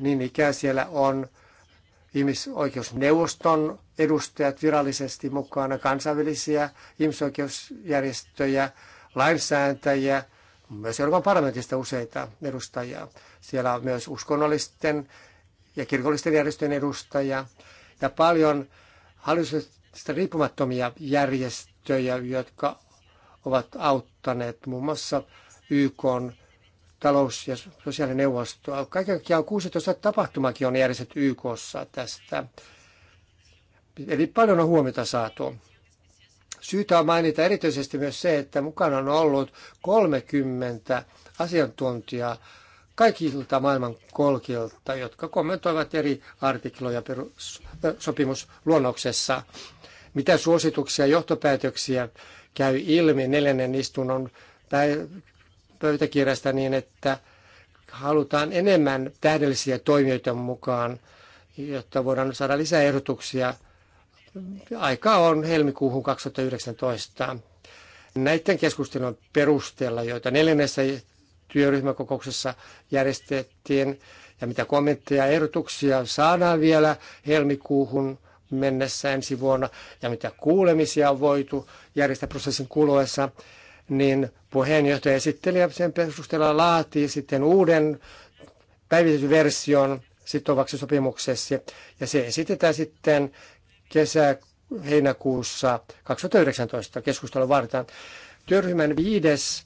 Niin ikään siellä on ihmisoikeusneuvoston edustajat virallisesti mukana, kansainvälisiä ihmisoikeusjärjestöjä, lainsääntäjiä, myös Euroopan parlamentista useita edustajia. Siellä on myös uskonnollisten ja kirkollisten järjestöjen edustajia ja paljon hallituksesta riippumattomia järjestöjä, jotka ovat auttaneet muun muassa YK talous- ja sosiaalineuvostoa. Kaiken 16 tapahtumakin on järjestetty YKssa tästä. Eli paljon on huomiota saatu. Syytä on mainita erityisesti myös se, että mukana on ollut 30 asiantuntijaa kaikilta maailman kolkilta, jotka kommentoivat eri artikloja sopimusluonnoksessa. Mitä suosituksia ja johtopäätöksiä käy ilmi neljännen istunnon pöytäkirjasta niin, että halutaan enemmän tähdellisiä toimijoita mukaan, jotta voidaan saada lisää ehdotuksia. Aika on helmikuuhun 2019. Näiden keskustelujen perusteella, joita neljännessä työryhmäkokouksessa järjestettiin ja mitä kommentteja ja ehdotuksia saadaan vielä helmikuuhun mennessä ensi vuonna ja mitä kuulemisia on voitu järjestää prosessin kuluessa, niin puheenjohtaja esittelijä sen perusteella laatii sitten uuden päivitysversion sitovaksi sopimuksessa ja se esitetään sitten kesä heinäkuussa 2019 keskustelua varten. Työryhmän viides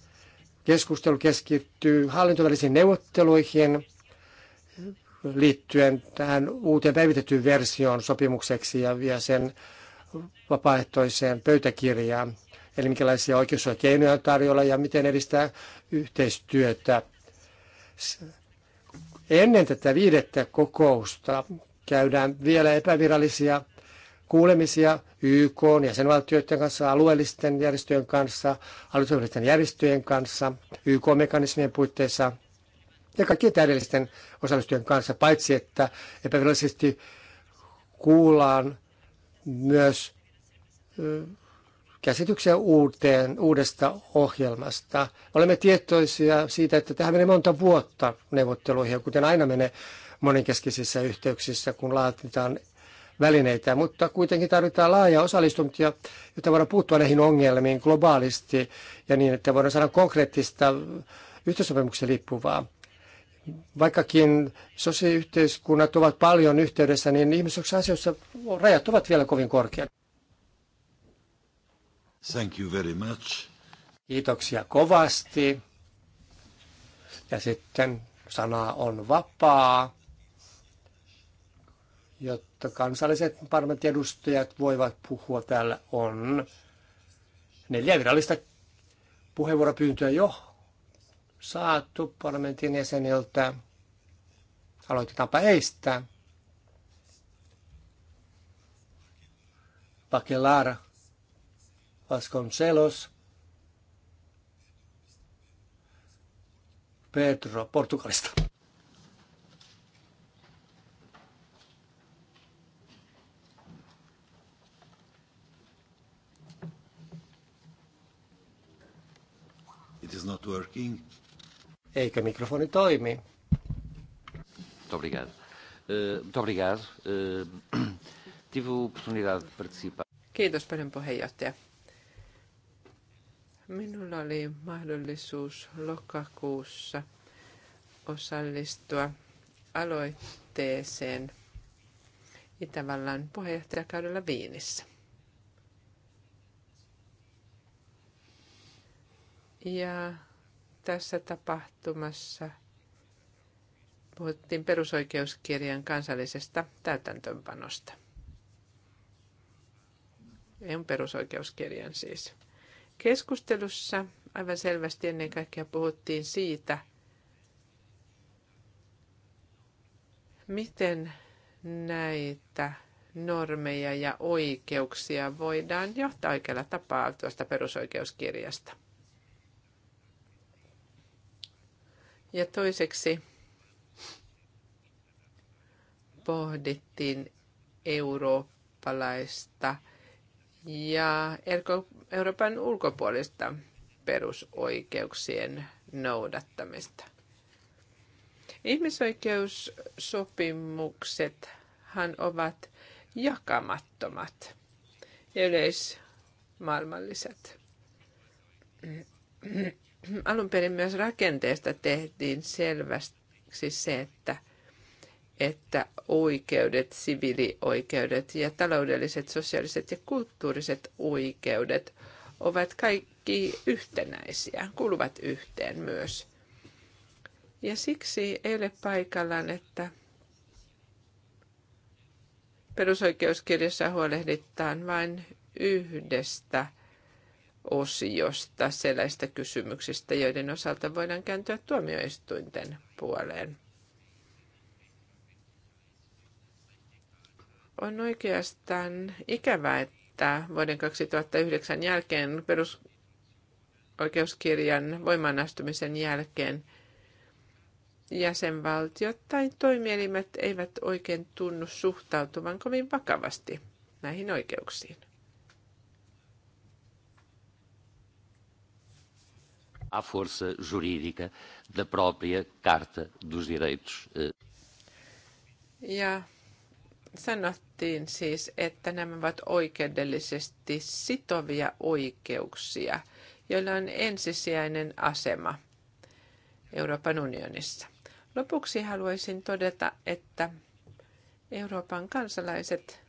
keskustelu keskittyy hallintovälisiin neuvotteluihin liittyen tähän uuteen päivitettyyn versioon sopimukseksi ja sen vapaaehtoiseen pöytäkirjaan. Eli minkälaisia oikeussuojakeinoja on tarjolla ja miten edistää yhteistyötä. Ennen tätä viidettä kokousta käydään vielä epävirallisia kuulemisia YK, valtioiden kanssa, alueellisten järjestöjen kanssa, alueellisten järjestöjen kanssa, YK-mekanismien puitteissa ja kaikkien täydellisten osallistujien kanssa, paitsi että epävirallisesti kuullaan myös käsityksiä uuteen, uudesta ohjelmasta. Olemme tietoisia siitä, että tähän menee monta vuotta neuvotteluihin, kuten aina menee monenkeskisissä yhteyksissä, kun laatitaan välineitä, mutta kuitenkin tarvitaan laaja osallistumista, jotta voidaan puuttua näihin ongelmiin globaalisti ja niin, että voidaan saada konkreettista yhteisopimuksen lippuvaa. Vaikkakin sosiaaliyhteiskunnat ovat paljon yhteydessä, niin asioissa rajat ovat vielä kovin korkeat. Thank you very much. Kiitoksia kovasti. Ja sitten sana on vapaa jotta kansalliset parlamenttiedustajat voivat puhua. Täällä on neljä virallista puheenvuoropyyntöä jo saatu parlamentin jäseniltä. Aloitetaanpa eistä. Bakelar, Vasconcelos, Pedro Portugalista. not working. Eikä mikrofoni toimi. Obrigado. Muito obrigado. Eh, eh, [CLEARS THROAT] tive oportunidade de participar. Kiitos paljon puheenjohtaja. Minulla oli mahdollisuus lokakuussa osallistua aloitteeseen Itävallan puheenjohtajakaudella Viinissä. Ja tässä tapahtumassa puhuttiin perusoikeuskirjan kansallisesta täytäntöönpanosta. En perusoikeuskirjan siis. Keskustelussa aivan selvästi ennen kaikkea puhuttiin siitä, miten näitä normeja ja oikeuksia voidaan johtaa oikealla tapaa tuosta perusoikeuskirjasta. Ja toiseksi pohdittiin eurooppalaista ja Euroopan ulkopuolista perusoikeuksien noudattamista. Ihmisoikeussopimukset ovat jakamattomat ja yleismaailmalliset alun perin myös rakenteesta tehtiin selväksi se, että, että oikeudet, siviilioikeudet ja taloudelliset, sosiaaliset ja kulttuuriset oikeudet ovat kaikki yhtenäisiä, kuuluvat yhteen myös. Ja siksi ei ole paikallaan, että perusoikeuskirjassa huolehditaan vain yhdestä – osiosta sellaista kysymyksistä, joiden osalta voidaan kääntyä tuomioistuinten puoleen. On oikeastaan ikävää, että vuoden 2009 jälkeen perusoikeuskirjan voimaanastumisen jälkeen jäsenvaltiot tai toimielimet eivät oikein tunnu suhtautuvan kovin vakavasti näihin oikeuksiin. à força jurídica da própria Carta dos Direitos. Eh. Ja sanottiin siis, että nämä ovat oikeudellisesti sitovia oikeuksia, joilla on ensisijainen asema Euroopan unionissa. Lopuksi haluaisin todeta, että Euroopan kansalaiset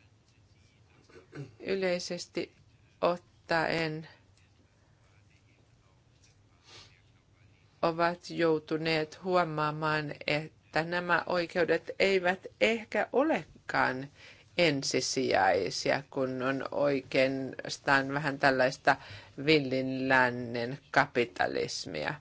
yleisesti ottaen ovat joutuneet huomaamaan, että nämä oikeudet eivät ehkä olekaan ensisijaisia, kun on oikeastaan vähän tällaista villin lännen kapitalismia.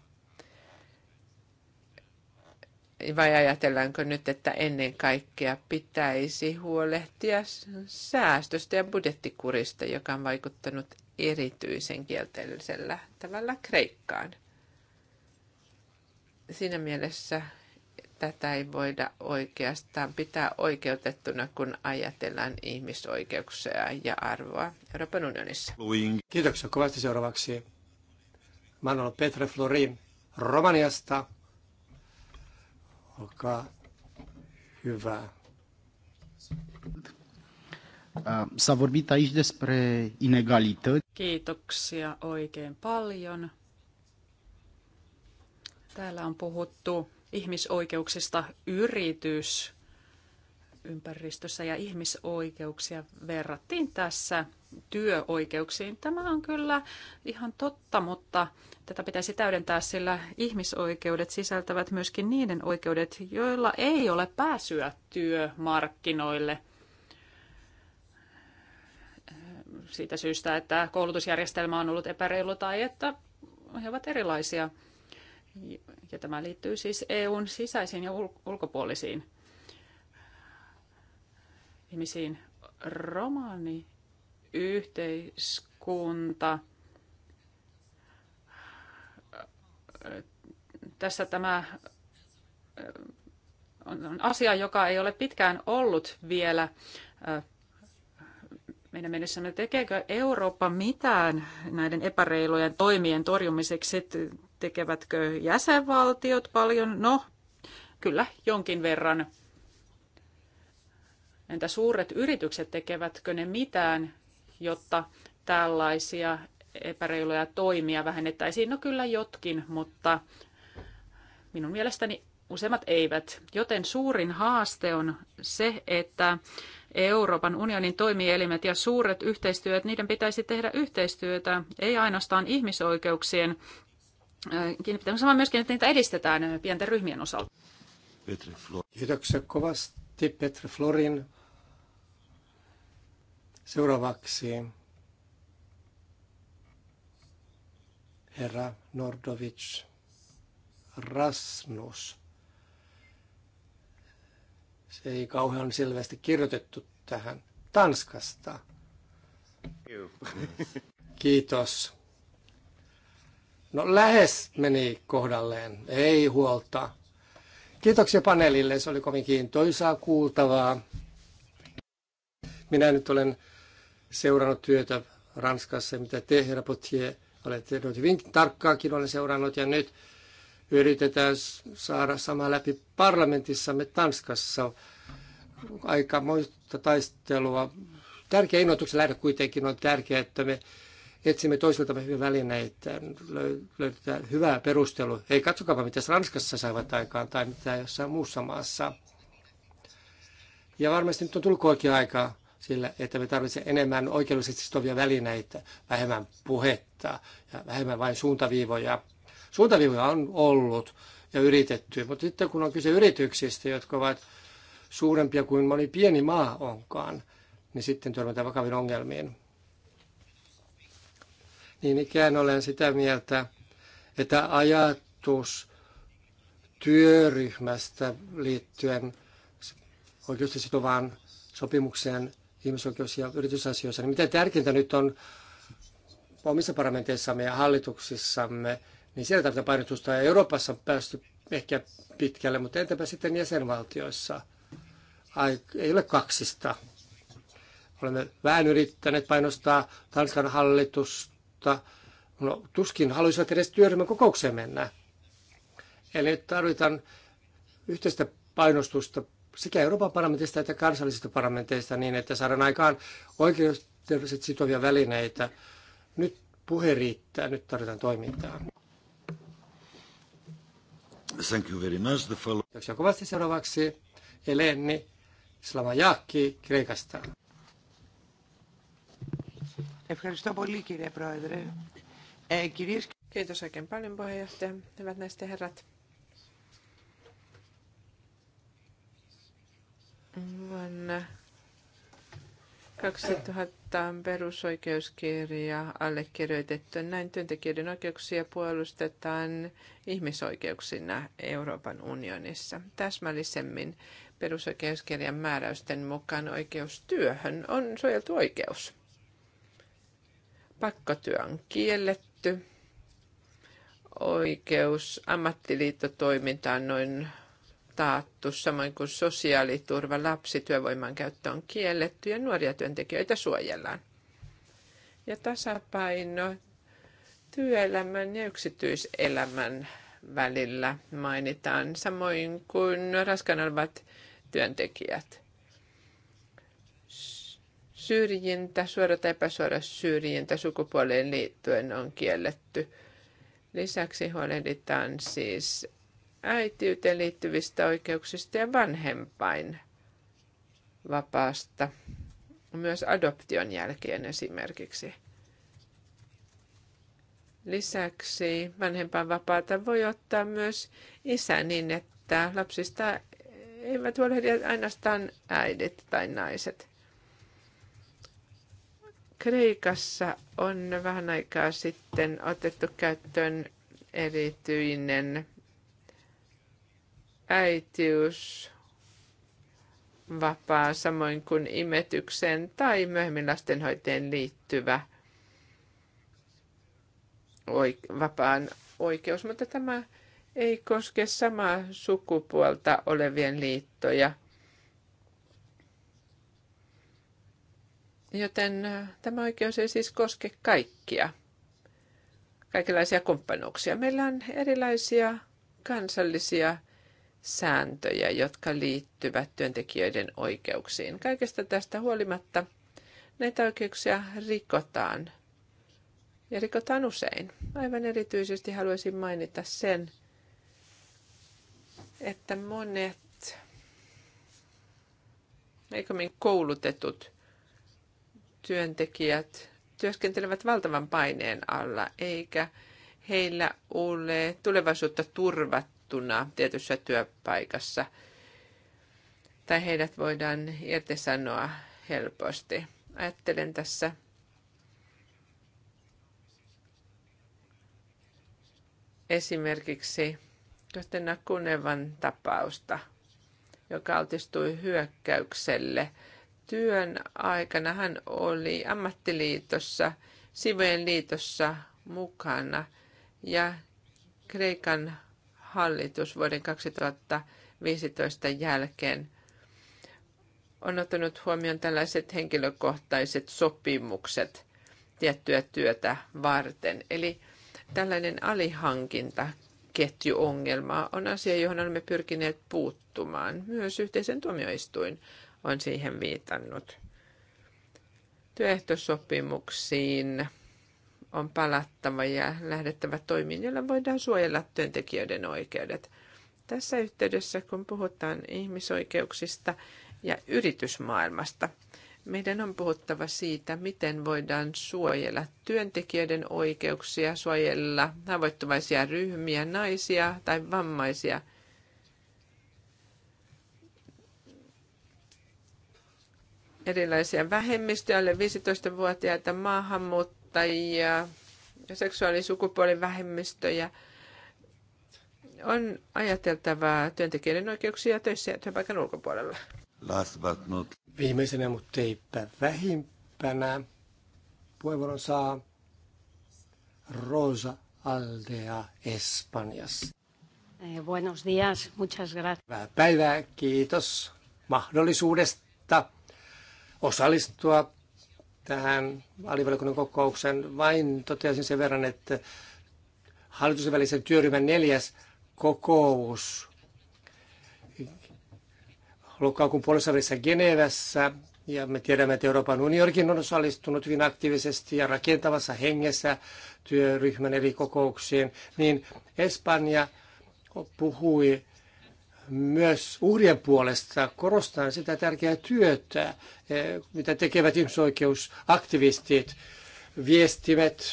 Vai ajatellaanko nyt, että ennen kaikkea pitäisi huolehtia säästöstä ja budjettikurista, joka on vaikuttanut erityisen kielteisellä tavalla Kreikkaan? siinä mielessä tätä ei voida oikeastaan pitää oikeutettuna, kun ajatellaan ihmisoikeuksia ja arvoa Euroopan unionissa. Kiitoksia kovasti seuraavaksi. Manolo Petre Florin Romaniasta. Olkaa hyvä. Uh, s-a aici despre inegalități. Kiitoksia oikein paljon Täällä on puhuttu ihmisoikeuksista yritys ympäristössä ja ihmisoikeuksia verrattiin tässä työoikeuksiin. Tämä on kyllä ihan totta, mutta tätä pitäisi täydentää, sillä ihmisoikeudet sisältävät myöskin niiden oikeudet, joilla ei ole pääsyä työmarkkinoille. Siitä syystä, että koulutusjärjestelmä on ollut epäreilu tai että he ovat erilaisia. Ja tämä liittyy siis EUn sisäisiin ja ulkopuolisiin ihmisiin. Romani yhteiskunta. Tässä tämä äh, on asia, joka ei ole pitkään ollut vielä äh, meidän mielessämme, tekeekö Eurooppa mitään näiden epäreilujen toimien torjumiseksi? Tekevätkö jäsenvaltiot paljon? No, kyllä jonkin verran. Entä suuret yritykset, tekevätkö ne mitään, jotta tällaisia epäreiluja toimia vähennettäisiin? No kyllä jotkin, mutta minun mielestäni useimmat eivät. Joten suurin haaste on se, että Euroopan unionin toimielimet ja suuret yhteistyöt, niiden pitäisi tehdä yhteistyötä, ei ainoastaan ihmisoikeuksien äh, kiinnipitämisessä, vaan myöskin, että niitä edistetään äh, pienten ryhmien osalta. Petri Flor. Kiitoksia kovasti Petri Florin. Seuraavaksi herra Nordovic Rasmus. Se ei kauhean selvästi kirjoitettu tähän Tanskasta. Kiitos. No lähes meni kohdalleen, ei huolta. Kiitoksia paneelille, se oli kovin kiintoisaa kuultavaa. Minä nyt olen seurannut työtä Ranskassa, mitä te, herra Potier, olette hyvin tarkkaakin olen seurannut. Ja nyt yritetään saada sama läpi parlamentissamme Tanskassa. Aika moista taistelua. Tärkeä innoituksen lähde kuitenkin on tärkeää, että me etsimme toisiltamme hyvin välineitä, löydetään hyvää perustelu. Ei katsokaa, mitä Ranskassa saivat aikaan tai mitä jossain muussa maassa. Ja varmasti nyt on tullut oikea aika sillä, että me tarvitsemme enemmän oikeudellisesti sitovia välineitä, vähemmän puhetta ja vähemmän vain suuntaviivoja suuntaviivoja on ollut ja yritetty, mutta sitten kun on kyse yrityksistä, jotka ovat suurempia kuin moni pieni maa onkaan, niin sitten törmätään vakaviin ongelmiin. Niin ikään olen sitä mieltä, että ajatus työryhmästä liittyen oikeasti sitovaan sopimukseen ihmisoikeus- ja yritysasioissa, niin mitä tärkeintä nyt on omissa parlamenteissamme ja hallituksissamme – niin siellä tätä painotusta. Euroopassa on päästy ehkä pitkälle, mutta entäpä sitten jäsenvaltioissa? Ai, ei ole kaksista. Olemme vähän yrittäneet painostaa Tanskan hallitusta. No, tuskin haluaisivat edes työryhmän kokoukseen mennä. Eli nyt tarvitaan yhteistä painostusta sekä Euroopan parlamentista että kansallisista parlamenteista niin, että saadaan aikaan oikeudelliset sitovia välineitä. Nyt puhe riittää, nyt tarvitaan toimintaa. Thank you very much. The follow... seuraavaksi Eleni Slamajakki Kreikasta. Ευχαριστώ πολύ κύριε Πρόεδρε. Ε, κυρίες... Kiitos oikein paljon puheenjohtaja. Hyvät naiset ja herrat. Vuonna 2000 on perusoikeuskirja allekirjoitettu. Näin työntekijöiden oikeuksia puolustetaan ihmisoikeuksina Euroopan unionissa. Täsmällisemmin perusoikeuskirjan määräysten mukaan oikeus työhön on suojeltu oikeus. Pakkotyö on kielletty. Oikeus ammattiliittotoimintaan noin taattu, samoin kuin sosiaaliturva, lapsityövoiman käyttö on kielletty ja nuoria työntekijöitä suojellaan. Ja tasapaino työelämän ja yksityiselämän välillä mainitaan, samoin kuin raskaan olevat työntekijät. Syrjintä, suora tai epäsuora syrjintä sukupuoleen liittyen on kielletty. Lisäksi huolehditaan siis äitiyteen liittyvistä oikeuksista ja vanhempain vapaasta, myös adoption jälkeen esimerkiksi. Lisäksi vapaata voi ottaa myös isä niin, että lapsista eivät huolehdi ainoastaan äidit tai naiset. Kreikassa on vähän aikaa sitten otettu käyttöön erityinen äitiys vapaa samoin kuin imetykseen tai myöhemmin lastenhoiteen liittyvä vapaan oikeus, mutta tämä ei koske samaa sukupuolta olevien liittoja. Joten äh, tämä oikeus ei siis koske kaikkia, kaikenlaisia kumppanuuksia. Meillä on erilaisia kansallisia sääntöjä, jotka liittyvät työntekijöiden oikeuksiin. Kaikesta tästä huolimatta näitä oikeuksia rikotaan ja rikotaan usein. Aivan erityisesti haluaisin mainita sen, että monet heikommin koulutetut työntekijät työskentelevät valtavan paineen alla, eikä heillä ole tulevaisuutta turvattu irtisanottuna tietyssä työpaikassa. Tai heidät voidaan irtisanoa helposti. Ajattelen tässä esimerkiksi Kostena Kunevan tapausta, joka altistui hyökkäykselle. Työn aikana hän oli ammattiliitossa, Sivojen liitossa mukana ja Kreikan hallitus vuoden 2015 jälkeen on ottanut huomioon tällaiset henkilökohtaiset sopimukset tiettyä työtä varten. Eli tällainen alihankinta ketjuongelma on asia, johon olemme pyrkineet puuttumaan. Myös yhteisen tuomioistuin on siihen viitannut. Työehtosopimuksiin on palattava ja lähdettävä toimiin, joilla voidaan suojella työntekijöiden oikeudet. Tässä yhteydessä, kun puhutaan ihmisoikeuksista ja yritysmaailmasta, meidän on puhuttava siitä, miten voidaan suojella työntekijöiden oikeuksia, suojella haavoittuvaisia ryhmiä, naisia tai vammaisia – erilaisia vähemmistöjä, alle 15-vuotiaita maahanmuuttajia, seksuaali- ja sukupuolivähemmistöjä. On ajateltavaa työntekijöiden oikeuksia töissä ja työpaikan ulkopuolella. Last but not. Viimeisenä, mutta eipä vähimpänä, puheenvuoron saa Rosa Aldea Espanjassa. Eh, buenos días, muchas gracias. Hyvää päivää, kiitos mahdollisuudesta osallistua tähän alivaliokunnan kokoukseen. Vain toteaisin sen verran, että hallitusten välisen työryhmän neljäs kokous lokakuun puolessa välissä Genevessä. Ja me tiedämme, että Euroopan unionikin on osallistunut hyvin aktiivisesti ja rakentavassa hengessä työryhmän eri kokouksiin. Niin Espanja puhui myös uhrien puolesta korostan sitä tärkeää työtä, eh, mitä tekevät ihmisoikeusaktivistit, viestimet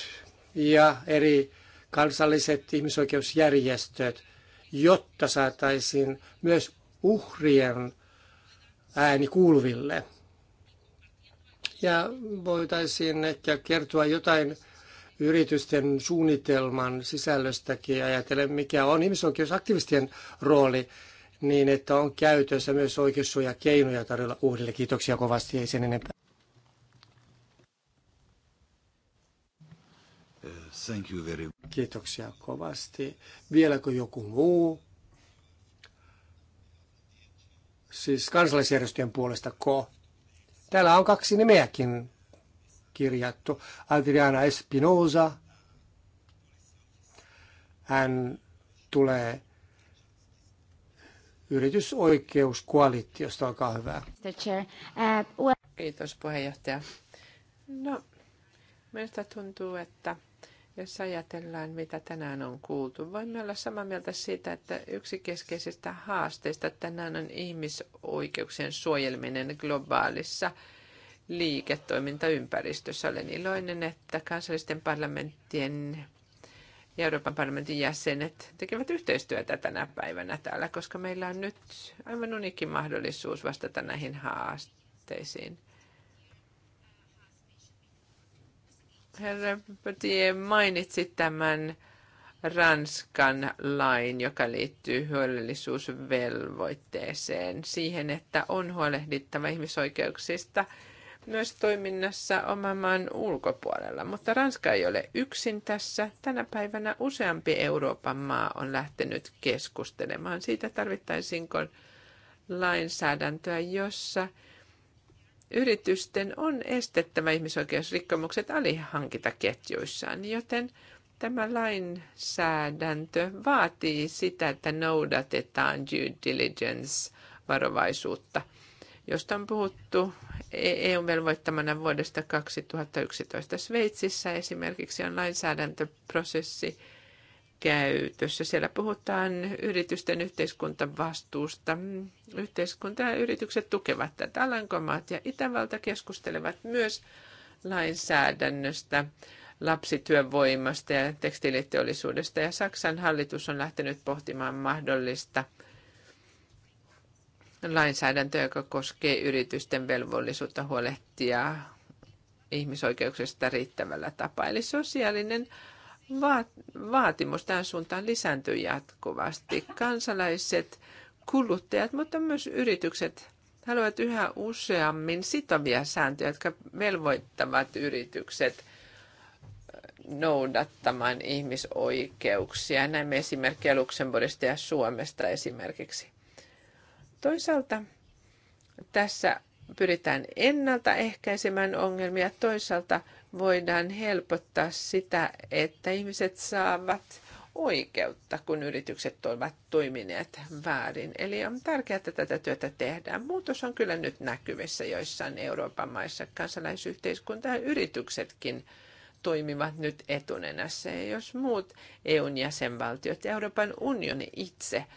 ja eri kansalliset ihmisoikeusjärjestöt, jotta saataisiin myös uhrien ääni kuuluville. Ja voitaisiin ehkä kertoa jotain yritysten suunnitelman sisällöstäkin ajatellen, mikä on ihmisoikeusaktivistien rooli niin, että on käytössä myös oikeussuojakeinoja tarjolla uhrille. Kiitoksia kovasti, ei sen enempää. Thank you very... Kiitoksia kovasti. Vieläkö joku muu? Siis kansalaisjärjestöjen puolesta ko. Täällä on kaksi nimeäkin kirjattu. Adriana Espinosa. Hän tulee yritysoikeuskoalitiosta. Olkaa hyvä. Uh, Kiitos puheenjohtaja. No, meistä tuntuu, että jos ajatellaan, mitä tänään on kuultu, voimme olla samaa mieltä siitä, että yksi keskeisistä haasteista tänään on ihmisoikeuksien suojelminen globaalissa liiketoimintaympäristössä. Olen iloinen, että kansallisten parlamenttien ja Euroopan parlamentin jäsenet tekevät yhteistyötä tänä päivänä täällä, koska meillä on nyt aivan unikin mahdollisuus vastata näihin haasteisiin. Herra Pötie mainitsi tämän Ranskan lain, joka liittyy huolellisuusvelvoitteeseen, siihen, että on huolehdittava ihmisoikeuksista – myös toiminnassa oman maan ulkopuolella, mutta Ranska ei ole yksin tässä. Tänä päivänä useampi Euroopan maa on lähtenyt keskustelemaan siitä, tarvittaisiinko lainsäädäntöä, jossa yritysten on estettävä ihmisoikeusrikkomukset alihankintaketjuissaan, joten tämä lainsäädäntö vaatii sitä, että noudatetaan due diligence-varovaisuutta – josta on puhuttu e- EUn velvoittamana vuodesta 2011. Sveitsissä esimerkiksi on lainsäädäntöprosessi käytössä. Siellä puhutaan yritysten yhteiskuntavastuusta. Yhteiskunta ja yritykset tukevat tätä. Alankomaat ja Itävalta keskustelevat myös lainsäädännöstä, lapsityövoimasta ja tekstiiliteollisuudesta. Ja Saksan hallitus on lähtenyt pohtimaan mahdollista – lainsäädäntö, joka koskee yritysten velvollisuutta huolehtia ihmisoikeuksista riittävällä tapaa. Eli sosiaalinen vaatimus tähän suuntaan lisääntyy jatkuvasti. Kansalaiset, kuluttajat, mutta myös yritykset haluavat yhä useammin sitovia sääntöjä, jotka velvoittavat yritykset noudattamaan ihmisoikeuksia. Näemme esimerkkejä Luxemburgista ja Suomesta esimerkiksi. Toisaalta tässä pyritään ennaltaehkäisemään ongelmia, toisaalta voidaan helpottaa sitä, että ihmiset saavat oikeutta, kun yritykset ovat toimineet väärin. Eli on tärkeää, että tätä työtä tehdään. Muutos on kyllä nyt näkyvissä joissain Euroopan maissa. Kansalaisyhteiskunta ja yrityksetkin toimivat nyt etunenässä. Ja jos muut EUn jäsenvaltiot ja Euroopan unioni itse –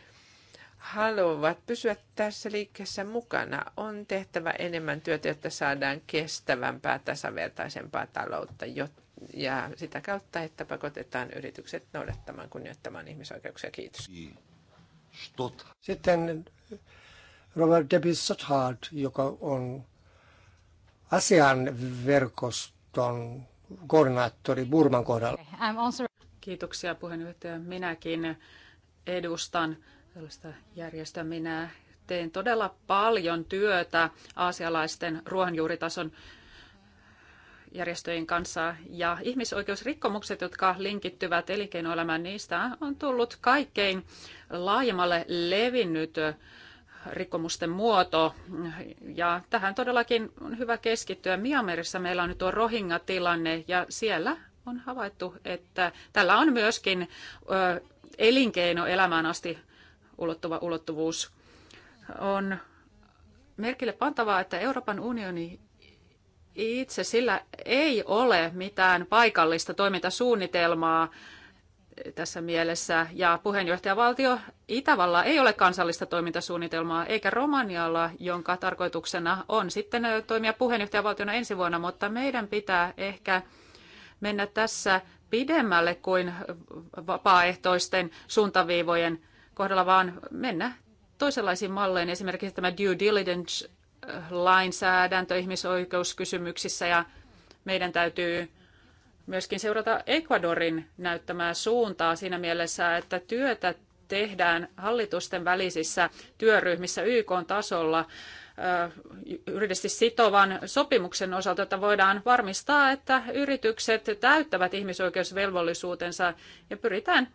haluavat pysyä tässä liikkeessä mukana, on tehtävä enemmän työtä, jotta saadaan kestävämpää, tasavertaisempaa taloutta ja sitä kautta, että pakotetaan yritykset noudattamaan kunnioittamaan ihmisoikeuksia. Kiitos. Sitten Robert Debbie Sothard, joka on asian verkoston koordinaattori Burman kohdalla. Kiitoksia puheenjohtaja. Minäkin edustan tällaista järjestöä. Minä teen todella paljon työtä aasialaisten ruohonjuuritason järjestöjen kanssa ja ihmisoikeusrikkomukset, jotka linkittyvät elinkeinoelämään, niistä on tullut kaikkein laajemmalle levinnyt rikkomusten muoto. Ja tähän todellakin on hyvä keskittyä. Miamerissa meillä on nyt tuo Rohingya-tilanne ja siellä on havaittu, että tällä on myöskin elinkeinoelämään asti ulottuva ulottuvuus. On merkille pantavaa, että Euroopan unioni itse sillä ei ole mitään paikallista toimintasuunnitelmaa tässä mielessä. Ja puheenjohtajavaltio Itävalla ei ole kansallista toimintasuunnitelmaa, eikä Romanialla, jonka tarkoituksena on sitten toimia puheenjohtajavaltiona ensi vuonna, mutta meidän pitää ehkä mennä tässä pidemmälle kuin vapaaehtoisten suuntaviivojen kohdalla, vaan mennä toisenlaisiin malleihin, esimerkiksi tämä due diligence äh, lainsäädäntö ihmisoikeuskysymyksissä ja meidän täytyy myöskin seurata Ecuadorin näyttämää suuntaa siinä mielessä, että työtä tehdään hallitusten välisissä työryhmissä YK-tasolla yhdessä äh, sitovan sopimuksen osalta, että voidaan varmistaa, että yritykset täyttävät ihmisoikeusvelvollisuutensa ja pyritään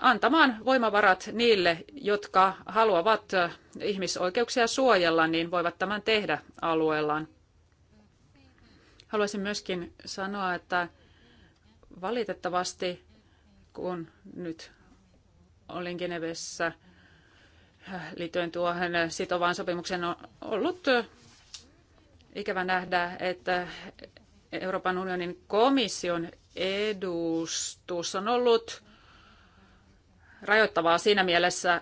antamaan voimavarat niille, jotka haluavat äh, ihmisoikeuksia suojella, niin voivat tämän tehdä alueellaan. Haluaisin myöskin sanoa, että valitettavasti, kun nyt olin Genevessä äh, liittyen tuohon äh, sitovaan sopimukseen, on ollut ikävä nähdä, että Euroopan unionin komission edustus on ollut rajoittavaa siinä mielessä,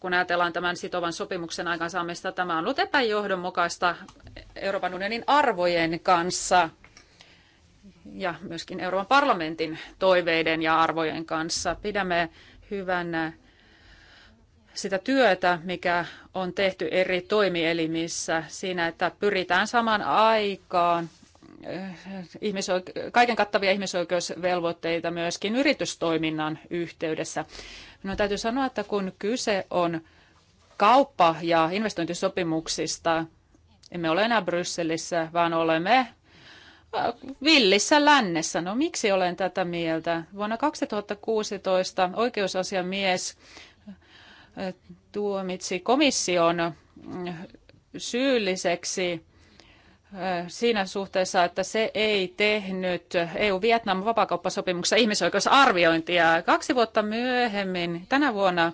kun ajatellaan tämän sitovan sopimuksen aikaansaamista. Tämä on ollut epäjohdonmukaista Euroopan unionin arvojen kanssa ja myöskin Euroopan parlamentin toiveiden ja arvojen kanssa. Pidämme hyvänä sitä työtä, mikä on tehty eri toimielimissä siinä, että pyritään saman aikaan eh, ihmisoike- kaiken kattavia ihmisoikeusvelvoitteita myöskin yritystoiminnan yhteydessä. Minun no, täytyy sanoa, että kun kyse on kauppa- ja investointisopimuksista, emme ole enää Brysselissä, vaan olemme äh, villissä lännessä. No miksi olen tätä mieltä? Vuonna 2016 oikeusasiamies äh, tuomitsi komission äh, syylliseksi siinä suhteessa, että se ei tehnyt EU-Vietnam vapakauppasopimuksessa ihmisoikeusarviointia. Kaksi vuotta myöhemmin, tänä vuonna,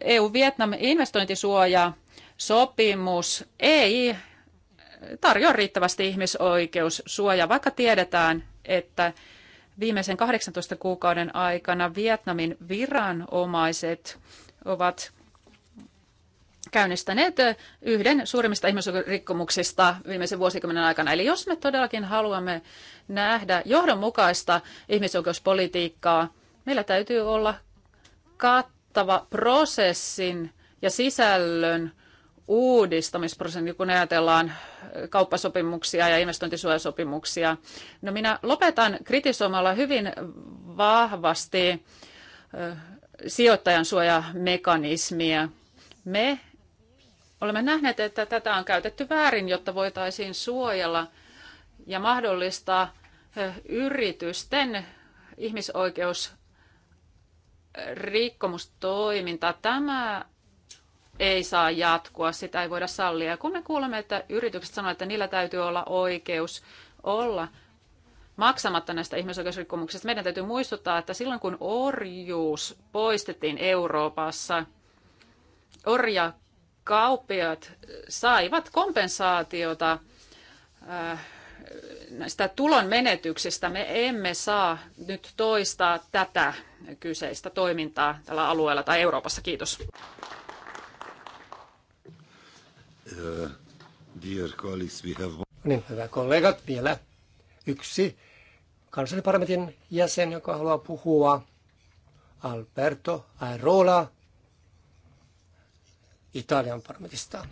EU-Vietnam investointisuoja sopimus ei tarjoa riittävästi ihmisoikeussuojaa, vaikka tiedetään, että viimeisen 18 kuukauden aikana Vietnamin viranomaiset ovat käynnistäneet yhden suurimmista ihmisoikeusrikkomuksista viimeisen vuosikymmenen aikana. Eli jos me todellakin haluamme nähdä johdonmukaista ihmisoikeuspolitiikkaa, meillä täytyy olla kattava prosessin ja sisällön uudistamisprosessi, kun ajatellaan kauppasopimuksia ja investointisuojasopimuksia. No minä lopetan kritisoimalla hyvin vahvasti sijoittajan suojamekanismia. Me Olemme nähneet, että tätä on käytetty väärin, jotta voitaisiin suojella ja mahdollistaa yritysten ihmisoikeusrikkomustoiminta. Tämä ei saa jatkua, sitä ei voida sallia. Ja kun me kuulemme, että yritykset sanovat, että niillä täytyy olla oikeus olla maksamatta näistä ihmisoikeusrikkomuksista, meidän täytyy muistuttaa, että silloin kun orjuus poistettiin Euroopassa, orja kauppiaat saivat kompensaatiota äh, näistä tulon menetyksistä. Me emme saa nyt toistaa tätä kyseistä toimintaa tällä alueella tai Euroopassa. Kiitos. Uh, Niin, hyvä kollegat, vielä yksi kansalliparlamentin jäsen, joka haluaa puhua. Alberto Airola Italian parlamentista.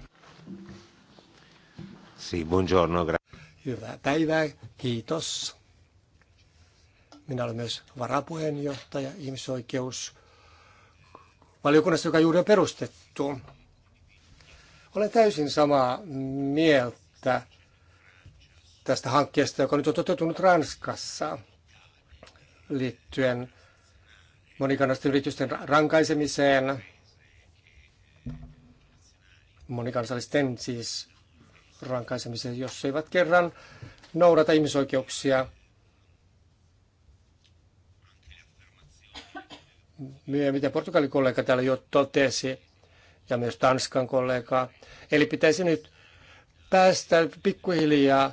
Si, buongiorno. Hyvää päivää, kiitos. Minä olen myös varapuheenjohtaja ihmisoikeus valiokunnassa, joka juuri on perustettu. Olen täysin samaa mieltä tästä hankkeesta, joka nyt on toteutunut Ranskassa liittyen monikannasten yritysten rankaisemiseen monikansallisten siis rankaisemiseen, jos eivät kerran noudata ihmisoikeuksia. Mitä Portugalin kollega täällä jo totesi, ja myös Tanskan kollega. Eli pitäisi nyt päästä pikkuhiljaa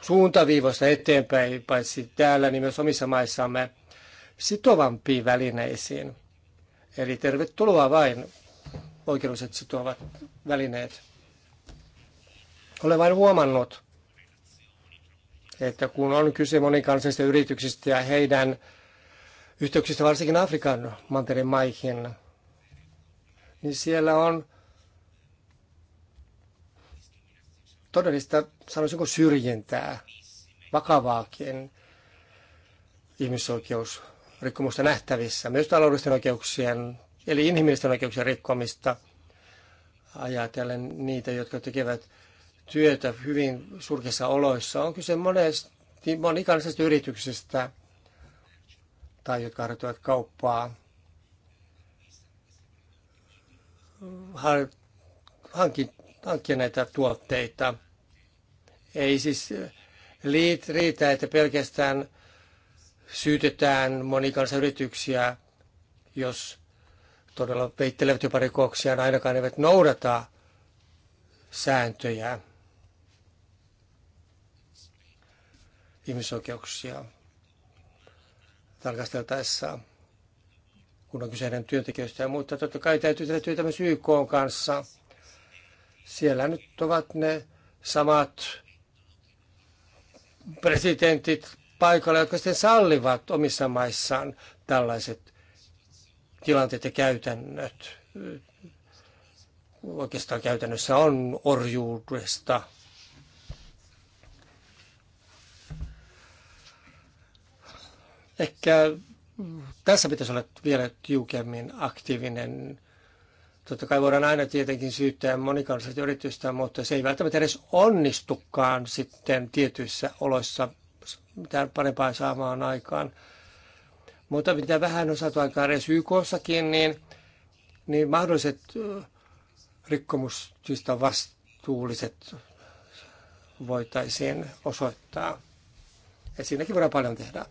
suuntaviivoista eteenpäin, paitsi täällä, niin myös omissa maissamme sitovampiin välineisiin. Eli tervetuloa vain oikeudelliset sitovat välineet. Olen vain huomannut, että kun on kyse monikansallisista yrityksistä ja heidän yhteyksistä varsinkin Afrikan mantereen maihin, niin siellä on todellista, sanoisinko syrjintää, vakavaakin ihmisoikeus rikkomusta nähtävissä, myös taloudellisten oikeuksien, eli inhimillisten oikeuksien rikkomista, ajatellen niitä, jotka tekevät työtä hyvin surkeissa oloissa. On kyse monesti monikansallisista yrityksistä tai jotka harjoittavat kauppaa, hankkia näitä tuotteita. Ei siis riitä, että pelkästään syytetään monikansayrityksiä, jos todella peittelevät jopa rikoksia, niin ainakaan eivät noudata sääntöjä, ihmisoikeuksia tarkasteltaessa, kun on kyseinen työntekijöistä ja muuta. Totta kai täytyy tehdä työtä myös YK kanssa. Siellä nyt ovat ne samat presidentit paikalla, jotka sitten sallivat omissa maissaan tällaiset tilanteet ja käytännöt. Oikeastaan käytännössä on orjuudesta Ehkä tässä pitäisi olla vielä tiukemmin aktiivinen. Totta kai voidaan aina tietenkin syyttää monikansallista yritystä, mutta se ei välttämättä edes onnistukaan sitten tietyissä oloissa mitään parempaa saamaan aikaan. Mutta mitä vähän on saatu aikaan edes YKssakin, niin, niin mahdolliset rikkomuksista vastuulliset voitaisiin osoittaa. Et siinäkin voidaan paljon tehdä.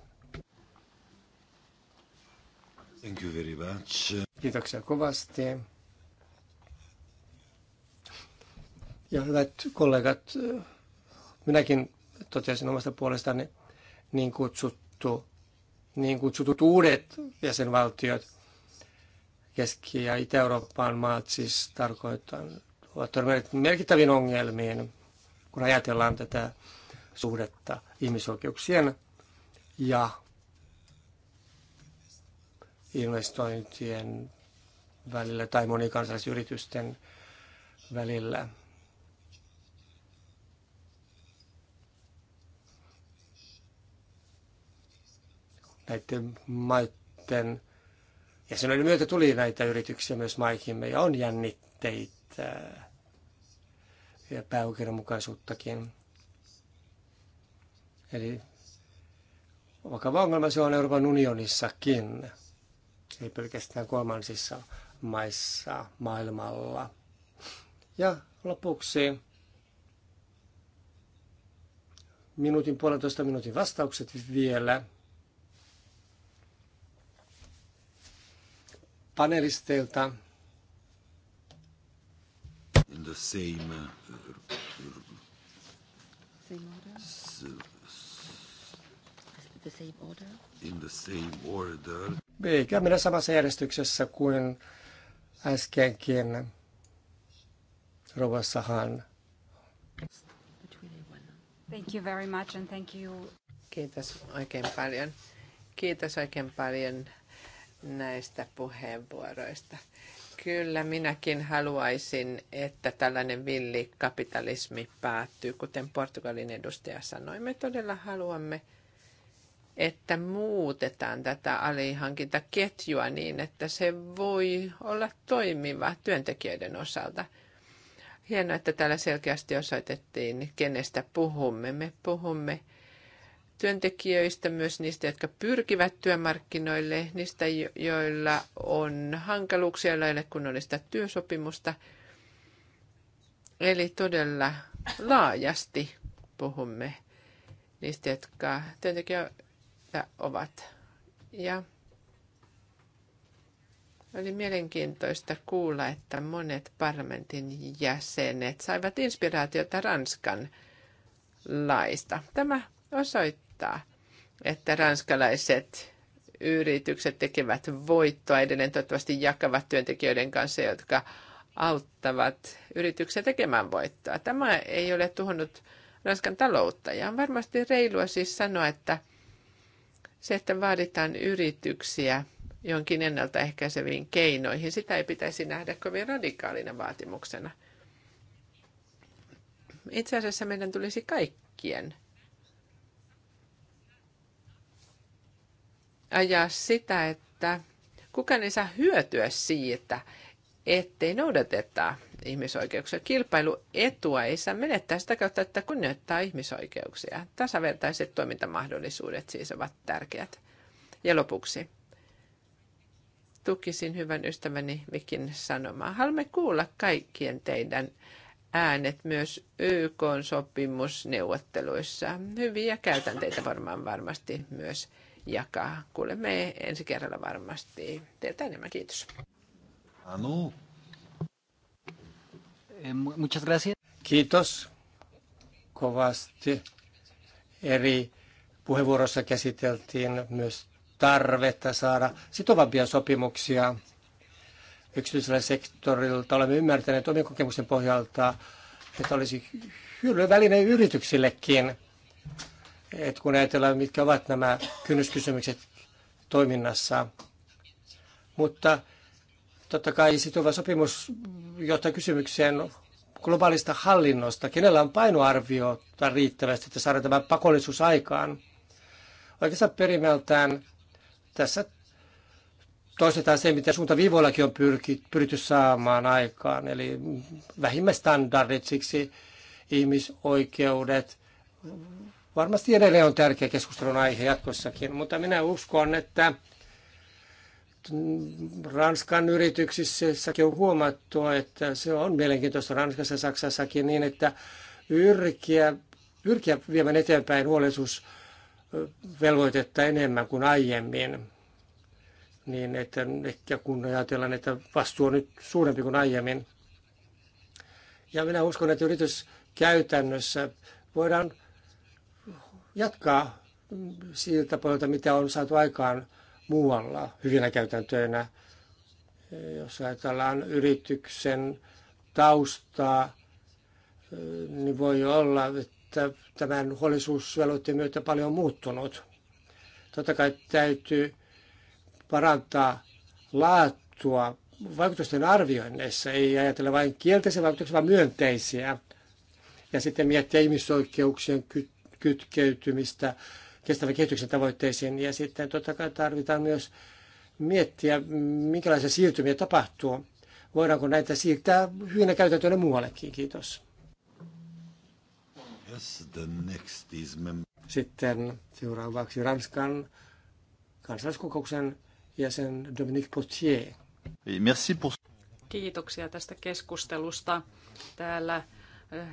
Thank you very much. Kiitoksia kovasti. Ja hyvät kollegat, minäkin totesin omasta puolestani, niin, kutsuttu, niin kutsutut uudet jäsenvaltiot, Keski- ja Itä-Euroopan maat siis tarkoitan, ovat törmänneet merkittäviin ongelmiin, kun ajatellaan tätä suhdetta ihmisoikeuksien ja investointien välillä tai monikansallisyritysten välillä. näiden maiden oli myötä tuli näitä yrityksiä myös maihimme ja on jännitteitä ja pääoikeudenmukaisuuttakin. Eli vakava ongelma se on Euroopan unionissakin, ei pelkästään kolmansissa maissa maailmalla. Ja lopuksi minuutin puolentoista minuutin vastaukset vielä. panelisteilta. In the same, uh, same order? The same order? In the same order. Eikä mennä samassa järjestyksessä kuin äskenkin Rovassahan. Thank you very much and thank you. Kiitos oikein paljon. Kiitos oikein paljon näistä puheenvuoroista. Kyllä minäkin haluaisin, että tällainen villi kapitalismi päättyy, kuten Portugalin edustaja sanoi. Me todella haluamme, että muutetaan tätä alihankintaketjua niin, että se voi olla toimiva työntekijöiden osalta. Hienoa, että täällä selkeästi osoitettiin, kenestä puhumme. Me puhumme työntekijöistä, myös niistä, jotka pyrkivät työmarkkinoille, niistä, joilla on hankaluuksia, joilla ei ole kunnollista työsopimusta. Eli todella laajasti puhumme niistä, jotka työntekijöitä ovat. Ja oli mielenkiintoista kuulla, että monet parlamentin jäsenet saivat inspiraatiota Ranskan laista. Tämä osoittaa, osoittaa, että ranskalaiset yritykset tekevät voittoa edelleen, toivottavasti jakavat työntekijöiden kanssa, jotka auttavat yrityksiä tekemään voittoa. Tämä ei ole tuhonnut Ranskan taloutta ja on varmasti reilua siis sanoa, että se, että vaaditaan yrityksiä jonkin ennaltaehkäiseviin keinoihin, sitä ei pitäisi nähdä kovin radikaalina vaatimuksena. Itse asiassa meidän tulisi kaikkien – ajaa sitä, että kukaan ei saa hyötyä siitä, ettei noudateta ihmisoikeuksia. Kilpailuetua ei saa menettää sitä kautta, että kunnioittaa ihmisoikeuksia. Tasavertaiset toimintamahdollisuudet siis ovat tärkeät. Ja lopuksi tukisin hyvän ystäväni Mikin sanomaa. Haluamme kuulla kaikkien teidän äänet myös YK-sopimusneuvotteluissa. Hyviä käytänteitä varmaan varmasti myös jakaa. Kuulemme ensi kerralla varmasti teiltä enemmän. Kiitos. Anu. Eh, muchas gracias. Kiitos kovasti. Eri puheenvuorossa käsiteltiin myös tarvetta saada sitovampia sopimuksia yksityisellä sektorilta. Olemme ymmärtäneet omien kokemuksen pohjalta, että olisi hyödyllinen väline yrityksillekin että kun ajatellaan, mitkä ovat nämä kynnyskysymykset toiminnassa. Mutta totta kai sitova sopimus johtaa kysymykseen globaalista hallinnosta. Kenellä on painoarviota riittävästi, että saadaan tämä pakollisuus aikaan? Oikeastaan perimältään tässä toistetaan se, mitä suuntaviivoillakin on pyritty saamaan aikaan. Eli vähimmäistandardit, siksi ihmisoikeudet, varmasti edelleen on tärkeä keskustelun aihe jatkossakin, mutta minä uskon, että Ranskan yrityksissäkin on huomattu, että se on mielenkiintoista Ranskassa ja Saksassakin niin, että yrkiä, pyrkiä viemään eteenpäin huolellisuusvelvoitetta enemmän kuin aiemmin. Niin, että ehkä kun ajatellaan, että vastuu on nyt suurempi kuin aiemmin. Ja minä uskon, että yrityskäytännössä voidaan jatkaa siltä pohjalta, mitä on saatu aikaan muualla hyvinä käytäntöinä. Jos ajatellaan yrityksen taustaa, niin voi olla, että tämän huolisuusvelvoitteen myötä paljon on muuttunut. Totta kai täytyy parantaa laatua vaikutusten arvioinneissa, ei ajatella vain kielteisiä vaikutuksia, vaan myönteisiä. Ja sitten miettiä ihmisoikeuksien kytkeytymistä kestävän kehityksen tavoitteisiin. Ja sitten totta kai tarvitaan myös miettiä, minkälaisia siirtymiä tapahtuu. Voidaanko näitä siirtää hyvinä käytäntöinä muuallekin? Kiitos. Yes, the next is sitten seuraavaksi Ranskan kansalaiskokouksen jäsen Dominique Potier. Merci pour... Kiitoksia tästä keskustelusta. Täällä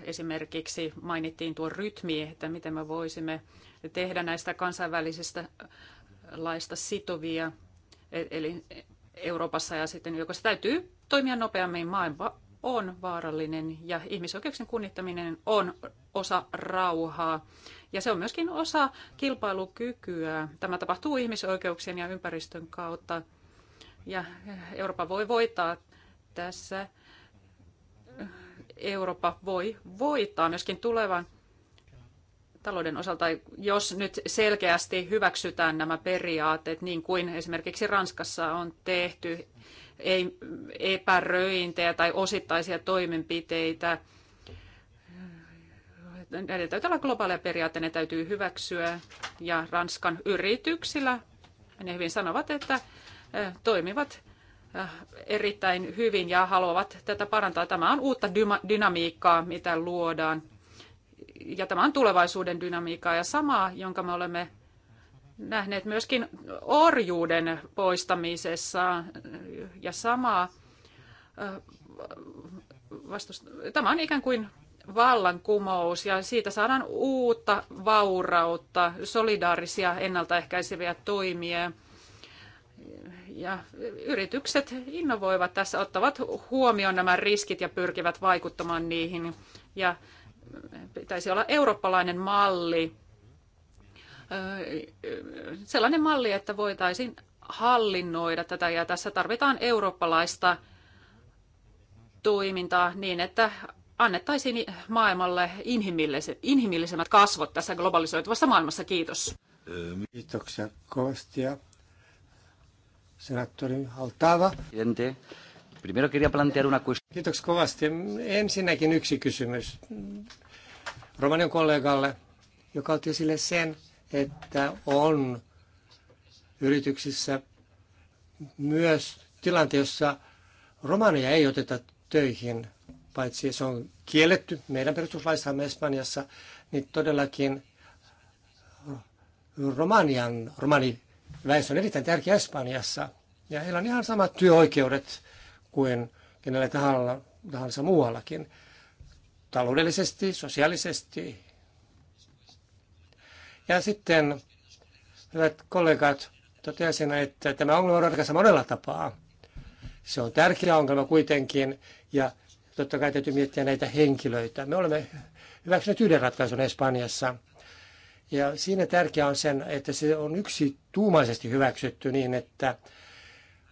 Esimerkiksi mainittiin tuo rytmi, että miten me voisimme tehdä näistä kansainvälisistä laista sitovia, e, eli Euroopassa ja sitten, joka se täytyy toimia nopeammin. Maailma on vaarallinen ja ihmisoikeuksien kunnittaminen on osa rauhaa ja se on myöskin osa kilpailukykyä. Tämä tapahtuu ihmisoikeuksien ja ympäristön kautta ja Eurooppa voi voittaa tässä Eurooppa voi voittaa myöskin tulevan talouden osalta, jos nyt selkeästi hyväksytään nämä periaatteet, niin kuin esimerkiksi Ranskassa on tehty, ei epäröintejä tai osittaisia toimenpiteitä. Näiden täytyy olla globaaleja periaatteita, ne täytyy hyväksyä. Ja Ranskan yrityksillä, ne hyvin sanovat, että eh, toimivat Äh, erittäin hyvin ja haluavat tätä parantaa. Tämä on uutta dynamiikkaa, mitä luodaan. Ja tämä on tulevaisuuden dynamiikkaa ja samaa, jonka me olemme nähneet myöskin orjuuden poistamisessa ja samaa äh, Tämä on ikään kuin vallankumous ja siitä saadaan uutta vaurautta, solidaarisia ennaltaehkäiseviä toimia – ja yritykset innovoivat tässä, ottavat huomioon nämä riskit ja pyrkivät vaikuttamaan niihin. Ja pitäisi olla eurooppalainen malli, sellainen malli, että voitaisiin hallinnoida tätä ja tässä tarvitaan eurooppalaista toimintaa niin, että annettaisiin maailmalle inhimillisemmät kasvot tässä globalisoituvassa maailmassa. Kiitos. Kiitoksia kovasti ja Senaattori Altava. Primero quería plantear una cuestión. Kiitoksia kovasti. Ensinnäkin yksi kysymys Romanian kollegalle, joka otti esille sen, että on yrityksissä myös tilanteessa jossa romaneja ei oteta töihin, paitsi se on kielletty meidän perustuslaissamme Espanjassa, niin todellakin Romanian romani väestö on erittäin tärkeä Espanjassa. Ja heillä on ihan samat työoikeudet kuin kenellä tahalla, tahansa muuallakin. Taloudellisesti, sosiaalisesti. Ja sitten, hyvät kollegat, toteaisin, että tämä ongelma on ratkaista monella tapaa. Se on tärkeä ongelma kuitenkin, ja totta kai täytyy miettiä näitä henkilöitä. Me olemme hyväksyneet yhden ratkaisun Espanjassa – ja siinä tärkeää on sen, että se on yksi tuumaisesti hyväksytty niin, että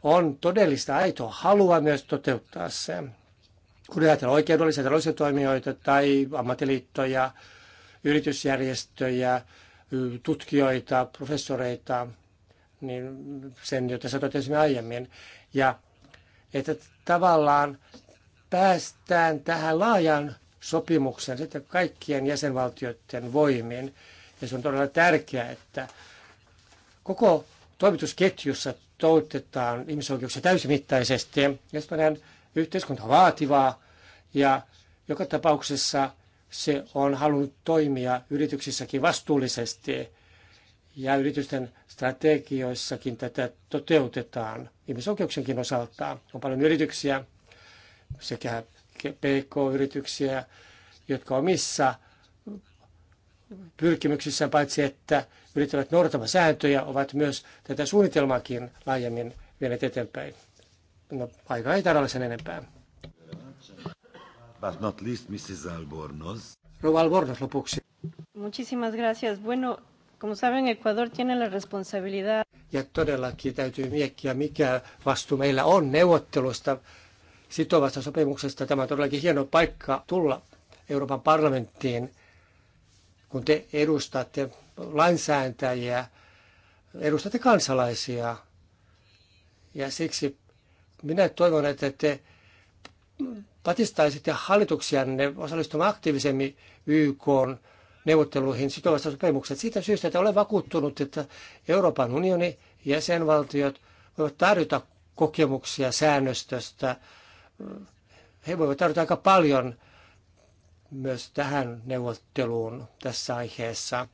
on todellista aitoa halua myös toteuttaa se. Kun ajatellaan oikeudellisia taloudellisia toimijoita tai ammattiliittoja, yritysjärjestöjä, tutkijoita, professoreita, niin sen jo tässä totesimme aiemmin. Ja että tavallaan päästään tähän laajan sopimukseen sitten kaikkien jäsenvaltioiden voimin. Ja se on todella tärkeää, että koko toimitusketjussa toutetaan ihmisoikeuksia täysimittaisesti. Espanjan yhteiskunta on vaativaa ja joka tapauksessa se on halunnut toimia yrityksissäkin vastuullisesti ja yritysten strategioissakin tätä toteutetaan ihmisoikeuksienkin osalta. On paljon yrityksiä, sekä PK-yrityksiä, jotka omissa pyrkimyksissä paitsi että yrittävät noudattamaan sääntöjä, ovat myös tätä suunnitelmaakin laajemmin vienet eteenpäin. No, aika ei tarvitse sen enempää. But not least Mrs. Albornoz. Rova Albornoz lopuksi. Muchísimas gracias. Bueno, como saben, Ecuador tiene la responsabilidad. Ja todellakin täytyy miettiä, mikä vastuu meillä on neuvottelusta sitovasta sopimuksesta. Tämä on todellakin hieno paikka tulla Euroopan parlamenttiin kun te edustatte lainsääntäjiä, edustatte kansalaisia. Ja siksi minä toivon, että te patistaisitte hallituksianne osallistumaan aktiivisemmin YK neuvotteluihin sitovasta sopimuksesta. Siitä syystä, että olen vakuuttunut, että Euroopan unioni ja jäsenvaltiot voivat tarjota kokemuksia säännöstöstä. He voivat tarjota aika paljon myös tähän neuvotteluun tässä aiheessa,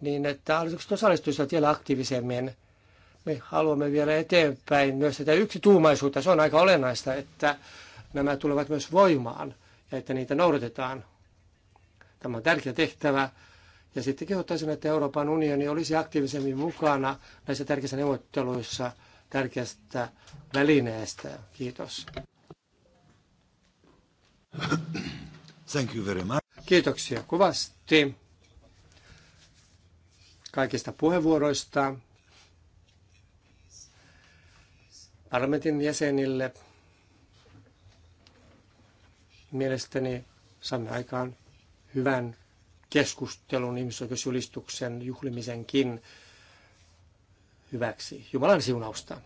niin että hallitukset osallistuisivat vielä aktiivisemmin. Me haluamme vielä eteenpäin myös tätä yksituumaisuutta. Se on aika olennaista, että nämä tulevat myös voimaan ja että niitä noudatetaan. Tämä on tärkeä tehtävä. Ja sitten kehottaisin, että Euroopan unioni olisi aktiivisemmin mukana näissä tärkeissä neuvotteluissa tärkeästä välineestä. Kiitos. Thank you very much. Kiitoksia kovasti kaikista puheenvuoroista. Parlamentin jäsenille mielestäni saamme aikaan hyvän keskustelun ihmisoikeusjulistuksen juhlimisenkin hyväksi. Jumalan siunausta.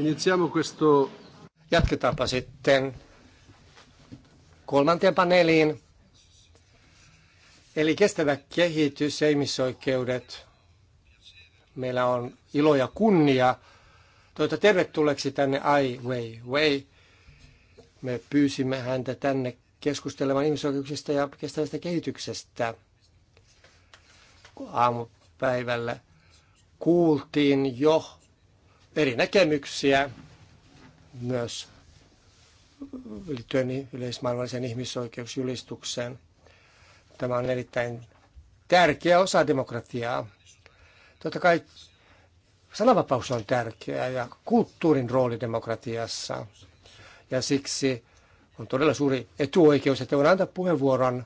Iniziamo questo... Jatketaanpa sitten kolmanteen paneeliin. Eli kestävä kehitys ja ihmisoikeudet. Meillä on ilo ja kunnia. Toita tervetulleeksi tänne Ai Weiwei. Me pyysimme häntä tänne keskustelemaan ihmisoikeuksista ja kestävästä kehityksestä. Aamupäivällä kuultiin jo eri näkemyksiä myös liittyen yleismaailmalliseen ihmisoikeusjulistukseen. Tämä on erittäin tärkeä osa demokratiaa. Totta kai sananvapaus on tärkeä ja kulttuurin rooli demokratiassa. Ja siksi on todella suuri etuoikeus, että voin antaa puheenvuoron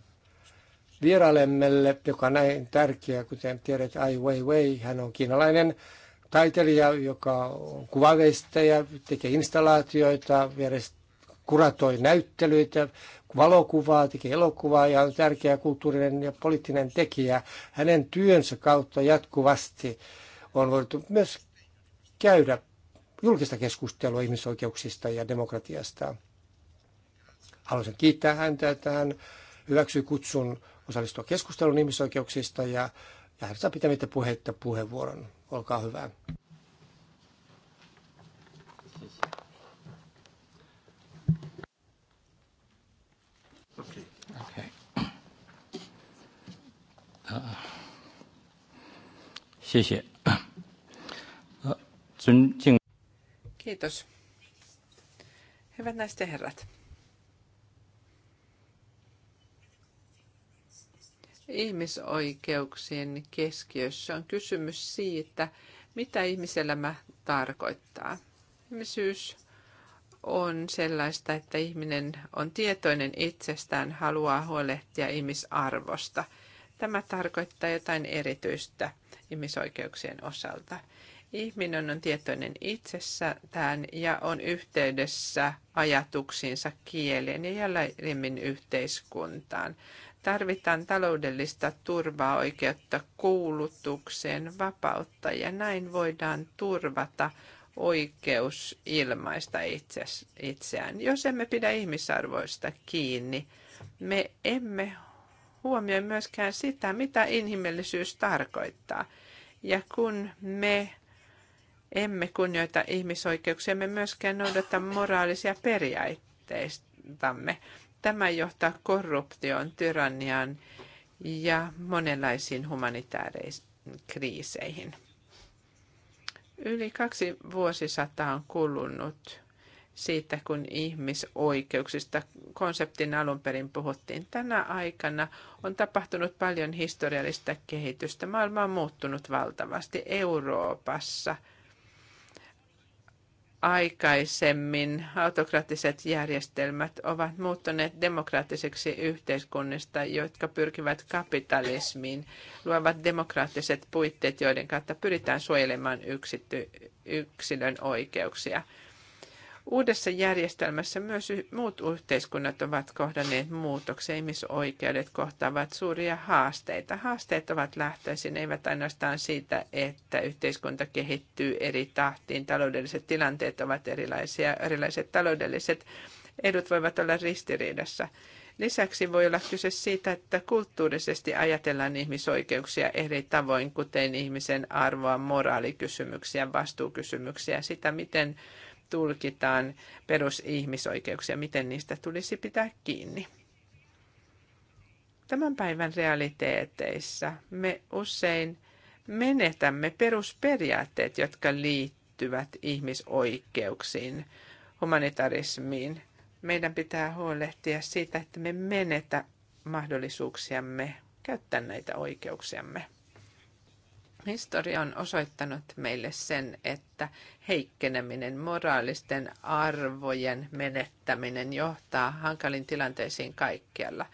vierailemmelle, joka on näin tärkeä, kuten tiedät, Ai Weiwei. Hän on kiinalainen taiteilija, joka on kuvaveistäjä, tekee installaatioita, kuratoi näyttelyitä, valokuvaa, tekee elokuvaa ja on tärkeä kulttuurinen ja poliittinen tekijä. Hänen työnsä kautta jatkuvasti on voitu myös käydä julkista keskustelua ihmisoikeuksista ja demokratiasta. Haluaisin kiittää häntä, että hän hyväksyi kutsun osallistua keskusteluun ihmisoikeuksista ja, ja hän saa pitämättä puhetta puheenvuoron. Olkaa hyvä. Uh, uh, Kiitos. Hyvät naiset ja herrat. ihmisoikeuksien keskiössä on kysymys siitä, mitä ihmiselämä tarkoittaa. Ihmisyys on sellaista, että ihminen on tietoinen itsestään, haluaa huolehtia ihmisarvosta. Tämä tarkoittaa jotain erityistä ihmisoikeuksien osalta. Ihminen on tietoinen itsessään ja on yhteydessä ajatuksiinsa kieleen ja jälleen yhteiskuntaan. Tarvitaan taloudellista turvaa, oikeutta koulutukseen, vapautta ja näin voidaan turvata oikeus ilmaista itseään. Jos emme pidä ihmisarvoista kiinni, me emme huomioi myöskään sitä, mitä inhimillisyys tarkoittaa. Ja kun me emme kunnioita ihmisoikeuksia, me myöskään noudata moraalisia periaatteistamme. Tämä johtaa korruptioon, tyranniaan ja monenlaisiin humanitaarisiin kriiseihin. Yli kaksi vuosisataa on kulunut siitä, kun ihmisoikeuksista konseptin alun perin puhuttiin. Tänä aikana on tapahtunut paljon historiallista kehitystä. Maailma on muuttunut valtavasti Euroopassa – aikaisemmin autokraattiset järjestelmät ovat muuttuneet demokraattisiksi yhteiskunnista, jotka pyrkivät kapitalismiin, luovat demokraattiset puitteet, joiden kautta pyritään suojelemaan yksity, yksilön oikeuksia. Uudessa järjestelmässä myös muut yhteiskunnat ovat kohdanneet muutoksia. Ihmisoikeudet kohtaavat suuria haasteita. Haasteet ovat lähtöisin eivät ainoastaan siitä, että yhteiskunta kehittyy eri tahtiin. Taloudelliset tilanteet ovat erilaisia. Erilaiset taloudelliset edut voivat olla ristiriidassa. Lisäksi voi olla kyse siitä, että kulttuurisesti ajatellaan ihmisoikeuksia eri tavoin, kuten ihmisen arvoa, moraalikysymyksiä, vastuukysymyksiä, sitä miten tulkitaan perusihmisoikeuksia, miten niistä tulisi pitää kiinni. Tämän päivän realiteeteissa me usein menetämme perusperiaatteet, jotka liittyvät ihmisoikeuksiin, humanitarismiin. Meidän pitää huolehtia siitä, että me menetä mahdollisuuksiamme käyttää näitä oikeuksiamme. Historia on osoittanut meille sen, että heikkeneminen, moraalisten arvojen menettäminen johtaa hankalin tilanteisiin kaikkialla.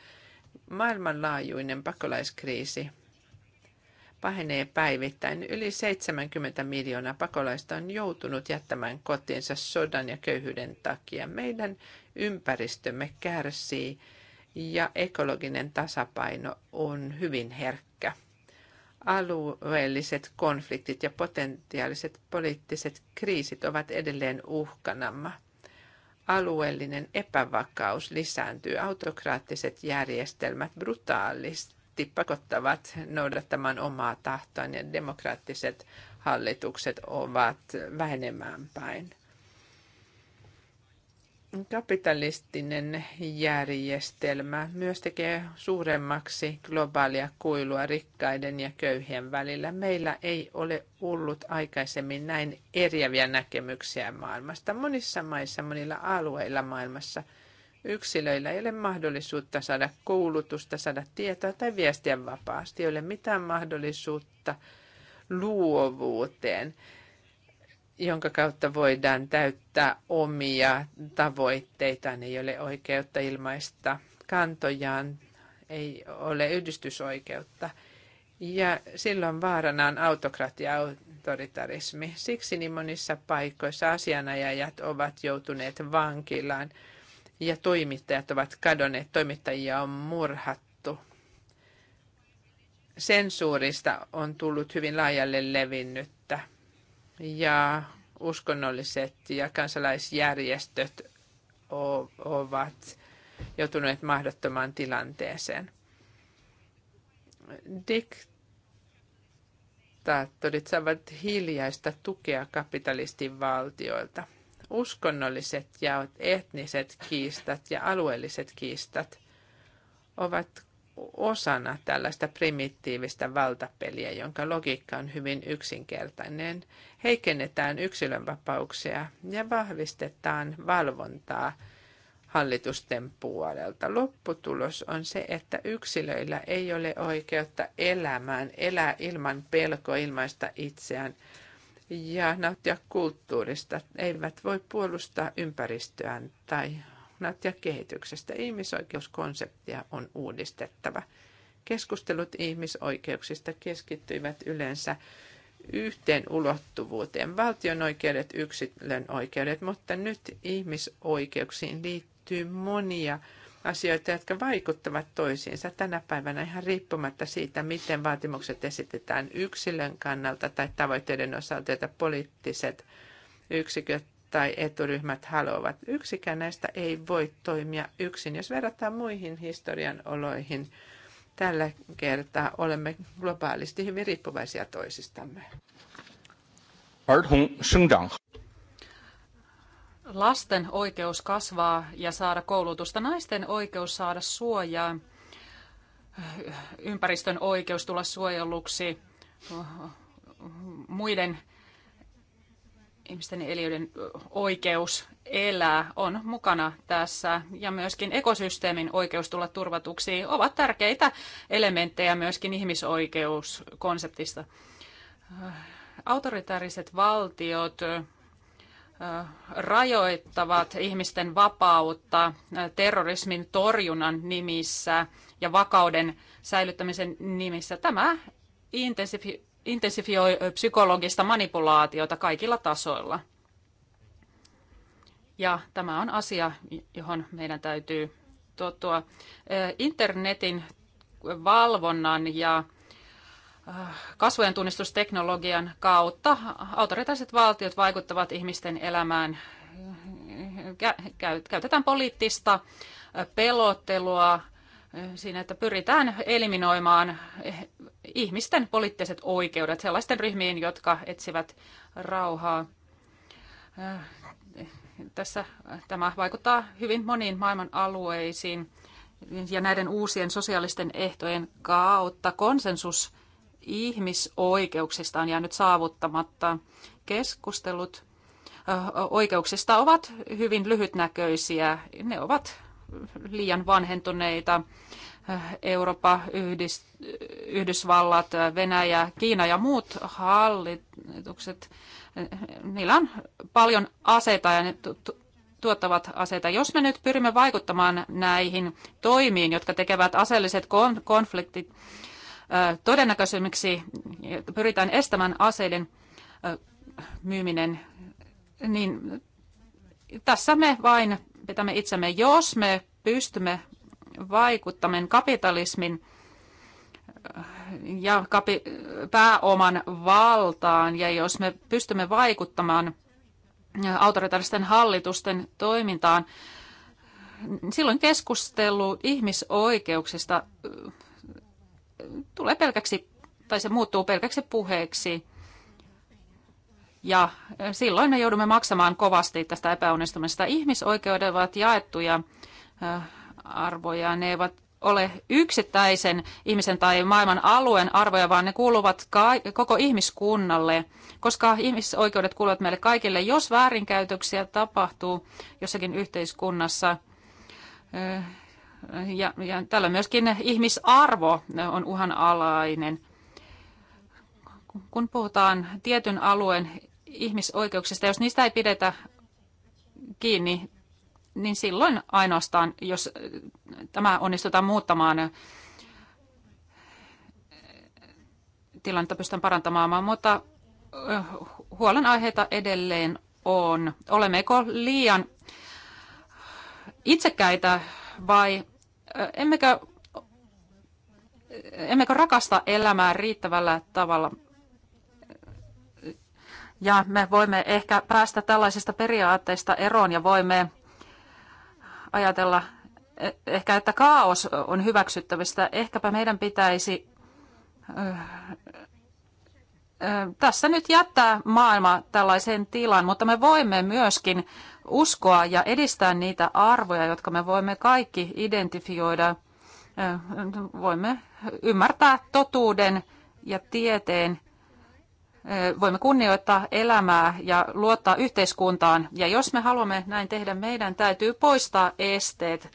Maailmanlaajuinen pakolaiskriisi pahenee päivittäin. Yli 70 miljoonaa pakolaista on joutunut jättämään kotiinsa sodan ja köyhyyden takia. Meidän ympäristömme kärsii ja ekologinen tasapaino on hyvin herkkä alueelliset konfliktit ja potentiaaliset poliittiset kriisit ovat edelleen uhkanamma. Alueellinen epävakaus lisääntyy, autokraattiset järjestelmät brutaalisti pakottavat noudattamaan omaa tahtoaan ja demokraattiset hallitukset ovat vähenemään päin kapitalistinen järjestelmä myös tekee suuremmaksi globaalia kuilua rikkaiden ja köyhien välillä. Meillä ei ole ollut aikaisemmin näin eriäviä näkemyksiä maailmasta. Monissa maissa, monilla alueilla maailmassa yksilöillä ei ole mahdollisuutta saada koulutusta, saada tietoa tai viestiä vapaasti, ei ole mitään mahdollisuutta luovuuteen jonka kautta voidaan täyttää omia tavoitteitaan, ei ole oikeutta ilmaista kantojaan, ei ole yhdistysoikeutta. Ja silloin vaarana on autokratia, autoritarismi. Siksi niin monissa paikoissa asianajajat ovat joutuneet vankilaan ja toimittajat ovat kadonneet, toimittajia on murhattu. Sensuurista on tullut hyvin laajalle levinnyttä ja uskonnolliset ja kansalaisjärjestöt ovat joutuneet mahdottomaan tilanteeseen. Diktaattorit saavat hiljaista tukea kapitalistin valtioilta. Uskonnolliset ja etniset kiistat ja alueelliset kiistat ovat osana tällaista primitiivistä valtapeliä, jonka logiikka on hyvin yksinkertainen. Heikennetään yksilönvapauksia ja vahvistetaan valvontaa hallitusten puolelta. Lopputulos on se, että yksilöillä ei ole oikeutta elämään, elää ilman pelko ilmaista itseään ja nauttia kulttuurista. Eivät voi puolustaa ympäristöään tai ja kehityksestä. Ihmisoikeuskonseptia on uudistettava. Keskustelut ihmisoikeuksista keskittyivät yleensä yhteen ulottuvuuteen, valtion oikeudet, yksilön oikeudet, mutta nyt ihmisoikeuksiin liittyy monia asioita, jotka vaikuttavat toisiinsa tänä päivänä ihan riippumatta siitä, miten vaatimukset esitetään yksilön kannalta tai tavoitteiden osalta, joita poliittiset yksiköt tai eturyhmät haluavat. Yksikään näistä ei voi toimia yksin. Jos verrataan muihin historian oloihin, tällä kertaa olemme globaalisti hyvin riippuvaisia toisistamme. Lasten oikeus kasvaa ja saada koulutusta, naisten oikeus saada suojaa, ympäristön oikeus tulla suojelluksi, muiden ihmisten eliöiden oikeus elää on mukana tässä ja myöskin ekosysteemin oikeus tulla turvatuksi ovat tärkeitä elementtejä myöskin ihmisoikeuskonseptista. Autoritaariset valtiot rajoittavat ihmisten vapautta terrorismin torjunnan nimissä ja vakauden säilyttämisen nimissä. Tämä intensiivi intensifioi psykologista manipulaatiota kaikilla tasoilla. Ja tämä on asia, johon meidän täytyy tuottua internetin valvonnan ja kasvojen tunnistusteknologian kautta autoritaiset valtiot vaikuttavat ihmisten elämään. Käytetään poliittista pelottelua siinä, että pyritään eliminoimaan ihmisten poliittiset oikeudet sellaisten ryhmiin, jotka etsivät rauhaa. Tässä tämä vaikuttaa hyvin moniin maailman alueisiin ja näiden uusien sosiaalisten ehtojen kautta konsensus ihmisoikeuksista on jäänyt saavuttamatta. Keskustelut oikeuksista ovat hyvin lyhytnäköisiä. Ne ovat liian vanhentuneita. Eurooppa, Yhdysvallat, Venäjä, Kiina ja muut hallitukset, niillä on paljon aseita ja ne tuottavat aseita. Jos me nyt pyrimme vaikuttamaan näihin toimiin, jotka tekevät aseelliset konfliktit todennäköisemmiksi, pyritään estämään aseiden myyminen, niin tässä me vain pitämme itsemme, jos me pystymme vaikuttamaan kapitalismin äh, ja kapi- pääoman valtaan, ja jos me pystymme vaikuttamaan äh, autoritaaristen hallitusten toimintaan, silloin keskustelu ihmisoikeuksista äh, tulee pelkäksi, tai se muuttuu pelkäksi puheeksi. Ja eh, silloin me joudumme maksamaan kovasti tästä epäonnistumisesta. Ihmisoikeudet ovat jaettuja eh, arvoja. Ne eivät ole yksittäisen ihmisen tai maailman alueen arvoja, vaan ne kuuluvat koko ihmiskunnalle, koska ihmisoikeudet kuuluvat meille kaikille. Jos väärinkäytöksiä tapahtuu jossakin yhteiskunnassa, eh, ja, ja tällä myöskin ihmisarvo on uhanalainen. Kun puhutaan tietyn alueen ihmisoikeuksista. Jos niistä ei pidetä kiinni, niin silloin ainoastaan, jos äh, tämä onnistutaan muuttamaan äh, tilannetta pystytään parantamaan, mutta äh, huolenaiheita edelleen on. Olemmeko liian itsekäitä vai emmekö, emmekö rakasta elämää riittävällä tavalla? Ja me voimme ehkä päästä tällaisista periaatteista eroon ja voimme ajatella e, ehkä, että kaos on hyväksyttävistä. Ehkäpä meidän pitäisi tässä nyt jättää maailma tällaiseen tilaan, mutta me voimme myöskin uskoa ja edistää niitä arvoja, jotka me voimme kaikki identifioida. Voimme ymmärtää totuuden ja tieteen voimme kunnioittaa elämää ja luottaa yhteiskuntaan. Ja jos me haluamme näin tehdä, meidän täytyy poistaa esteet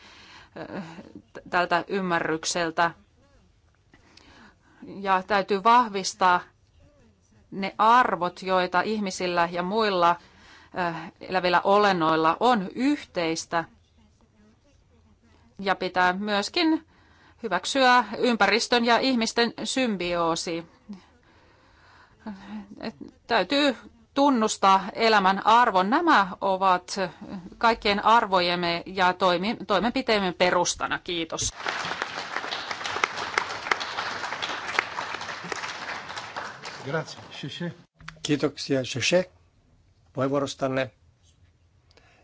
tältä ymmärrykseltä. Ja täytyy vahvistaa ne arvot, joita ihmisillä ja muilla elävillä olennoilla on yhteistä. Ja pitää myöskin hyväksyä ympäristön ja ihmisten symbioosi täytyy tunnustaa elämän arvon. Nämä ovat kaikkien arvojemme ja toimenpiteemme perustana. Kiitos. Kiitoksia Sheshe puheenvuorostanne.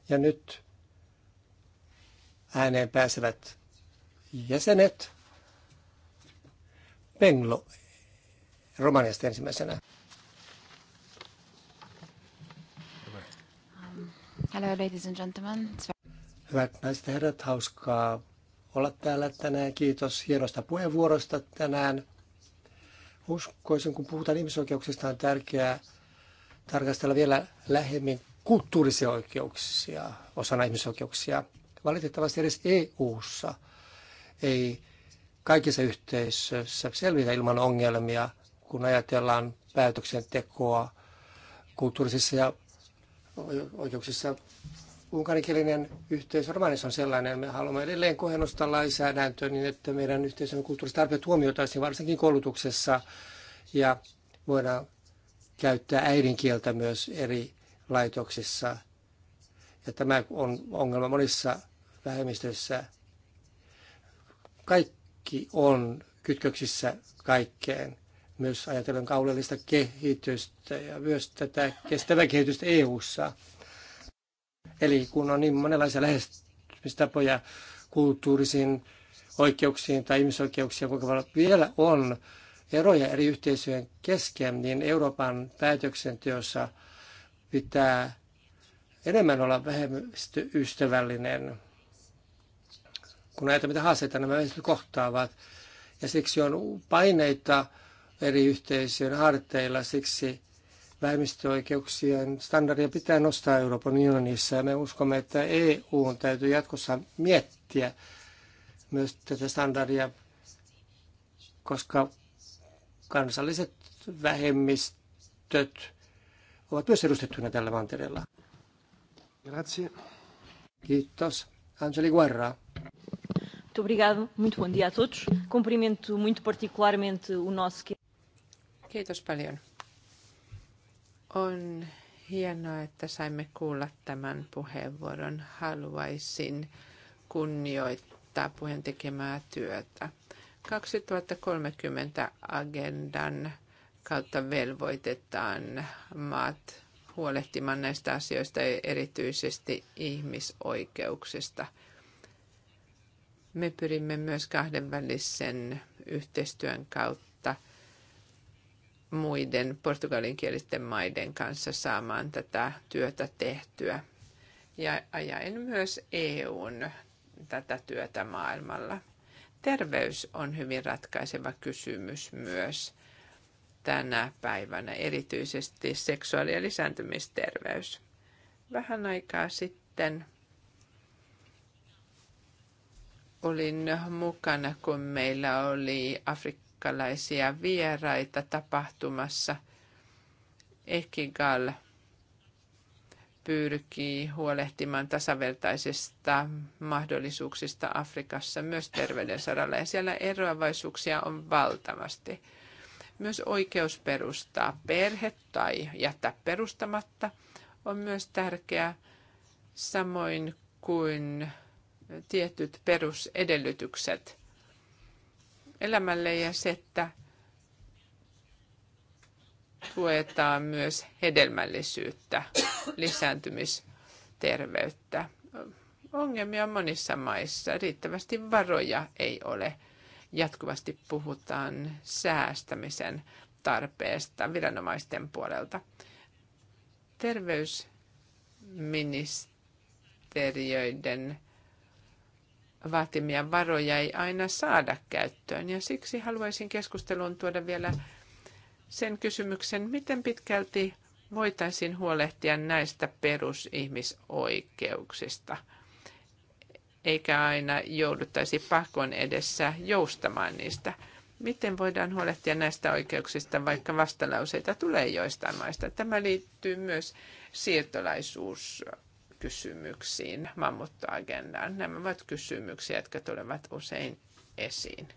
Ja nyt ääneen pääsevät jäsenet. Penglo Romaniasta ensimmäisenä. Hello, ladies and gentlemen. Hyvät naiset ja herrat, hauskaa olla täällä tänään. Kiitos hienosta puheenvuorosta tänään. Uskoisin, kun puhutaan ihmisoikeuksista, on tärkeää tarkastella vielä lähemmin kulttuurisia oikeuksia osana ihmisoikeuksia. Valitettavasti edes EU-ssa ei kaikissa yhteisöissä selvitä ilman ongelmia – kun ajatellaan päätöksentekoa kulttuurisissa ja oikeuksissa. Unkarikielinen yhteisö Romanissa on sellainen, me haluamme edelleen kohennusta lainsäädäntöä niin, että meidän yhteisön tarpeet huomioitaisiin varsinkin koulutuksessa ja voidaan käyttää äidinkieltä myös eri laitoksissa. Ja tämä on ongelma monissa vähemmistöissä. Kaikki on kytköksissä kaikkeen myös ajatellen kaulellista kehitystä ja myös tätä kestävää kehitystä EU:ssa. Eli kun on niin monenlaisia lähestymistapoja kulttuurisiin oikeuksiin tai ihmisoikeuksiin, kuinka paljon vielä on eroja eri yhteisöjen kesken, niin Euroopan päätöksenteossa pitää enemmän olla vähemmistöystävällinen, kun ajatellaan, mitä haasteita nämä vähemmistöt kohtaavat. Ja siksi on paineita eri yhteisöjen harteilla. Siksi vähemmistöoikeuksien standardia pitää nostaa Euroopan unionissa ja me uskomme, että EU täytyy jatkossa miettiä myös tätä standardia, koska kansalliset vähemmistöt ovat myös edustettuina tällä mantereella. Grazie. Kiitos. Angeli Guerra. Muito obrigado. Muito bom dia a todos. Cumprimento muito particularmente o nosso Kiitos paljon. On hienoa, että saimme kuulla tämän puheenvuoron. Haluaisin kunnioittaa puheen tekemää työtä. 2030 agendan kautta velvoitetaan maat huolehtimaan näistä asioista, erityisesti ihmisoikeuksista. Me pyrimme myös kahdenvälisen yhteistyön kautta muiden portugalinkielisten maiden kanssa saamaan tätä työtä tehtyä ja ajaen myös EUn tätä työtä maailmalla. Terveys on hyvin ratkaiseva kysymys myös tänä päivänä, erityisesti seksuaali- ja lisääntymisterveys. Vähän aikaa sitten olin mukana, kun meillä oli Afrikka amerikkalaisia vieraita tapahtumassa. Ekigal pyrkii huolehtimaan tasavertaisista mahdollisuuksista Afrikassa myös terveyden saralla. Ja siellä eroavaisuuksia on valtavasti. Myös oikeus perustaa perhe tai jättää perustamatta on myös tärkeää, samoin kuin tietyt perusedellytykset elämälle ja se, että tuetaan myös hedelmällisyyttä, lisääntymisterveyttä. Ongelmia on monissa maissa, riittävästi varoja ei ole. Jatkuvasti puhutaan säästämisen tarpeesta viranomaisten puolelta. Terveysministeriöiden vaatimia varoja ei aina saada käyttöön. Ja siksi haluaisin keskusteluun tuoda vielä sen kysymyksen, miten pitkälti voitaisiin huolehtia näistä perusihmisoikeuksista, eikä aina jouduttaisi pakon edessä joustamaan niistä. Miten voidaan huolehtia näistä oikeuksista, vaikka vastalauseita tulee joistain maista? Tämä liittyy myös siirtolaisuus kysymyksiin, mammuttoagendaan. Nämä ovat kysymyksiä, jotka tulevat usein esiin.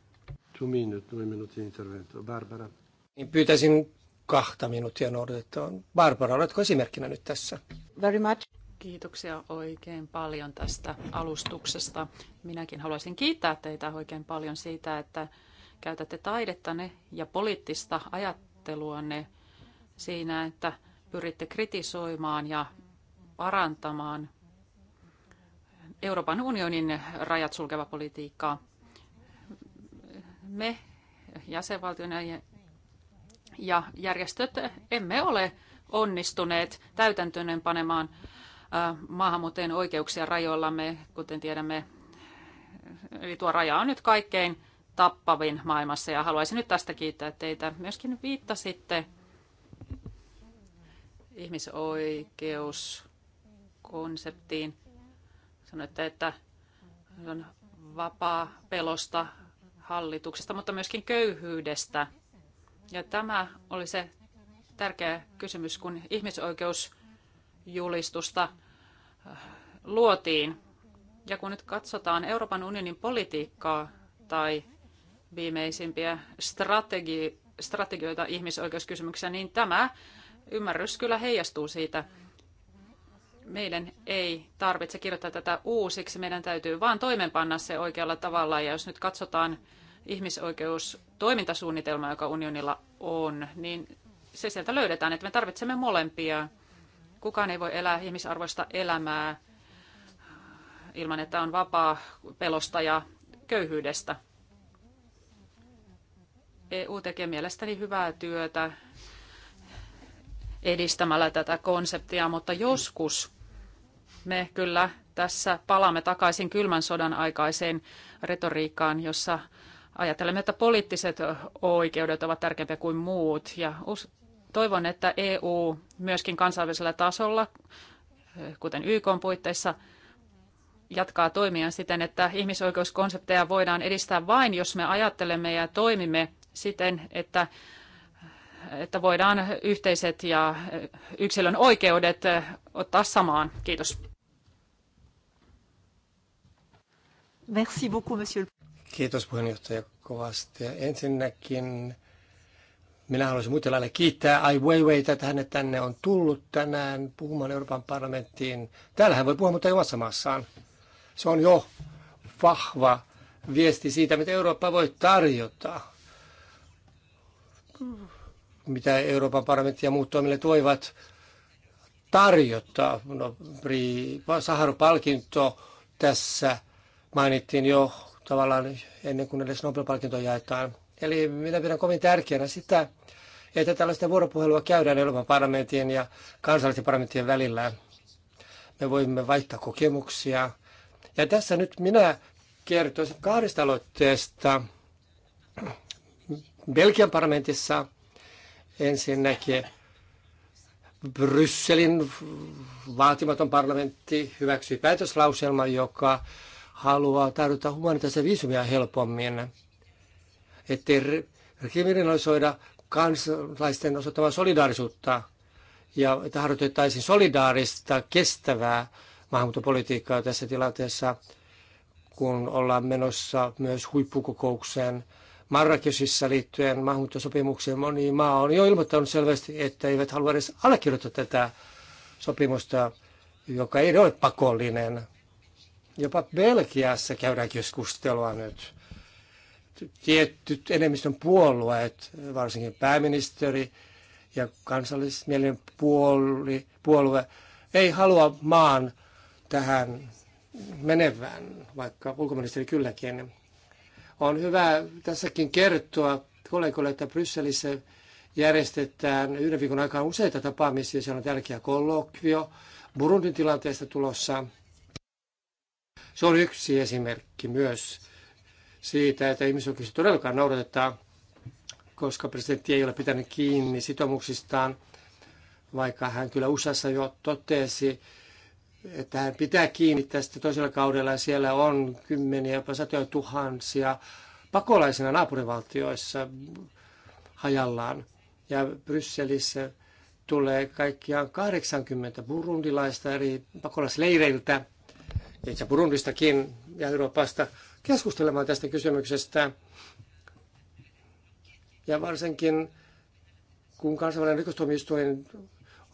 Two minutes, two minute intervento. Barbara. Niin pyytäisin kahta minuuttia noudatettavan. Barbara, oletko esimerkkinä nyt tässä? Very much. Kiitoksia oikein paljon tästä alustuksesta. Minäkin haluaisin kiittää teitä oikein paljon siitä, että käytätte taidettanne ja poliittista ajatteluanne siinä, että pyritte kritisoimaan ja parantamaan Euroopan unionin rajat sulkeva politiikkaa. Me jäsenvaltiona ja järjestöt emme ole onnistuneet täytäntöön panemaan maahanmuuttajien oikeuksia rajoillamme, kuten tiedämme. Eli tuo raja on nyt kaikkein tappavin maailmassa ja haluaisin nyt tästä kiittää teitä. Myöskin viittasitte ihmisoikeus konseptiin. Sanoitte, että on vapaa pelosta hallituksesta, mutta myöskin köyhyydestä. Ja tämä oli se tärkeä kysymys, kun ihmisoikeusjulistusta äh, luotiin. Ja kun nyt katsotaan Euroopan unionin politiikkaa tai viimeisimpiä strategi- strategioita ihmisoikeuskysymyksiä, niin tämä ymmärrys kyllä heijastuu siitä meidän ei tarvitse kirjoittaa tätä uusiksi, meidän täytyy vaan toimenpanna se oikealla tavalla. Ja jos nyt katsotaan ihmisoikeustoimintasuunnitelmaa, joka unionilla on, niin se sieltä löydetään, että me tarvitsemme molempia. Kukaan ei voi elää ihmisarvoista elämää ilman, että on vapaa pelosta ja köyhyydestä. EU tekee mielestäni hyvää työtä edistämällä tätä konseptia, mutta joskus me kyllä tässä palaamme takaisin kylmän sodan aikaiseen retoriikkaan, jossa ajattelemme, että poliittiset oikeudet ovat tärkeämpiä kuin muut. Ja toivon, että EU myöskin kansainvälisellä tasolla, kuten YK puitteissa, jatkaa toimia siten, että ihmisoikeuskonsepteja voidaan edistää vain, jos me ajattelemme ja toimimme siten, että, että voidaan yhteiset ja yksilön oikeudet ottaa samaan. Kiitos. Merci beaucoup, monsieur. Kiitos puheenjohtaja kovasti. Ensinnäkin minä haluaisin muuten lailla kiittää Ai Weiwei, että hänet tänne on tullut tänään puhumaan Euroopan parlamenttiin. Täällä hän voi puhua, mutta ei omassa maassaan. Se on jo vahva viesti siitä, mitä Eurooppa voi tarjota. Mitä Euroopan parlamentti ja muut toimille toivat tarjota. No, Saharu-palkinto tässä mainittiin jo tavallaan ennen kuin edes Nobel-palkinto jaetaan. Eli minä pidän kovin tärkeänä sitä, että tällaista vuoropuhelua käydään Euroopan parlamentin ja kansallisten parlamenttien välillä. Me voimme vaihtaa kokemuksia. Ja tässä nyt minä kertoisin kahdesta aloitteesta. Belgian parlamentissa ensinnäkin Brysselin vaatimaton parlamentti hyväksyi päätöslauselman, joka haluaa tarjota humanitaarista viisumia helpommin, ettei kriminalisoida kansalaisten osoittamaa solidaarisuutta ja että harjoitettaisiin solidaarista, kestävää maahanmuuttopolitiikkaa tässä tilanteessa, kun ollaan menossa myös huippukokoukseen Marrakesissa liittyen maahanmuuttosopimukseen. Moni maa on jo ilmoittanut selvästi, että eivät halua edes allekirjoittaa tätä sopimusta, joka ei ole pakollinen. Jopa Belgiassa käydään keskustelua nyt. Tietyt enemmistön puolueet, varsinkin pääministeri ja kansallismielinen puoli, puolue, ei halua maan tähän menevän, vaikka ulkoministeri kylläkin. On hyvä tässäkin kertoa kollegoille, että Brysselissä järjestetään yhden viikon aikaan useita tapaamisia. Siellä on tärkeä kollokvio Burundin tilanteesta tulossa se oli yksi esimerkki myös siitä, että ihmisoikeuksia todellakaan noudatetaan, koska presidentti ei ole pitänyt kiinni sitoumuksistaan, vaikka hän kyllä USAssa jo totesi, että hän pitää kiinni tästä toisella kaudella ja siellä on kymmeniä, jopa satoja tuhansia pakolaisina naapurivaltioissa hajallaan. Ja Brysselissä tulee kaikkiaan 80 burundilaista eri pakolaisleireiltä itse Burundistakin ja Euroopasta keskustelemaan tästä kysymyksestä. Ja varsinkin kun kansainvälinen rikostuomioistuin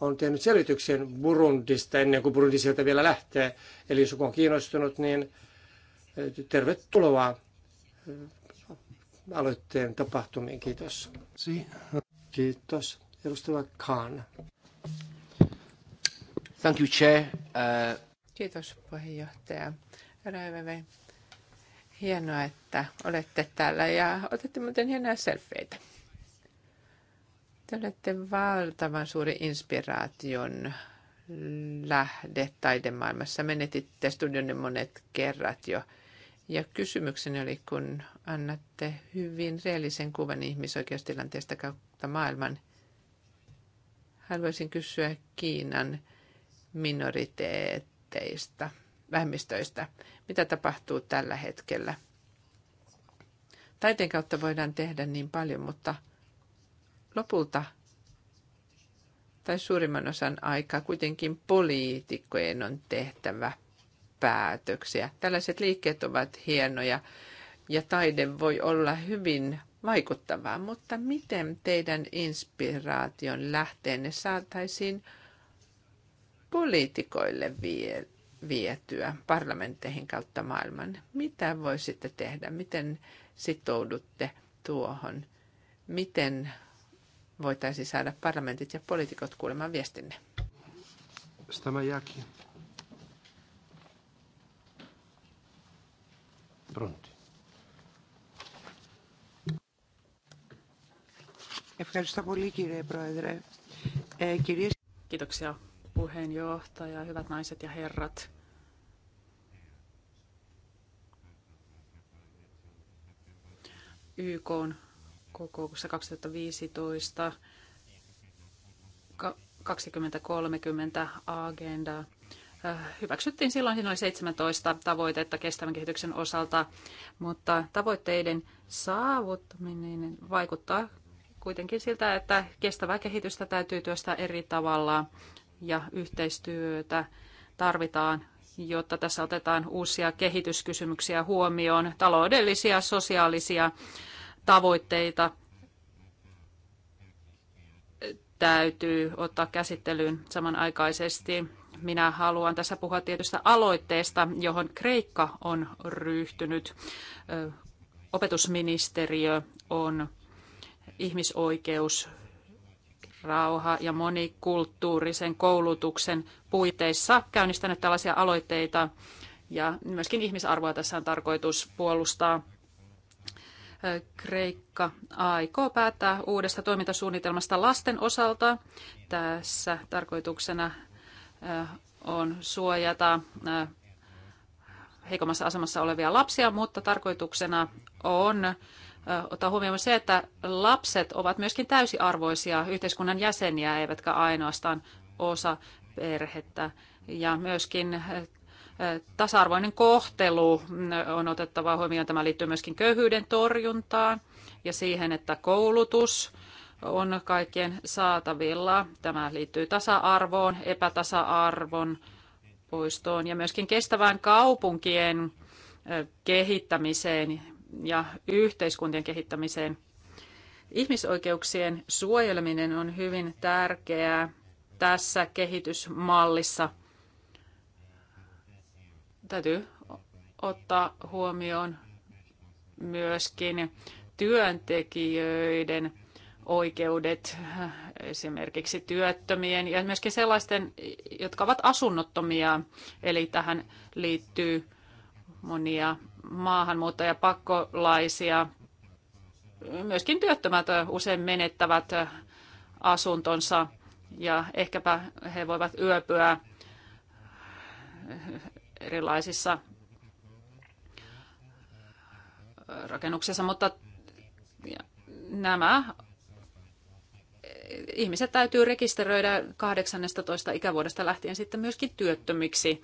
on tehnyt selityksen Burundista ennen kuin Burundi sieltä vielä lähtee. Eli jos joku on kiinnostunut, niin eh, tervetuloa eh, aloitteen tapahtumiin. Kiitos. Kiitos. Edustaja Khan. Thank you, Chair. Uh... Kiitos puheenjohtaja Raiveve. Hienoa, että olette täällä ja otette muuten hienoja selfieitä. Te olette valtavan suuri inspiraation lähde taidemaailmassa. Menetitte studionne monet kerrat jo. Ja kysymykseni oli, kun annatte hyvin reellisen kuvan ihmisoikeustilanteesta kautta maailman, haluaisin kysyä Kiinan minoriteet vähemmistöistä, vähemmistöistä, mitä tapahtuu tällä hetkellä. Taiteen kautta voidaan tehdä niin paljon, mutta lopulta tai suurimman osan aikaa kuitenkin poliitikkojen on tehtävä päätöksiä. Tällaiset liikkeet ovat hienoja ja taide voi olla hyvin vaikuttavaa, mutta miten teidän inspiraation lähteenne saataisiin poliitikoille vie, vietyä parlamentteihin kautta maailman? Mitä voisitte tehdä? Miten sitoudutte tuohon? Miten voitaisiin saada parlamentit ja poliitikot kuulemaan viestinne? Tämä Pronti. Ευχαριστώ πολύ κύριε Πρόεδρε. κυρίες... Kiitoksia puheenjohtaja, hyvät naiset ja herrat. YK on kokouksessa 2015 2030 agenda äh, hyväksyttiin silloin, siinä oli 17 tavoitetta kestävän kehityksen osalta, mutta tavoitteiden saavuttaminen vaikuttaa kuitenkin siltä, että kestävää kehitystä täytyy työstää eri tavalla ja yhteistyötä tarvitaan, jotta tässä otetaan uusia kehityskysymyksiä huomioon, taloudellisia, sosiaalisia tavoitteita täytyy ottaa käsittelyyn samanaikaisesti. Minä haluan tässä puhua tietystä aloitteesta, johon Kreikka on ryhtynyt. Opetusministeriö on ihmisoikeus rauha- ja monikulttuurisen koulutuksen puitteissa käynnistänyt tällaisia aloitteita. Ja myöskin ihmisarvoa tässä on tarkoitus puolustaa. Kreikka aikoo päättää uudesta toimintasuunnitelmasta lasten osalta. Tässä tarkoituksena äh, on suojata äh, heikommassa asemassa olevia lapsia, mutta tarkoituksena on ottaa huomioon se, että lapset ovat myöskin täysiarvoisia yhteiskunnan jäseniä, eivätkä ainoastaan osa perhettä. Ja myöskin tasa-arvoinen kohtelu mm, on otettava huomioon. Tämä liittyy myöskin köyhyyden torjuntaan ja siihen, että koulutus on kaikkien saatavilla. Tämä liittyy tasa-arvoon, epätasa-arvon poistoon ja myöskin kestävään kaupunkien kehittämiseen ja yhteiskuntien kehittämiseen. Ihmisoikeuksien suojeleminen on hyvin tärkeää tässä kehitysmallissa. Täytyy ottaa huomioon myöskin työntekijöiden oikeudet, esimerkiksi työttömien ja myöskin sellaisten, jotka ovat asunnottomia. Eli tähän liittyy monia maahanmuuttajia, pakkolaisia. Myöskin työttömät usein menettävät asuntonsa ja ehkäpä he voivat yöpyä erilaisissa rakennuksissa, mutta nämä ihmiset täytyy rekisteröidä 18 ikävuodesta lähtien sitten myöskin työttömiksi.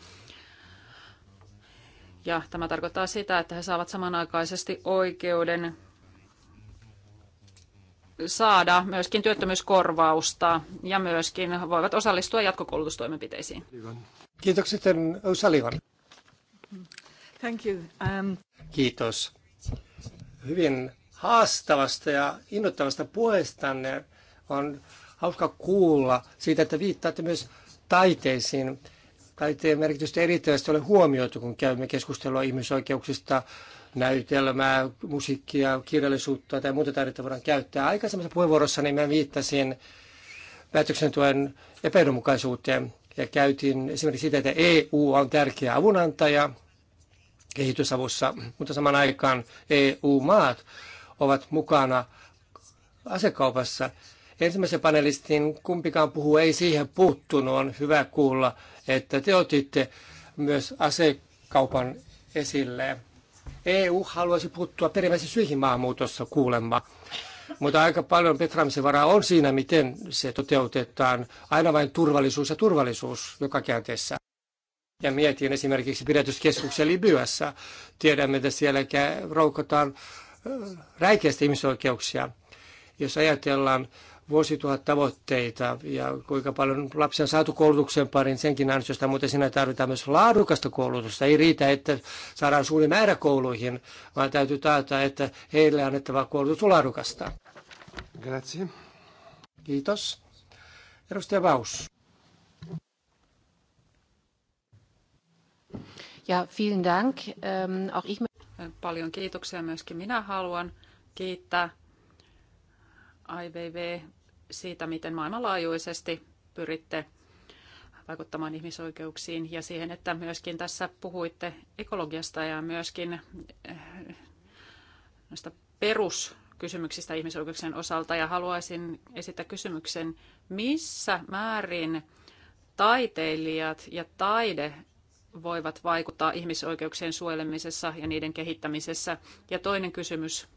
Ja tämä tarkoittaa sitä, että he saavat samanaikaisesti oikeuden saada myöskin työttömyyskorvausta ja myöskin voivat osallistua jatkokoulutustoimenpiteisiin. Kiitokset, Sullivan. Thank you. Um... Kiitos. Hyvin haastavasta ja innoittavasta puheestanne on hauska kuulla siitä, että viittaatte myös taiteisiin. Taiteen merkitystä erityisesti ole huomioitu, kun käymme keskustelua ihmisoikeuksista, näytelmää, musiikkia, kirjallisuutta tai muuta taidetta voidaan käyttää. Aikaisemmassa puheenvuorossa niin mä viittasin päätöksentuen epäidonmukaisuuteen ja käytiin esimerkiksi sitä, että EU on tärkeä avunantaja kehitysavussa, mutta saman aikaan EU-maat ovat mukana asekaupassa. Ensimmäisen panelistin kumpikaan puhuu ei siihen puuttunut, on hyvä kuulla että te otitte myös asekaupan esille. EU haluaisi puuttua perimmäisiin syihin maahanmuutossa kuulemma. Mutta aika paljon petraamisen varaa on siinä, miten se toteutetaan. Aina vain turvallisuus ja turvallisuus joka käänteessä. Ja mietin esimerkiksi pidätyskeskuksen Libyassa. Tiedämme, että siellä roukotaan räikeästi ihmisoikeuksia. Jos ajatellaan vuosituhat tavoitteita ja kuinka paljon lapsia on saatu koulutuksen parin senkin ansiosta, mutta siinä tarvitaan myös laadukasta koulutusta. Ei riitä, että saadaan suuri määrä kouluihin, vaan täytyy taata, että heille annettava koulutus on laadukasta. Grazie. Kiitos. Edustaja Vaus. Ja vielen dank. Ähm, auch ich... Paljon kiitoksia myöskin minä haluan kiittää IVV siitä, miten maailmanlaajuisesti pyritte vaikuttamaan ihmisoikeuksiin ja siihen, että myöskin tässä puhuitte ekologiasta ja myöskin eh, noista peruskysymyksistä ihmisoikeuksien osalta. Ja haluaisin esittää kysymyksen, missä määrin taiteilijat ja taide voivat vaikuttaa ihmisoikeuksien suojelemisessa ja niiden kehittämisessä. Ja toinen kysymys,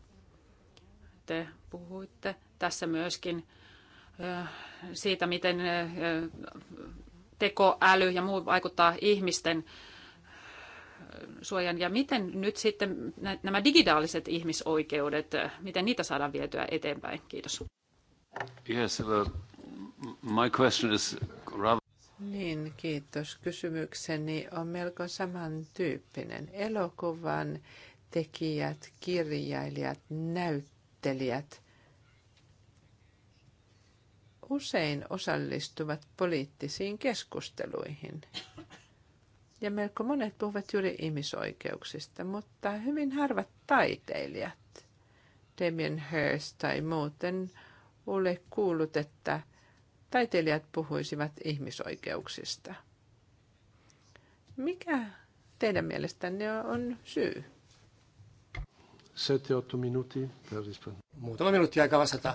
te puhuitte tässä myöskin siitä, miten tekoäly ja muu vaikuttaa ihmisten suojan ja miten nyt sitten nämä digitaaliset ihmisoikeudet, miten niitä saadaan vietyä eteenpäin? Kiitos. Yes, my question is rather... Niin, kiitos. Kysymykseni on melko samantyyppinen. Elokuvan tekijät, kirjailijat, näyttelijät – usein osallistuvat poliittisiin keskusteluihin. Ja melko monet puhuvat juuri ihmisoikeuksista, mutta hyvin harvat taiteilijat, Damien Hirst tai muuten, ole kuullut, että taiteilijat puhuisivat ihmisoikeuksista. Mikä teidän mielestänne on syy? 7-8 minuuttia. Muutama minuutti aikaa vastata.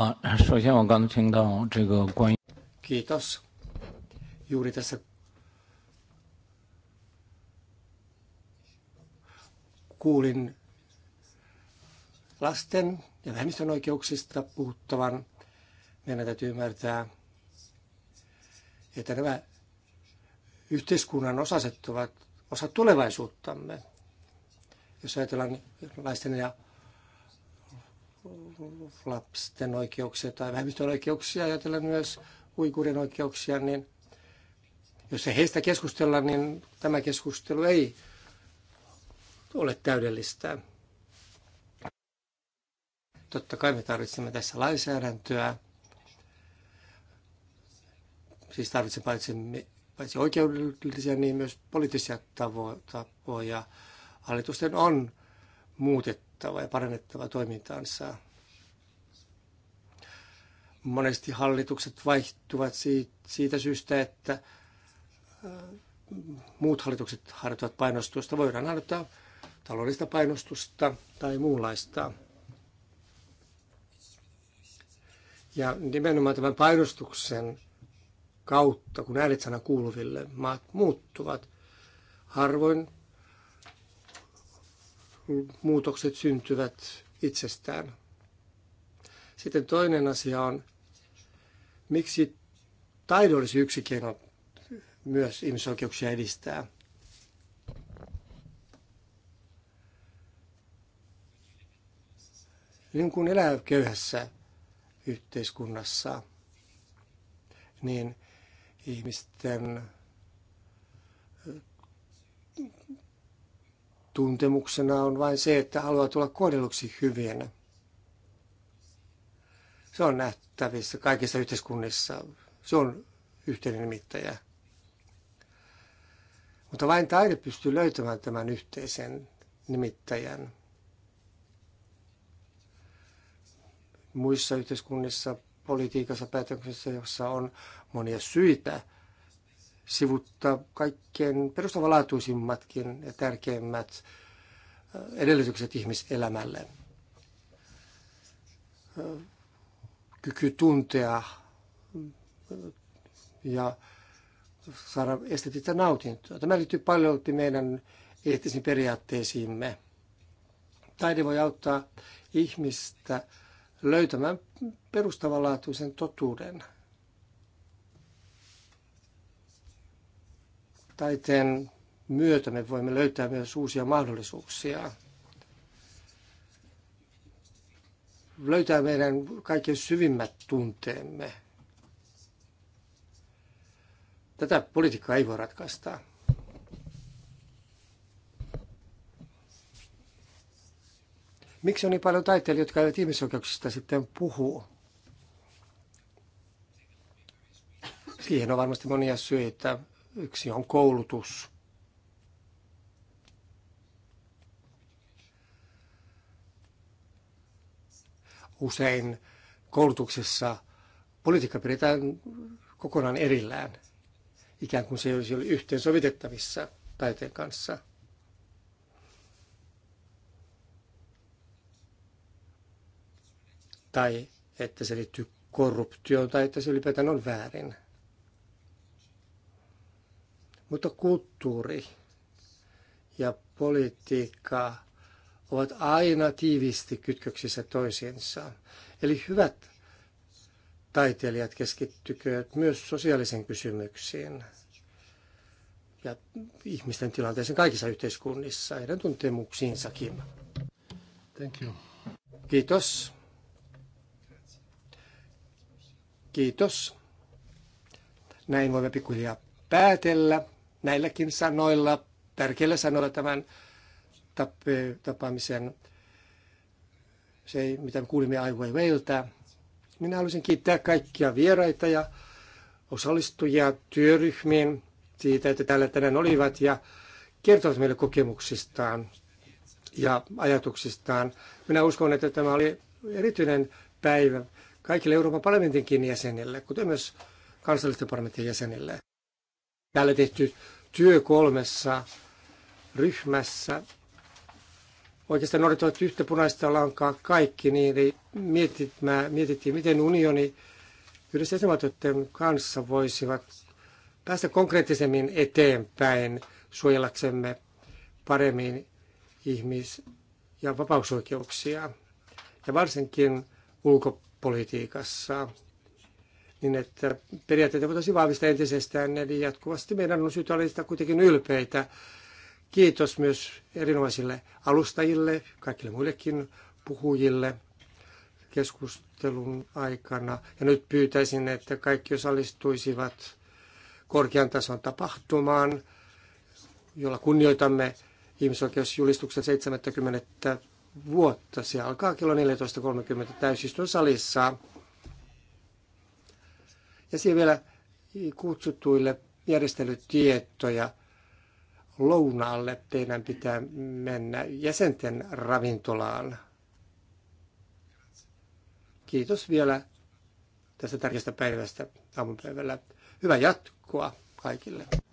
啊，首先我刚才听到这个关于 Kiitos. Juuri tässä kuulin lasten ja vähemmistön oikeuksista puhuttavan. Meidän täytyy ymmärtää, että nämä yhteiskunnan osaset ovat osa tulevaisuuttamme. Jos ajatellaan laisten ja lapsen oikeuksia tai vähemmistön oikeuksia, ajatellen myös uikurin oikeuksia, niin jos ei heistä keskustella, niin tämä keskustelu ei ole täydellistä. Totta kai me tarvitsemme tässä lainsäädäntöä. Siis tarvitsemme paitsi, paitsi oikeudellisia, niin myös poliittisia ja Hallitusten on muutettu muutettava ja parannettava toimintaansa. Monesti hallitukset vaihtuvat siitä syystä, että äh, muut hallitukset harjoittavat painostusta. Voidaan harjoittaa taloudellista painostusta tai muunlaista. Ja nimenomaan tämän painostuksen kautta, kun äänet sana kuuluville, maat muuttuvat. Harvoin muutokset syntyvät itsestään. Sitten toinen asia on, miksi taido olisi yksi keino myös ihmisoikeuksia edistää. Niin kuin elää köyhässä yhteiskunnassa, niin ihmisten tuntemuksena on vain se, että haluaa tulla kohdelluksi hyvin. Se on nähtävissä kaikissa yhteiskunnissa. Se on yhteinen nimittäjä. Mutta vain taide pystyy löytämään tämän yhteisen nimittäjän. Muissa yhteiskunnissa, politiikassa, päätöksissä, jossa on monia syitä sivuttaa kaikkein perustavanlaatuisimmatkin ja tärkeimmät äh, edellytykset ihmiselämälle. Äh, kyky tuntea äh, ja saada estetistä nautintoa. Tämä liittyy paljon meidän eettisiin periaatteisiimme. Taide voi auttaa ihmistä löytämään perustavanlaatuisen totuuden – taiteen myötä me voimme löytää myös uusia mahdollisuuksia. Löytää meidän kaikkein syvimmät tunteemme. Tätä politiikkaa ei voi ratkaista. Miksi on niin paljon taiteilijoita, jotka eivät ihmisoikeuksista sitten puhu? Siihen on varmasti monia syitä. Yksi on koulutus. Usein koulutuksessa politiikka pidetään kokonaan erillään, ikään kuin se ei olisi ollut yhteensovitettavissa taiteen kanssa. Tai että se liittyy korruptioon tai että se ylipäätään on väärin. Mutta kulttuuri ja politiikka ovat aina tiivisti kytköksissä toisiinsa. Eli hyvät taiteilijat keskittykööt myös sosiaalisiin kysymyksiin ja ihmisten tilanteeseen kaikissa yhteiskunnissa, heidän tuntemuksiinsakin. Thank you. Kiitos. Kiitos. Näin voimme pikkuhiljaa päätellä näilläkin sanoilla, tärkeillä sanoilla tämän tapaamisen, se mitä me kuulimme Ai Weiweiltä. Minä haluaisin kiittää kaikkia vieraita ja osallistujia työryhmiin siitä, että täällä tänään olivat ja kertovat meille kokemuksistaan ja ajatuksistaan. Minä uskon, että tämä oli erityinen päivä kaikille Euroopan parlamentinkin jäsenille, kuten myös kansallisten parlamentin jäsenille täällä tehty työ kolmessa ryhmässä. Oikeastaan ovat yhtä punaista lankaa kaikki, niin eli mietit, mä, mietittiin, miten unioni yhdessä jäsenvaltioiden kanssa voisivat päästä konkreettisemmin eteenpäin suojellaksemme paremmin ihmis- ja vapausoikeuksia. Ja varsinkin ulkopolitiikassa niin että periaatteita voitaisiin vahvistaa entisestään. Eli jatkuvasti meidän on syytä olla kuitenkin ylpeitä. Kiitos myös erinomaisille alustajille, kaikille muillekin puhujille keskustelun aikana. Ja nyt pyytäisin, että kaikki osallistuisivat korkean tason tapahtumaan, jolla kunnioitamme ihmisoikeusjulistuksen 70 vuotta. Se alkaa kello 14.30 täysistön salissa. Ja siellä vielä kutsutuille järjestelytietoja lounaalle teidän pitää mennä jäsenten ravintolaan. Kiitos vielä tästä tärkeästä päivästä aamupäivällä. Hyvää jatkoa kaikille.